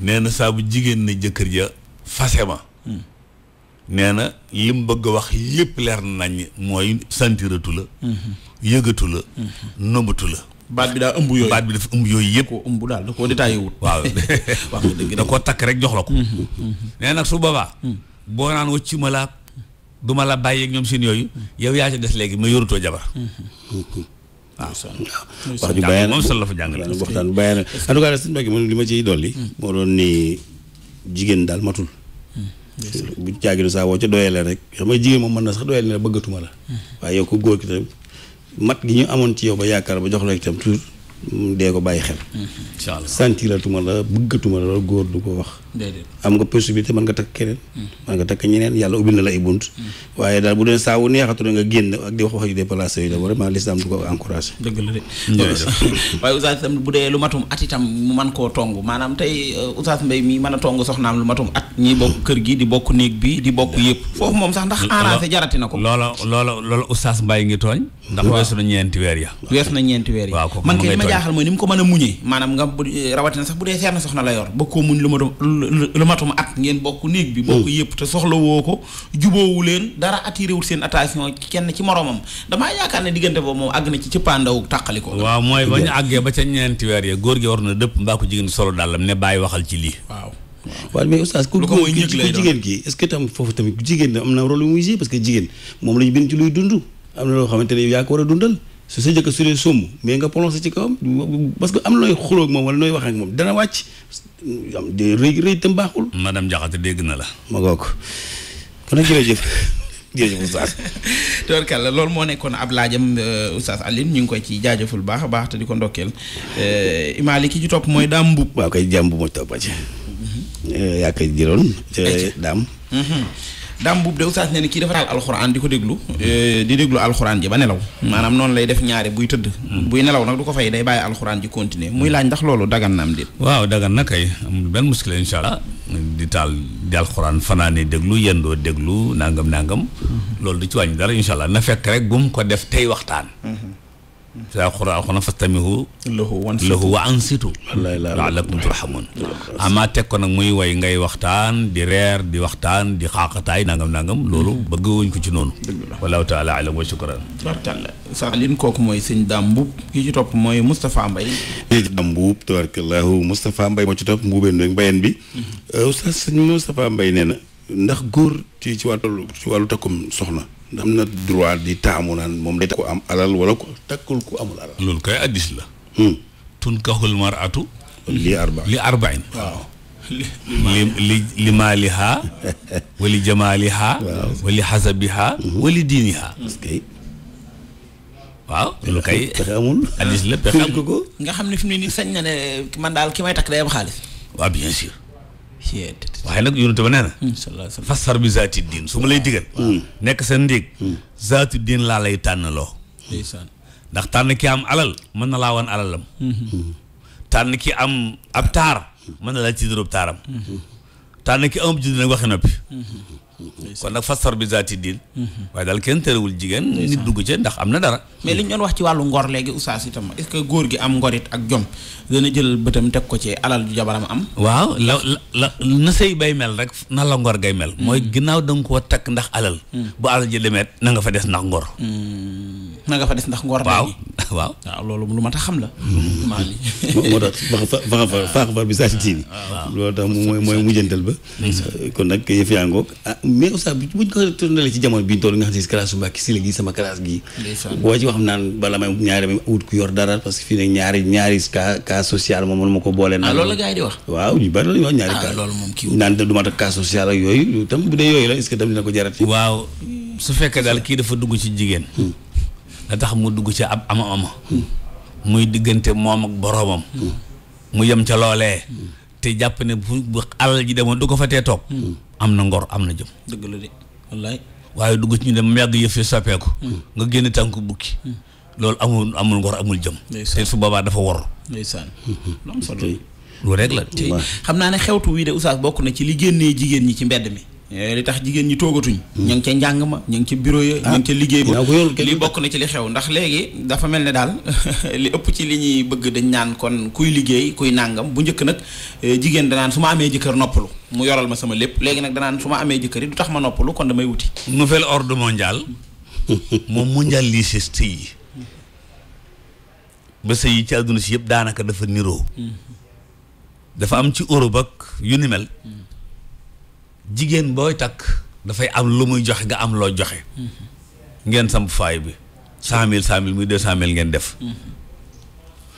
nee na saa jigéen ne jëkkër ja fase ma mm. nee na lim bëgg a wax lépp leer nañ mooy sentiratu la mm-hmm. yëgatu la. nëbbatu la. baat bi daa ëmb yooyu baat bi dafa ëmb yëpp. daal da koo détaillé waaw wax nga dëgg da koo takk rek jox la ko. Mm-hmm. Mm-hmm. nee nag su boobaa. Mm. boo naan wëccu ma laa du ma la bàyyeeg ñoom seen yooyu. yow yaa ci des léegi ma yorutoo jabar. Mm-hmm. waaw sax ju bàyyi moom la fa jàngale. waxtaan bàyyi na en tout cas suñu li ma ciy dolli. Mm. moo doon ni jigéen daal matul. Mm. bu caaginu saa woo ca doyale rek xam nga jigéen moom mën na sax doyale ne la bëggatuma la. waaye yow ku góor ki tamit mat gi ñu amoon ci yow ba yaakaar ba jox la itam tu dee ko bàyyi xel. incha allah santiratuma la bëggatuma la loolu góor du ko wax. am nga possibilité mën nga takk keneen mm-hmm. mën nga takk ñeneen yàlla ubbil na la ay mm-hmm. waaye daal bu dee saa wu neexatu nga génn ak di wax wax yu déplacé bu dee lu matum at uh, mi mën a tong soxnaam lu matum at ñi bokk hmm. kër gi di bokk néeg bi di bokk yëpp foofu moom sax ndax arrangé jarati na ko loola loola loola oustaz Mbaye ngi tooñ ndax weesu na ñeenti weer ya weesu na ñeenti weer ya man kay li ma jaaxal mooy ni mu ko mën a muñee maanaam nga rawatina sax bu dee seer na soxna la yor muñ lu ma lu matum at ngeen bokk néeg bi bokk mm. yëpp te soxla woo ko jubóowu leen dara attiré wul seen attention kenn ci moromam damaa yaakaar ne diggante boobu moom àgg na ci cëppaandaw tàqali ko waaw mooy ba ñu àggee ba ca ñeenti weer ya góor gi war na dëpp mbaa ko jigéen solo dàllam ne bàyyi waxal ci lii waaw waaw mais oustaz ku góor jigéen gi est tam foofu tamit jigéen am na rôle yu parce que jigéen moom la bind ci luy dund am na loo xamante ne yaa ko war su sa jëkk su dee somm mais nga prononcé ci kawam parce que am nooy xuloo ak moom wala nooy wax ak moom dana wàcc am de rëy rëy tam baaxul. dégg na la. ma ngoog kon nag jërëjëf jërëjëf oustaz. loolu moo nekkoon ab laajam euh, oustaz Alioune ñu ngi koy ci jaajëful baax a baax te di ko ndokkeel euh, imaali ki ci topp mooy daam mbub. waaw kay jàmm bu ma topp ci. Mhm. Euh, yaa koy jëloon. daam. daam buub de oustaz ne ni kii dafa taal alxuraan di ko déglu eh, di déglu alxuraan ji ba nelaw maanaam noonu lay def ñaare buy tëdd hmm. buy nelaw nag du ko fay day bàyyi alxuraan ji continuer muy hmm. laaj ndax loolu dagan na am waaw dagan na kay amul benn muskile insha allah di taal di alxuraan fanaane déglu yendoo déglu nangam nangam hmm. loolu du ci wàññi dara insha allah na fekk rek bu mu ko def tey waxtaan saa xuraa xona fastamihu lahu wa ansitu laalakum turhamun ama teg ko nag muy way ngay waxtaan di reer di waxtaan di xaaqataay nangam nangam loolu hmm. bëgg wuñ ko ci noonu wallahu taala alam wa shukran tabarkalla saalin kooku mooy sëñ Daam Mbuub ki ci topp mooy Moustapha Mbaye sëñ Daam Mbuub tabarkallahu Moustapha Mbaye moo ci topp mbuubeen bi mbayeen bi hmm. euh, oustaz sëñ Moustapha Mbaye nee na ndax góor ci ci wàllu ci wàllu takkum soxna am na droit di taamu naan moom day ko am alal wala ko takkul addis la. Hmm. tunkaxul maratu. li arba li arbain. waaw. li la pexe amul ko. nga xam ne fi mu ne man daal ki may takk day am xaalis. waaye nag yonent ba nee na hmm. fasar bi zaati diin su ma lay digal hmm. Hmm. nekk sa ndéeg zaati diin laa lay tànn loo ndax tànn ki am alal mën na laa wan alalam tànn ki am ab taar mën na laa ci dërëb taaram tànn ki am judd nag waxi noppi Mm-hmm. kon nag fastar bi zaati diin mm-hmm. waaye daal kenn terewul jigéen nit dugg ci ndax am na dara mais li doon wax ci wàllu ngor léegi oustaz itam est-ce que góor gi am ngorit ak jom dana jël bëtam teg ko ci alal ju jabaram am waaw la la na sëy bay mel rek na la ngor gay mel mooy mm-hmm. ginnaaw da nga takk ndax alal mm. bu alal ji demeet na fa des ndax ngor mm. na nga fa des ndax ngor waaw waaw waaw loolu lu ma tax xam la maa li moo tax faxa faxa faxa bi mais oustaz bu buñ ko tournalee ci jamono bii toll nga xam ne si classe su Mbàkke si la gi sama classe gi boo ci wax naan bala may ñaari may wut ku yor dara parce que fii ne ñaari ñaari cas cas social moom mënu ma ko boole naan ah, loolu la gars yi di wax waaw ñu bari la ñuy wax ñaari ah, cas loolu moom kii ma tax cas social ak yooyu tam bu dee yooyu la est-ce que tam dina ko jarati waaw su fekkee daal kii dafa dugg ci jigéen la hmm. tax mu dugg ci ab ama ama hmm. muy diggante moom ak boroomam hmm. mu yem ca loolee te jàpp ne bu alal ji demoon du ko fa toog am na ngor am na jëm. dëgg la de wallaay. waaye dugg ci ñu dem yàgg yëf yi soppeeku. Hmm. nga génn tànk bukki hmm. loolu amul amul ngor amul jëm. te su boobaa dafa wor. ndeysaan lu am solo lu rek la. xam naa ne xewtu wii de oustaz bokk na ci li génnee jigéen ñi ci mbedd mi. Eh, li tax jigéen ñi toogatuñ. Hmm. ña ngi ca njàng ma ña ngi ca bureau ya. ña ah, ngi ca liggéey ba li bokk na ci li xew ndax léegi dafa mel ne daal li ëpp ci li ñuy bëgg dañ naan kon kuy liggéey kuy nàngam bu njëkk nag eh, jigéen danaan su ma amee jëkkër noppalu mu yoral ma sama lépp léegi nag danaan su ma amee jëkkër yi du tax ma noppalu kon wuti. nouvel ordre mondial moom mondialiste yi ba sëy yi ci àdduna si yëpp daanaka dafa niroo. Hmm. dafa am ci Europe ak yu ni mel. Hmm. jigéen booy takk dafay am lu muy joxe nga am loo joxe ngeen samp faay bi cent mille cent mille muy deux cent mille ngeen def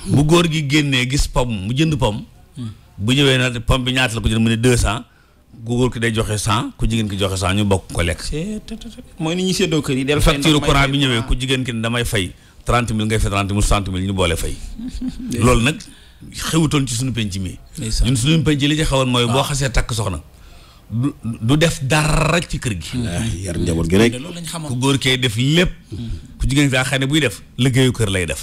bu góor gi génnee gis pom mu jënd pom bu ñëwee na pom bi ñaata la ko jënd mu ne deux cent ku góor ki day joxe cent ku jigéen ki joxe cent ñu bokk ko lekk mooy ni ñuy séddoo kër yi del facture bi ñëwee ku jigéen ki ne fay trente mille ngay fay trente mille cent ñu boole fay loolu nag xewutoon ci suñu penc mi ñun suñu penc li ci xewoon mooy boo ah. xasee takk soxna du du def dara ci kër gi. Ah, yar njaboot gi rek ku góor kee def lépp. ku jigéen saa xam buy def liggéeyu kër lay def.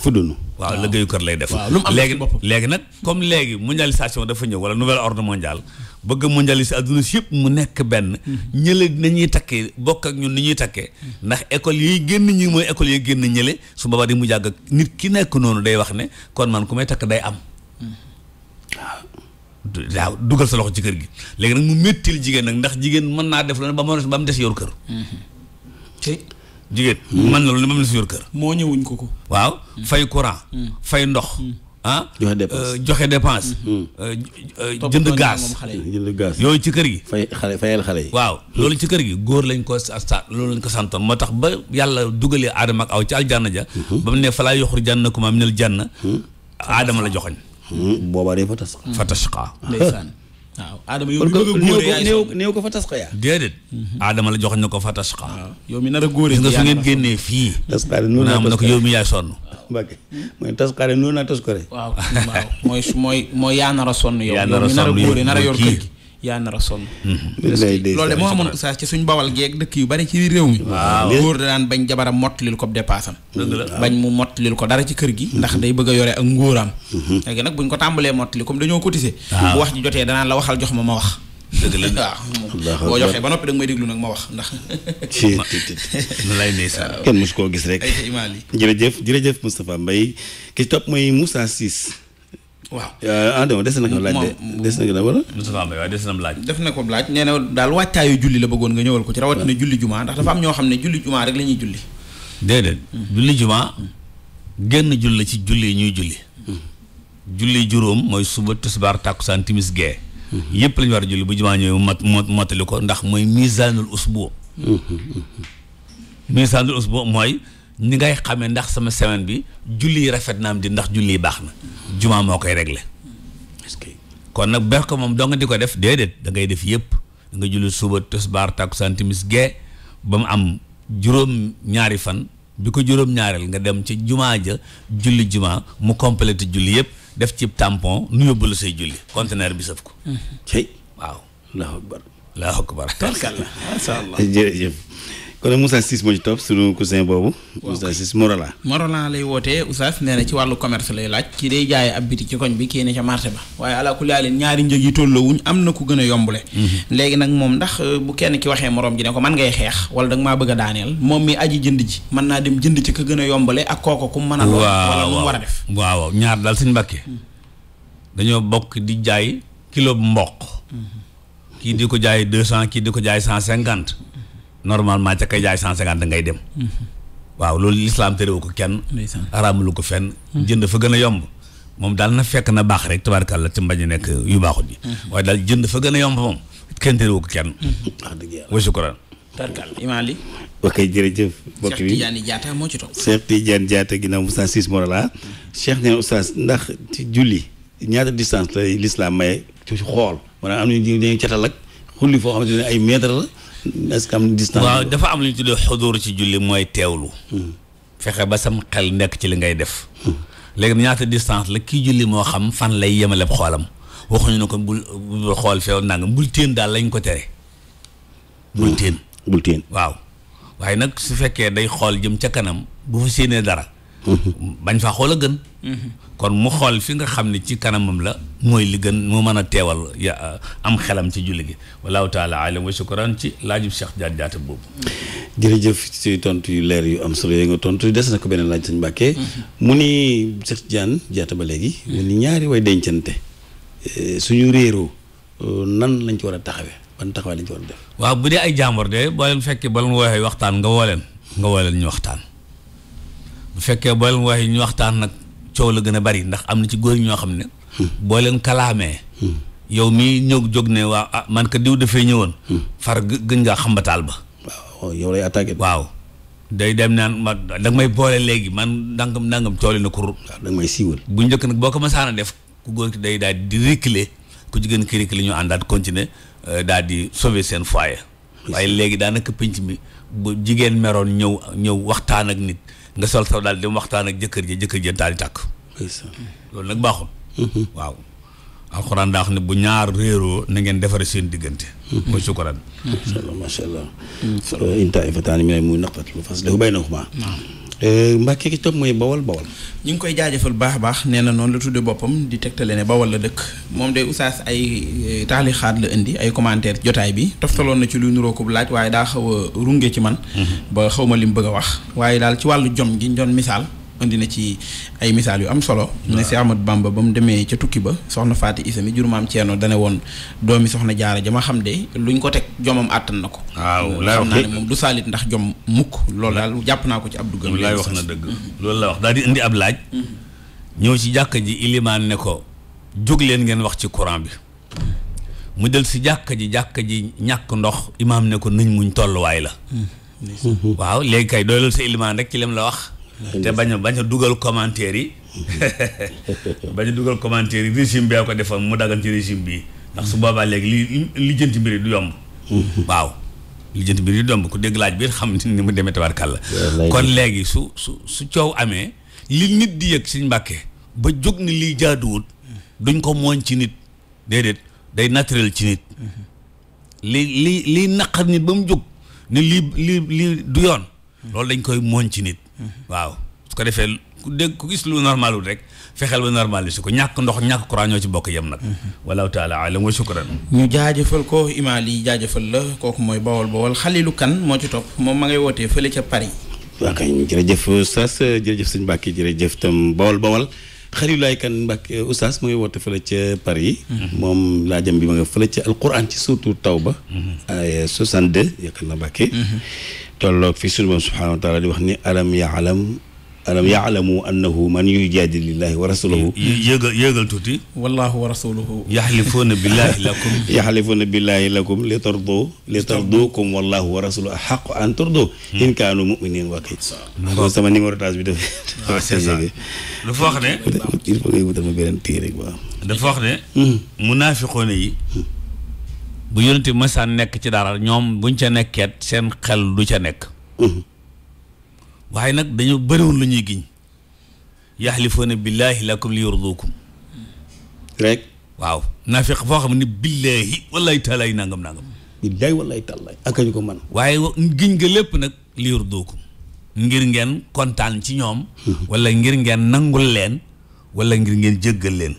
fuddunu waaw liggéeyu kër lay def. léegi léegi nag comme léegi mondialisation dafa ñëw wala nouvel ordre mondial bëgg a mondialiser adduna si yëpp mu nekk benn. ñële nañuy takkee bokk ak ñun ni ñuy takkee. ndax école yiy génn ñi mooy école yiy génn ñële su ma di mu jàgg nit ki nekk noonu day wax ne kon man ku may takk day am. waaw dugal sa loxo ci kër gi léegi nag mu méttil jigéen nag ndax jigéen mën naa def loolu ba mu ba des yor kër. jigéen man la lu ne ba mu des yor kër. moo ñëwuñ ko ko. waaw mm. fay courant. Mm. fay ndox. Mm. ah joxe dépense euh, joxe dépense. Euh, euh, jënd gaz jënd gaz yooyu ci kër gi. fay xale fayal xale yi. waaw loolu ci kër gi góor lañ ko sa loolu lañ ko santoon moo tax ba yàlla dugalee aadama ak aw ci aljanna ja. Mm-hmm. ba mu ne falaa yoxur jànna kuma minal janna aadama mm-hmm. la joxoñ Hmm. boobaa day fa tasqa. fa tasqa. Adama yow mi bëgg a ko fa tasqa yaa. déedéet. Adama la joxoon na ko fa tasqa. yow mi nar a góore. nga su ngeen génnee fii. tasqaare noonu na ko yow mi yaay sonn. mooy tasqaare noonu la taskore. waaw mooy mooy mooy yaa nar a sonn yow. yow mi nar a góore nar a yor kër gi yaa nara a sonn. Mm-hmm. lool de moo amoon oustaz ci suñ bawal geeg dëkk yu bari ci réew mi. waaw góor bañ jabara mottalil ko dépassam. bañ mu mottalil ko dara ci kër gi. ndax day bëgg a yore ak ngóoraam. Mm-hmm. léegi nag buñ ko tàmbalee mottali comme dañoo cotisé. Ah. bu wax ji jotee danaan la waxal jox ma ma wax. dëgg la waaw boo joxee ba noppi da nga may déglu nag ma wax ndax. ci lay ndeysaan kenn mosu koo gis rek. ay imaam yi jërëjëf jërëjëf Moustapha Mbaye ki topp mooy Moussa Cissé waaw. ah euh, non des na ko laaj de des na ko wala. Moustapha des na laaj. def na ko laaj nee na daal waajtaayu julli la bëggoon nga ñëwal ko ci rawatina julli juma ndax dafa am ñoo xam ne julli juma rek la ñuy julli. déedéet. Hmm. julli hmm. julli la ci julli ñuy julli. Hmm. julli juróom mooy suba tisbaar takkusaan timis gee. yëpp la war a julli bu jumaa ñëwee mu mat mottali ko ndax mooy misaanul usbu. misaanul usbu mooy. ni ngay xamee ndax sama semaine bi julli rafet na am di ndax julli baax na juma moo koy réglé est que kon nag bex ko moom dong di ko def déedéet da ngay def yëpp nga julli suba tisbaar takkusaan timis gee ba mu am juróom ñaari fan bi ko juróom ñaareel nga dem ci jumaa ja julli jumaa mu complété julli yëpp def ci tampon nu yóbbu la say julli conteneur bi saf ko. cey waaw. allahu akbar allahu akbar. tarkalla macha allah jërëjëf. kon Moussa Ciss moo ci topp sunu cousin boobu. Moussa Ciss Morolan. Morolan lay wootee Oustaz nee na ci wàllu commerce lay laaj. ki day jaaye ab biti ci koñ bi kii ne ca marché ba waaye ala kulli aal ñaari njëg yi tolloowuñ am na ku gën a yombule. Mhm. léegi nag moom ndax euh, bu kenn ki waxee moroom ji ne ko man ngay xeex wala da maa bëgg daaneel moom mi aji jënd ji mën naa dem jënd ci ka gën a yombale ak kooku ku mën a. waaw wala mu war a def. waaw ñaar daal suñu mbàkkee. Hmm. dañoo bokk di jaay kilo mboq. Hmm. kii di ko jaay deux cent kii di ko jaay cent cinquante normalement ca kay jaay cent cinquante ngay dem. Mm-hmm. waaw loolu lislaam terewu ko kenn. araamalu ko fenn. Mm-hmm. jënd fa gën a yomb. moom daal na fekk na baax rek tabaarkalla ci mbañ nekk yu baaxut yi. Mm-hmm. waaye daal jënd fa gën a yomb moom kenn terewu ko kenn. wax dëgg yàlla wa shukran. tarkal imaam li. bi Cheikh moo ci toog. Cheikh Tidiane Diatta ginnaaw Moussa Ciss Morala. ndax ci julli ñaata distance la l'islam maye ci xool maanaam am nañu dañuy catal ak xulli foo xamante ne ay mètre la. est-ce que waaw dafa am lu ñu tuddee ci julli mooy teewlu. Hmm. fexe ba sam xel nekk ci li ngay def. Hmm. léegi ñaata distance la kii julli moo xam fan lay yemaleb xoolam waxuñu ne ko bul xool feew nangam bul téen daal lañ ko tere. bul hmm. téen bul téen waaw. waaye nag su fekkee day xool jëm ca kanam bu fa séenee dara. bañ faa xool a gën kon mu xool fi nga xam ne ci kanamam la mooy li gën mu mën a teewal ya uh, am xelam ci julli gi wallahu taala su wa shukran ci laajub seex Diagne jaata boobu jërëjëf ci tontu yu leer yu am solo yooyu nga tontu des na ko beneen laaj sañ Mbàkke mm-hmm. mu ni Cheikh Diagne Diatta ba léegi mu ñaari way dencante eh, suñu réeroo eh, nan lañ ci war a taxawee ban taxawaay lañ ci war a def waaw bu dee ay jàmbor de boo leen fekkee ba leen woowee waxtaan nga woo leen nga woo leen ñu waxtaan fekkee boo leen waaye ñu waxtaan nag coow la gën a bari ndax am na ci góor ñoo xam ne boo leen kalaamee yow mii ñëw jóg ne waa ah man ka diw dafay ñëwoon far gën ngaa xambataal ba waaw yow lay attaqué waaw day dem naan ma da may boole léegi man ndangam ndangam coole na kur da nga may bu njëkk nag boo ko ma masaana def ku góor ki day daal di reculer ku jigéen ki reculer ñu àndaat continuer euh, daal di sauver seen foyer waaye léegi daanaka pénc mi bu jigéen meroon ñëw ñëw waxtaan ak nit nga sol sol daal di waxtaan ak jëkkër ji jëkkër ji daal di tàkk. loolu nag baaxul. Mm-hmm. waaw alxuraan daa wax ne bu ñaar réeroo na ngeen seen diggante. Mm-hmm. mooy sukkuraan. macha allah macha allah. intaa ifataani minal mu'miniina iqtatalu fas lahu baynahuma Euh, Mbàkke ki topp mooy bawal bawal. ñu ngi koy jaajëfal baax a baax nee na noonu la tudde boppam di tegtale ne bawal la dëkk moom de oustaz ay eh, taali xaat la indi ay commentaire jotaay bi toftaloon na ci lu nuroo ko laaj waaye daa xaw a runge ci man. Mhm. ba xaw ma li mu bëgg a wax waaye daal ci wàllu jom gi ñu doon misaal. indi na ci ay misaal yu am solo ne si Ahmad Bamba ba mu demee ca tukki ba soxna Faati Isa mi jur maam Ceerno dane woon doomi soxna jaara jama xam de luñ ko teg jomam àttan na ko waaw lay wax naa ne moom du ndax jom mukk loolu daal jàpp naa ko ci ab duggam lay wax na dëgg mm-hmm. loolu la wax daal di indi ab laaj mm-hmm. ñëw ci jàkka ji ilimaan ne ko jóg leen ngeen wax ci courant bi mm-hmm. mu del si jàkka ji jàkka ji ñàkk ndox imaam ne ko nañ muñ tolluwaay la waaw léegi kay doolal sa ilimaan rek ci lim la wax te bañ a bañ a dugal commentaire yi bañ a dugal commentaire yi régime bee ko defoon mu daggan ci régime bii ndax su boobaa léegi li lijjanti mbir yi du yomb waaw lijjanti mbir yi du yomb ku dégg laaj bi xam ni mu demee tabarkàlla kon léegi su su su coow amee li nit di yëg siñ mbàkke ba jóg ni lii jaaduwut duñ ko mooñ ci nit déedéet day naturel ci nit li li liy naqar nit ba mu jóg ni lii lii lii du yoon hmm. loolu dañ koy mooñ ci nit waaw su ko defee ku dégg ku gis lu normalul rek fexeel ba normalisé ko ñàkk ndox ñàkk courant ñoo ci bokk yem nag mhm. wallahu taala alam wa shukran ñu jaajëfal koo imaal yi jaajëfal la kooku mooy bawol bawol xalilu kan moo ci topp moom ma ngay wootee fële ca Paris waaw kay jërëjëf oustaz jërëjëf sëñ Mbàkke jërëjëf tam bawol bawol xalilulaay kan Mbàkke oustaz mu ngi woote fële ca Paris mhm. moom laajam bi ma nga fële ca alquran ci surtout Tawba mhm. ay 62 yaakaar na Mbàkke tolloog fi sunu borom subhaanahu wa taala di wax ni alam yaalam alam yaalamu annahu man yujaadilu lillahi wa rasulahu yëgal yëgal tuuti wallahu wa rasuluhu yaxlifuuna billahi lakum yaxlifuuna billahi lakum li tardu li tardukum wallahu wa rasuluhu xaqu an tardu hmm. in kaanu muminin wa kay kon sama numéro taas bi dafa dafa wax ne il faut ngay wutal ma beneen téere rek waaw dafa wax ne hmm. munaafiqoone yi hmm. bu yonent bi masaan nekk ci dara ñoom buñ ca nekkeet seen xel du ca nekk mhm. waaye nag dañu bëriwoon lu ñuy giñ yaxlifuuna billaahi lakum li yurduukum rek waaw naafiq foo xam ne billaahi wallaay taalaay nangam nangam billaahi wallaay taalaay ak ñu ko mën waaye giñ nga lépp nag li yurduukum ngir ngeen kontaan ci ñoom mhm. walla ngir ngeen nangul leen wala ngir ngeen jëggal leen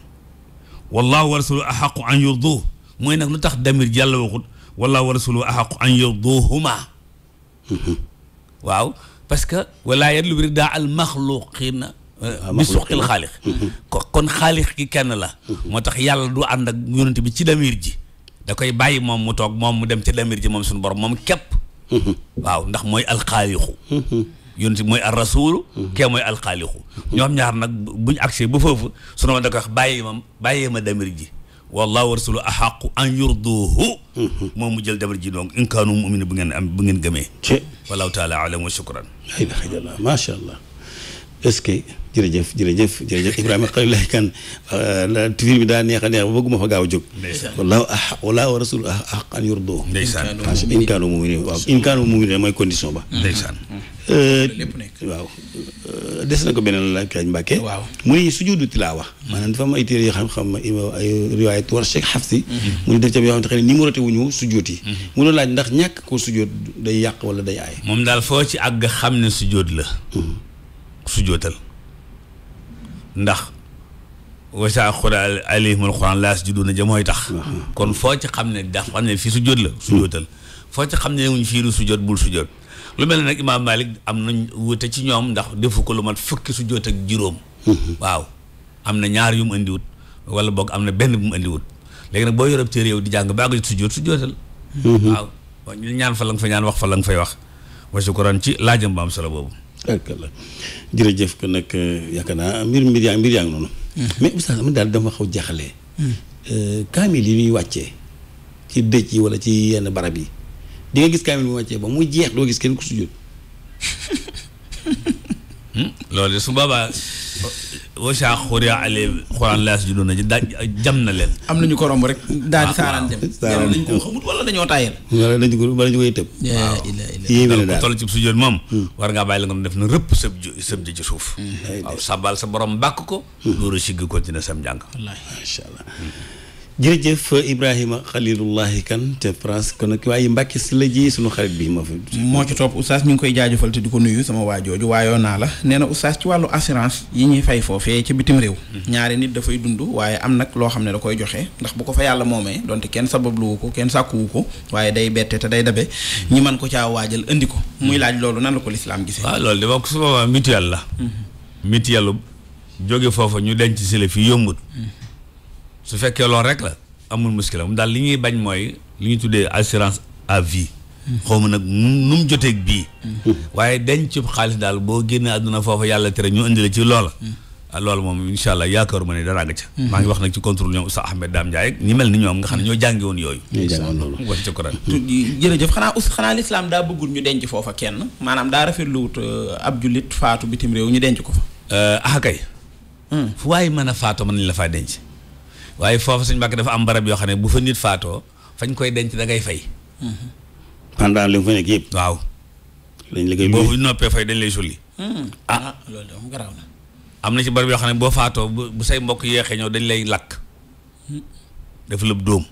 wallaahu wa rasuluhu ahaqu an yurduuhu mooy nag lu tax damir jàll waxut wallaahu wa rasuluhu ahaqu an yurduhuma waaw parce que walaa yadlu ah, bi daa al maxluqina bi suqil xaalix mm-hmm. kon xaalix gi kenn la mm-hmm. moo tax yàlla du ànd ak yonent bi ci damir ji da koy bàyyi moom mu toog moom mu dem ci damir ji moom suñu borom moom képp mm-hmm. waaw ndax mooy alxaalixu yonent bi mooy al rasuulu kee mooy alxaalixu ñoom ñaar nag buñ agsee ba foofu su ma da ko bàyyi bàyyee ma damir ji wallahu wa rasulu ahaqu an yurduhu hmm, hmm. moom mu jël jabar ji donc in kaanu muminin bu ngeen am bu ngeen gëmee wallahu taala alam wa shukran la ilaha illallah masha allah est-ce que jërëjëf jërëjëf jërëjëf Ibrahima Xaliilulaah Kan euh, tifiir bi daa neex a neex ba bëgguma fa gaaw a jóg wallaahu ahaq wallaahu wa rasuluhu ahaq ah, an yurdoo ndeysaan in kaanu ah, mu'miniin waaw in kaanu mu'miniin mooy mm-hmm. euh, waaw euh, des na ko beneen la kañ Mbàkke waaw mu ne sujuudu tilaawa maanaam dafa am ay téere yoo xam-xam ay riwaayat war Cheikh Xafsi mm-hmm. mu ne def ca yoo xam ne na mm-hmm. laaj ndax ñàkk ko sujuut day yàq wala day aay moom daal foo ci àgg xam ne sujuut la sujootal ndax wasaa xuraa alihimul quran laa yasjuduuna ja mooy tax kon foo ci xam ne dafa xam ne fii sujoot la sujootal foo ci xam ne wuñ fii du sujoot bul sujoot lu mel ne nag imaam Malik am nañ wute ci ñoom ndax defu ko lu mat fukki sujoot ak juróom waaw am na ñaar yu mu indiwut wala boog am na benn bu mu indiwut léegi nag boo yorob téere yow di jàng baa nga sujoot sujootal waaw ñaan fa la fa ñaan wax fa la fay wax wa shukran ci laajam ba am solo boobu la jërëjëf ko nag euh, yaakaar naa mbir mbir yaa mbir yaa ngi noonu. Mm-hmm. mais oustaz man daal dama xaw jaxalee. Mm-hmm. Euh, kaamil yi ñuy wàccee ci dëj yi wala ci yenn barab yi di gis kaamil mu wàccee ba mu jeex doo gis kenn ku sujjóot. Hmm? loolu su boobaa wasaa xuri ale xuraan laas ju doon na daa jam na leen. am nañu ko romb rek. daal di ah, saaraan dem saaraan dem ko xamut wala dañoo tayal. wala dañu ko wala dañu koy tëb. waaw yéeme na daal toll ci sujjoon moom. Hmm. war ngaa bàyyi la nga def na rëpp sëb ju sëb ji ci suuf. Hmm. waaw sabal sa borom bàkk ko. loolu hmm. sigg continuer sam njàng. wallaahi macha allah. jërëjëf Ibrahima Xalilullahi Kan te France kon nag waaye Mbàkke si la ji sunu xarit bi ma moo ci topp oustaz ñu ngi koy jaajëfal te di ko nuyu sama waa jooju waayoo naa la nee na ci wàllu assurance yi ñuy fay foofee ca bitim réew. Mhm. ñaari nit dafay dund waaye am nag loo xam ne da koy joxe ndax bu ko fa yàlla moomee donte kenn sababluwu ko kenn sàkkuwu ko waaye day bette te day dabe mhm. ñi mën ko caa waajal indi ko mhm. muy laaj loolu nan la ko lislaam gisee. waaw loolu de wax su boobaa mutuelle la. mutuelle jóge foofa ñu denc si la su fekkee loolu rek la amul muskila mu daal li ñuy bañ mooy li ñu tuddee assurance à vie. xaw ma nag nu mu jotee bii. waaye denc xaalis daal boo génnee àdduna foofu yàlla tere ñu indi la ci loola. Ah, loolu moom incha allah yaakaaruma ne danaa nga ca. Hmm. maa ngi wax nag ci contrôle ñoom Oustaz Ahmed Dame Ndiaye ñi mel ni ñoom nga xam ne ñoo jàngi yooyu. ñoo jàngi woon loolu wax ci Quran. xanaa us xanaa lislaam daa bëggul ñu denc foofa kenn maanaam daa rafetlu wut euh, ab jullit faatu bitim réew ñu denc ko fa. Euh, ah kay. Hmm. mën a faatoo mën nañ la faa waaye foofu sëñ Mbàkke dafa am barab yoo xam ne bu fa nit faatoo fañ koy denc da ngay fay. pendant li mu fa noppee fay dañ lay sulli. Hmm. Ah. Ah, am na ci barab yoo xam ne boo faatoo bu say mbokk yeexee ñëw dañ lay lakk. Hmm. def la dóom.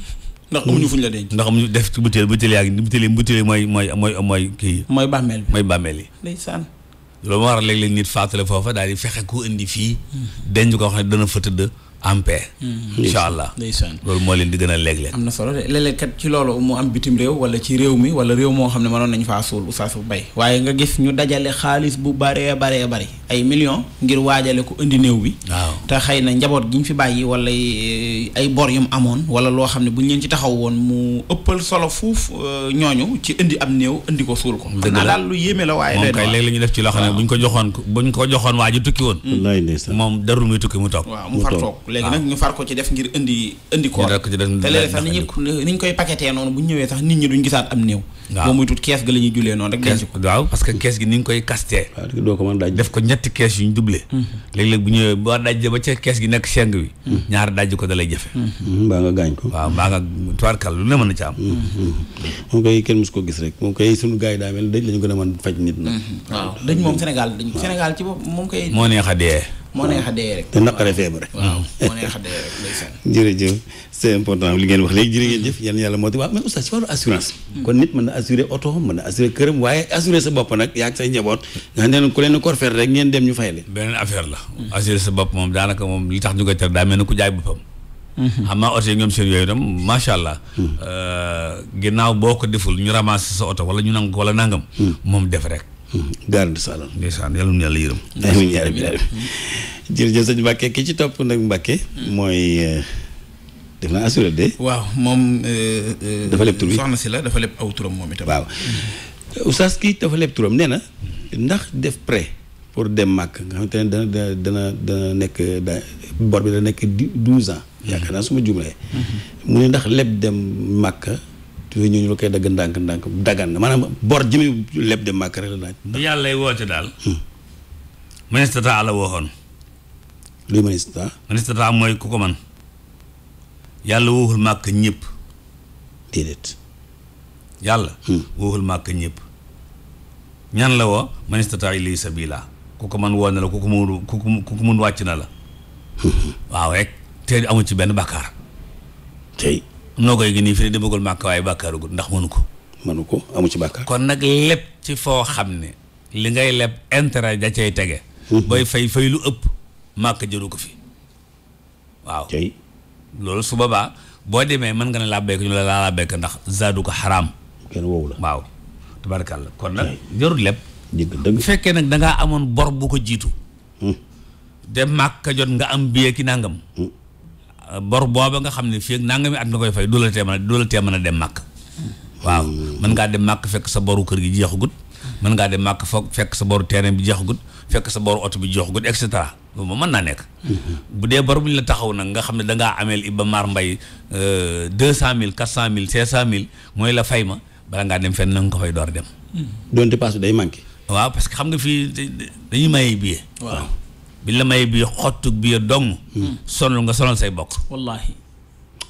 ndax fuñ la denc. ndax amuñu def ci butéel butéel yaa ngi butéel butéel mooy mooy mooy mooy kii yi. mooy bàmmeel bi mooy bàmmeel yi. ndeysaan. loolu foofa daal fexe ku indi fii. Hmm. denc koo xam ne dana fa tëdd. en paix. Mm-hmm. incha allah ndeysaan loolu moo leen di gën a léeg am na solo de léeg-léeg ci loolu mu am bitim réew wala ci réew mi wala réew moo xam ne mënoon nañ faa suul oustaz bu bay waaye nga gis ñu dajale xaalis bu baree baree bari ay millions ngir waajale ko indi néew bi. waaw te xëy na njaboot gi ñu fi bàyyi wala eh, ay bor yu amoon wala loo xam ne bu ñu leen ci taxaw woon mu ëppal solo fuuf eh, ñooñu ci indi am néew indi ko suul ko. dëgg la daal lu yéeme la waaye. moom kay léeg ñu def ci loo xam ne bu ñu ko joxoon bu ñu ko joxoon waa ji tukki woon. Mm. moom darul muy tukki mu toog mu léegi nag ñu far ko ci def ngir indi indi koor te léegi sax ni ñu koy paqueté noonu bu ñu ñëwee sax nit ñi duñ gisaat am néew waaw moom kees la ñuy jullee noonu rek denc ko waaw parce que kees gi ni nga koy kastee doo ko mën daj def ko ñett kees yu ñu doublé mhm. léeg-léeg bu ñëwee boo dajje ba ca kees gi nekk seng bi mhm. ñaar dajj ko da lay jafe mhm. mbaa nga gaañ ko waaw mbaa nga tubaarkal lu ne mën na ci am moom koy kenn su ko gis rek moom koy suñu gars yi daa mel dëj la ñu gën a mën faj nit nag waaw dëj moom Sénégal dañ moom koy moo neex a dee moo neex dee rek te naqare feebar waaw moo neex a dee rek jërëjëf c' est important li ngeen wax léegi jërë ngeen jëf yéen yàlla moo tax waaw mais oustaz ci wàllu assurance hmm. kon nit mën na assuré oto mën na assuré këram waaye assuré sa bopp nag yaa ngi say njaboot nga xam ne ku leen korfer hmm. moom hmm. euh, boo ko deful ñu ramasse sa wala ñu nang wala nangam. moom def rek. gàllankoor Saalum. ndeysaan yàlla na yàlla yërëm. amiin yaa rabbi jërëjëf ci topp nag Mbacke. mooy. Euh, def naa assuré de. waaw moom. Euh, euh, dafa leb tur bi soxna si la dafa leb aw turam moom itam. waaw oustaz kii dafa leb turam nee na ndax def prêt pour dem màkk nga xamante ne dana dana dana dana nekk da bor bi dana nekk douze ans. Mhm. yaakaar naa su ma jumlee. Mhm. mu ne ndax leb dem màkk. ñu ñu la koy dagg ndànk ndànk daggan na maanaam bor jëmi leb dem màkk rek la laaj. bu yàlla lay woote daal. Hmm. ministre ta la waxoon. luy ministre ta. mooy ku ko man yàlla waxul màkk ñëpp déedéet yàlla hmm. màkk ñépp ñan la woo man istataa ilayhi sabila ku ko mën woo na la ku ko mën ku ko mën wàcc na la hmm. waaw rek te amu ci benn bàkkaar tey noo koy gi nii fi ne di bëggul màkk waaye bàkkaarugul ndax mënu ko mënu ko amu ci bàkkaar kon nag leb ci foo xam ne li ngay leb intérêt da cay tege hmm. booy fay fay lu ëpp màkk jëru ko fi waaw loolu su boobaa boo demee mën nga ne làbbeek ñu la laa làbbeek ndax zaadu ko xaraam. kenn woowu la waaw. tabarkàlla kon nag jarul lépp. bu fekkee nag da ngaa amoon bor bu ko jiitu. Hmm. dem màkka jot nga am billet ki nangam. Hmm. Euh, bor booba nga xam ne fii ak nangami at nga koy fay du la tee tee mën a dem màkk. waaw hmm. mën ngaa dem màkk fekk sa boru kër gi jeexagut. mën ngaa dem màkk foog fekk sa boru terrain bi jeexagut fekk sa boru oto bi jeexagut et cetera. loolu man naa nekk. bu dee bor bu ñu la taxaw nag nga xam ne da ngaa ameel Iba Mar Mbaye euh, deux cent mille quatre cent mille cinq cent mille mooy la fay ma bala ngaa dem fenn na nga ko fay door dem. donte paas bi day manqué. waaw parce que xam nga fii dañuy maye billet. waaw biñ la maye billet xottu billet dong. Hmm. sonal nga sonal say bokk. wallaahi.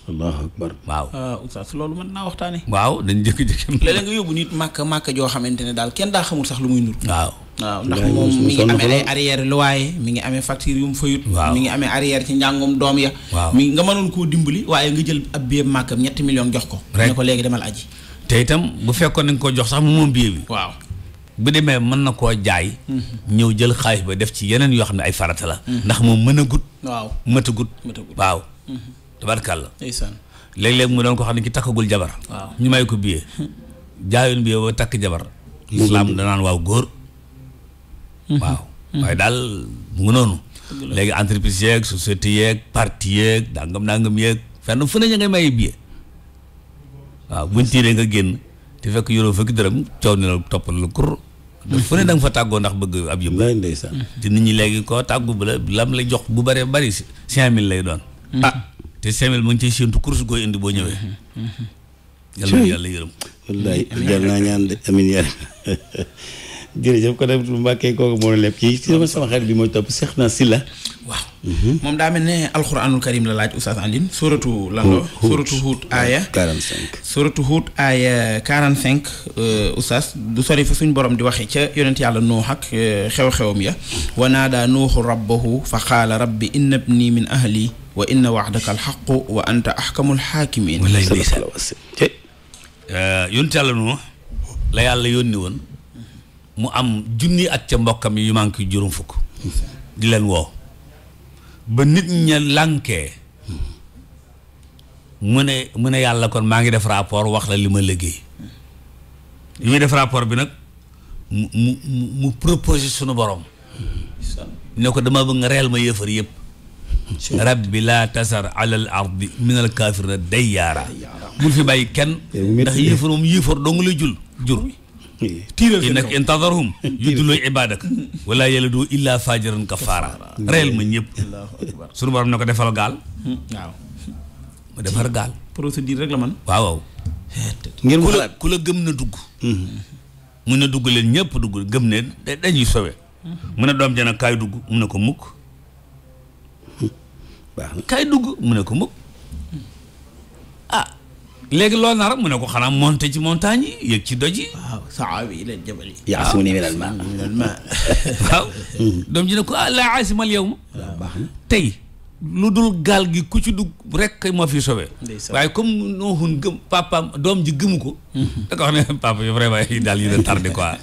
waaw. Ah, oustaz loolu man naa waxtaane waaw dañ jékki-jékki. léeg-léeg nga yóbbu nit màkk màkk joo xamante ne daal kenn daa xamul sax lu muy nur. waaw waaw ndax moom mi ngi amee mi ngi amee facture yu mu fayut. waaw mi ngi amee arrière ci njàngum doom ya. waaw mi nga mënoon koo dimbali. waaye jël ab billet màkkam ñetti million jox ko. rek ne ko léegi demal aji. te itam bu fekkoon nañ ko jox sax mu moom bi. waaw. bu demee mën na koo jaay mm-hmm. ñëw jël xaalis ba def ci yeneen yoo xam ne ay farata la mm-hmm. ndax moom mën a gut waaw mët a gut waaw mm-hmm. tabarkàlla ndeysaan léeg-léeg mu doon ko xam ne ci takkagul jabar waaw ñu may ko biyee jaayoon biyee ba takk jabar lislaam danaan waaw góor waaw waaye daal mu noonu léegi entreprise yeeg société yeeg parti yeeg dangam dangam yeeg fenn fu ne ñu ngay maye billet buñ tiiree nga génn te fekk yoroo fekk dërëm coow ne la lu la kur fu da nga fa tàggoo ndax bëgg ab yëpp ndeysaan te nit ñi léegi koo tàggu bu la lam la jox bu bëree bëri cinq mille lay doon mm-hmm. ah. te semel ma ngi cay séentu course gooy indi boo ñëwee. yàlla na yàlla yërëm. wallaay jar ñaan de amiin yaa jërëjëf ko dem Mbàkke kooku moo lépp kii sama sama xarit bi mooy topp Seex na si la. waaw. Mhm. moom daa mel ne alxuraanul karim la laaj Oustaz Alioune. suratu lan la suratu Huud aaya. 45 suratu Huud du sori fa suñ borom di waxee ca yonent yàlla Nuux ak euh, xew-xewam ya. Mhm. wa naadaa Nuuxu rabbahu fa qaala rabbi inna ibnii min ahli wa inna waxdaka alxaqu wa anta axkamul xaakimin walaay ndeysaan eh, yonent yàlla noonu la yàlla yónni woon mu am junni at ca mbokkam yu manqué juróom fukk di leen woo ba nit ña lànkee mu ne mu ne yàlla kon maa ngi def rapport wax la li ma liggéey li muy def rapport bi nag mu mu mu proposé sunu borom mm-hmm. ne ko dama bëgg nga reel ma yëfar yëpp rabbi laa tasar alal ardi minal kaafirina dayyaara bul fi bàyyi kenn ndax yéefar moom yéefar dong la jul jur nag intadarhum yuduloo ibadaka wala yàlla doo illaa fajiran kafaara reel ma ñëpp suñu borom ne ko defal gaal waaw ma defar gaal procédure rek man waaw waaw ngeen ku la ku la gëm na dugg hmm. mun na dugg leen ñëpp dugg gëm ne dañuy sowe hmm. mun a doom jana kaay dugg mun na ko mukk baax na dugg mu ne ko mukk ah léegi lool nar mu ne ko xanaa monté ci montagne yi yëg ci doj yi. waaw sa'awi ila al-jabal. ya'simuni ma doom ji ne ko ah laa aasimal yawma. tey. lu dul gaal gi ku ci dugg rek moo fi sobe waaye comme nooxun gëm papaam doom ji gëmu ko mhm. da ko wax ne papa yi daal yi da tardé quoi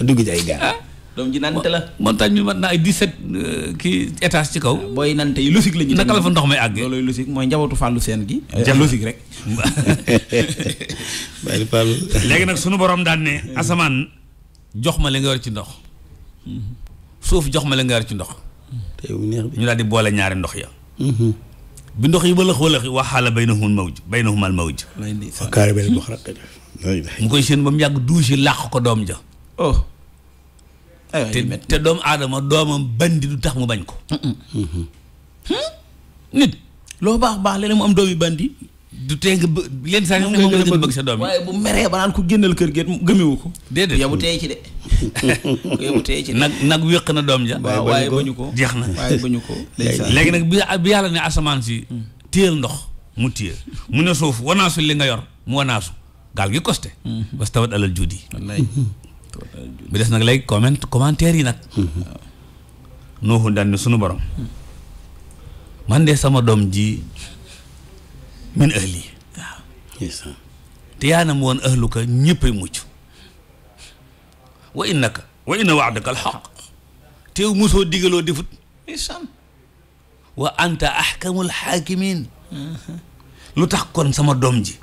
dugg ci ay gaal ah. doom ji nante la montagne bi mën naa ay 17 euh, kii étage ci kaw. booy nante yi lusik la ñu. naka la fa ndox may àggee mooy njabootu fàllu seen gi. jàpp eh, lusik rek. léegi nag sunu borom daan ne asamaan jox ma li nga war ci ndox. suuf jox ma li nga war ci ndox. ñu daal di boole ñaari ndox ya mhm. bi ndox yi wëlëx wëlëx yi waxaala baynahum mawj baynahum al mawj mu koy seen ba mu yàgg douche yi làq ko doom ja oh. te doomu aadama doomam bandi du tax mu bañ ko hmm? nit loo baax baax léeg mu am doomi bandi du tee nga bë leen saa moom nga gën bëgg sa doom yi waaye bu kër gi gëmewu ko déedéet yow bu ci nag nag wéq na doom ja waaye bañu ko jeex na waaye bañu ko léegi nag bi yàlla ne asamaan si mm. téyel ndox mu téyel mu ne suuf wanaasu li nga yor mu wanaasu gaal gi costé parce que alal juudi bi des nag léegi comment commentaire yi nag nuuxu daan ni sunu borom man de sama doom ji min ahli waaw te yaanam woon ahluka ñëppay mucc wa innaka wa inna waadaka alxaq teew mosoo digaloo defut wa anta ahkamul xaakimin lu tax kon sama doom ji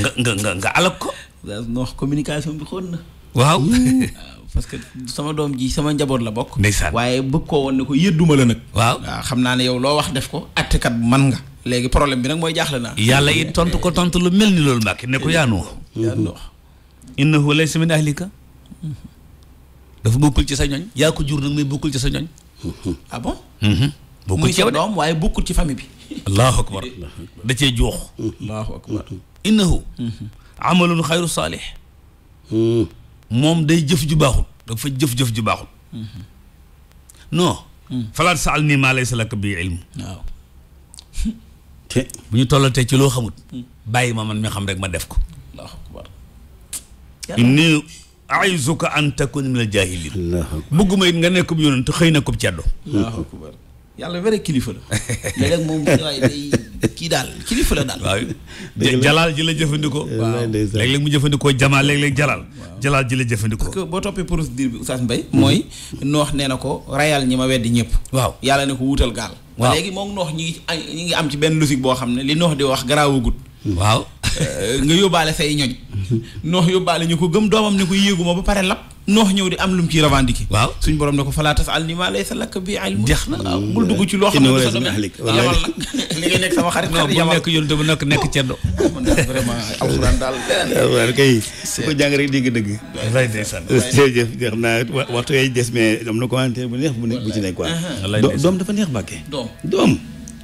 nga nga nga nga ko noo communication bi xóot na. waaw ah, parce que sama doom ji sama njaboot la bokk. ndeysaan waaye bëgg koo woon ne ko yëdduma la nag. waaw waaw ah, xam naa ne yow loo wax def ko attekat man nga. léegi problème bi nag mooy jaaxle naa. yàlla it tontu ko tontu lu mel ni loolu Mbàkke ne ko yaa nu wax. yaa nu wax. innahu laysa min ahlika dafa bokkul ci sa ñoñ. yaa jur nag muy bokkul ci sa ñoñ. ah bon. Mhm. muy sa doom waaye bokkul ci famille bi. allahu akbar da cee joox. allahu akbar amalun xayru saalix hmm. moom day jëf ju baaxul dafa jëf-jëf ju baaxul non hmm. falaat saal nii maa laysa laka bi ilm bu ñu tollatee ci loo xamut bàyyi ma man mi xam rek ma def ko allahu akbar inni aizuka an takun min al jahilin bëgguma it nga nekk bu yonent xëy na ko ceddo yàlla vrai kilifa la léeg-léeg moom waaye day kii daal kilifa la daal. waaw jalaal ji la jëfandikoo. Eh, waaw léeg-léeg mu jëfandikoo jamaal léeg-léeg jalaal. jalaal ji la jëfandikoo. parce boo toppee procédure bi Oustaz Mbaye hmm. mooy noox nee na ko rayal ñi ma weddi ñëpp. waaw yàlla ne ko wutal gaal. waaw léegi moom noox ñi ngi am ci benn logique boo xam ne li noox di wax garaawugut. waaw. Euh, nga yóbbaale say ñoñ noox yóbbaale ñu ko gëm doomam ne ko yéeguma ba pare lap noox ñëw di am lu mu ciy revendiqué waaw suñ borom ne ko falaa tas al ni maa laysa laka bi na waaw ah, dugg ci loo ne sa domaine yamal nag li nga nekk sama xarit non bu nekk yonte nekk nekk ceddo ah, man daal daal ah, waaw kay su ko jàng rek dégg dëgg wallaay ndeysaan euh, jërëjëf jeex naa waxtu yooyu des mais bu neex bu nekk bu ci nekk quoi doom dafa neex bàkke doom doom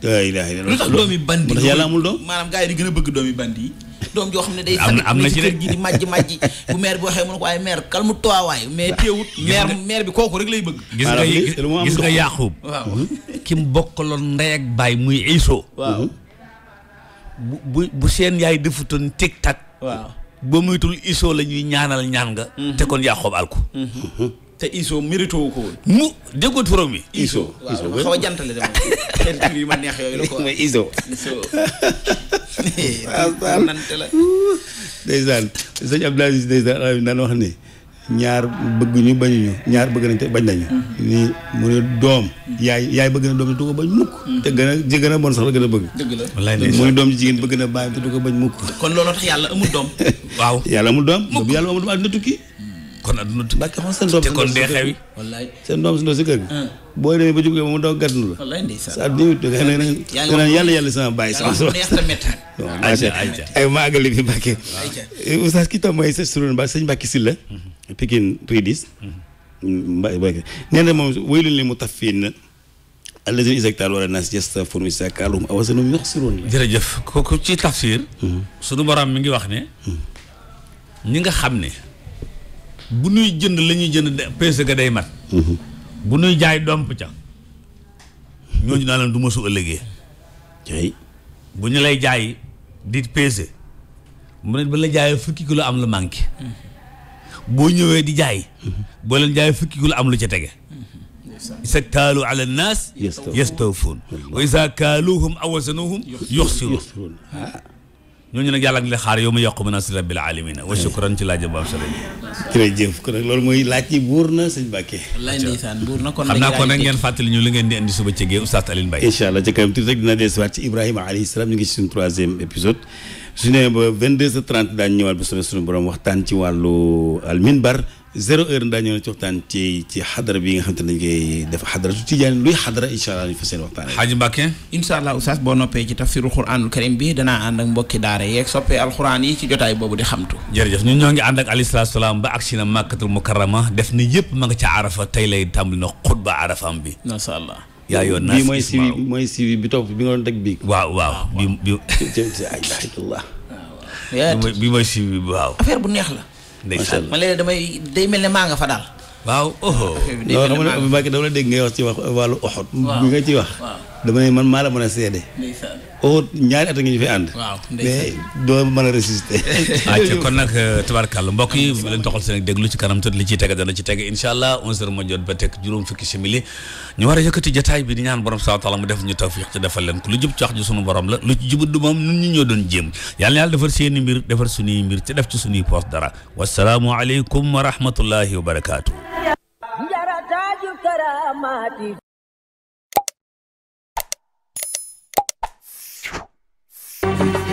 la ilaha illallah lu tax doomi bandi yàlla amul doom maanaam gars yi di gën a bëgg doomi bandi yi doom joo xam ne day am na ci kër gi di màjj màjj bu maire bi waxee mu ko waaye maire kalmu toowaay mais téewut maire maire bi kooku rek lay bëgg gis nga gis nga Yaaxub ki mu bokkaloon ndey ak baay muy Iso hmm? waaw bu bu seen yaay defutoon tic tac waaw ba Iso la ñuy ñaanal ñaan nga hmm. te kon Yaaxub al ko hmm. te Iso mérito ko mu déggoo turam bi Iso xaw a jantale de xeetu yu ma neex yooyu la quoi mooy iso. waaw la. ndeysaan sëñ Abdoul Aziz ndeysaan daan wax ni ñaar bëgguñu bañuñu ñaar bëgg nañ te bañ nañu. ni mu ne doom. yaay yaay bëgg na doom te du ko bañ mukk. te gën a ji gën a bon sax la gën a bëgg. dëgg la wallaay mu ne doom ji jigéen bëgg na bàyyi te bañ mukk. kon looloo tax doom. yàlla amul doom. mukk yàlla amul doom àdduna tukki. kon adduna te kon dee xewi wallaay seen doom si ndaw si kër gi boo demee ba jugee mu doog gàddu la wallaay sa addu te na yàlla yàlla sama bàyyi sama sama ay maagali bi Mbàkke eh, oustaz ki tam mooy sëñ Suroon Mbàkke sëñ Mbàkke Silla mhm. Pikine Ridis mhm. Mbàkke nee na moom waylun lil mutaffifiina allazina izaa ktaaluu ala naas yastawfuuna wa kooku ci tafsir mhm. suñu borom mi ngi wax ne ñi nga xam ne bu nuy jënd la ñuy jënd peese ga day mat mhm. bu nuy jaay domp ca ñooñu naa leen du ma su ëllëgee bu ñu lay jaay di peese mu ne ba la jaayee fukki kilo am lu manqué mhm. boo ñëwee di jaay mhm. boo leen jaayee fukki kilo am lu ca tege isa kaalu ala naas yastawfuun wa isa kaaluhum aw wazanuhum yuxsiruun ah. ñooñu nag yàlla ngi lay xaar yow ma yokk mën a si rabbil alamina wa shukran ci laaj bu am solo jërëjëf kon nag loolu mooy laaj yi buur na sëñ Mbacke wallaay ndeysaan buur na kon xam naa kon nag ngeen fàttali ñu li ngeen di indi suba ci gee oustaz Alioune Mbaye incha allah ci kanam tuuti rek dina dellusiwaat ci Ibrahima alayhi salaam ñu ngi ci suñu troisième épisode su ne ba 22h30 daañu ñëwaat ba solo suñu borom waxtaan ci wàllu alminbar zéro heure daañu ci waxtaan ci ci xadara bi nga xam te ne dañ koy def xadaratu tijaan luy xadara incha allah ñu fa seen waxtaan. Xaaji Mbàkke. boo noppee ci tafsiru quraanul karim bi danaa ànd ak mbokki daara yeeg soppee alxuraan yi ci boobu di xamtu. jërëjëf ñun ñoo ngi ànd ak alayhi salaatu salaam ba agsi na màkkatul mukarrama def na yëpp ma nga ca arafa tey lay tàmbali na xutba arafaam bi. macha allah. yaa yoon naa bii mooy suivi mooy suivi bi topp bi nga doon teg bii. waaw waaw bi bi. bi mooy suivi bi waaw. affaire macha allah man damay day mel na maa nga fa daal. waaw. day mel ne maa nga fa daal non dama la dégg ngay wax ci wax wàllu oxot. bi nga ci wax. dama ne man maa la mën a seede. oo ñaari at a ngi ñu fi ànd. waaw mais doo mën a résister. ayca kon nag euh, tubaarkàlla mbokk yi leen toxal seen déglu ci kanam tët li ciy tege dana ci tege incha allah 11h moo jot ba teg juróom fukki ñu war a yëkkati jotaay bi di ñaan borom saa def ñu tawfiq ci defal leen ko lu jub ci wax ji sunu borom la lu ci jubut du moom ñun ñu ñoo doon jéem yàlla yàlla defar seeni mbir defar suñuy mbir ci def ci suñuy poos dara wasalaamualeykum wa rahmatullahi wa barakaatu. Thank you.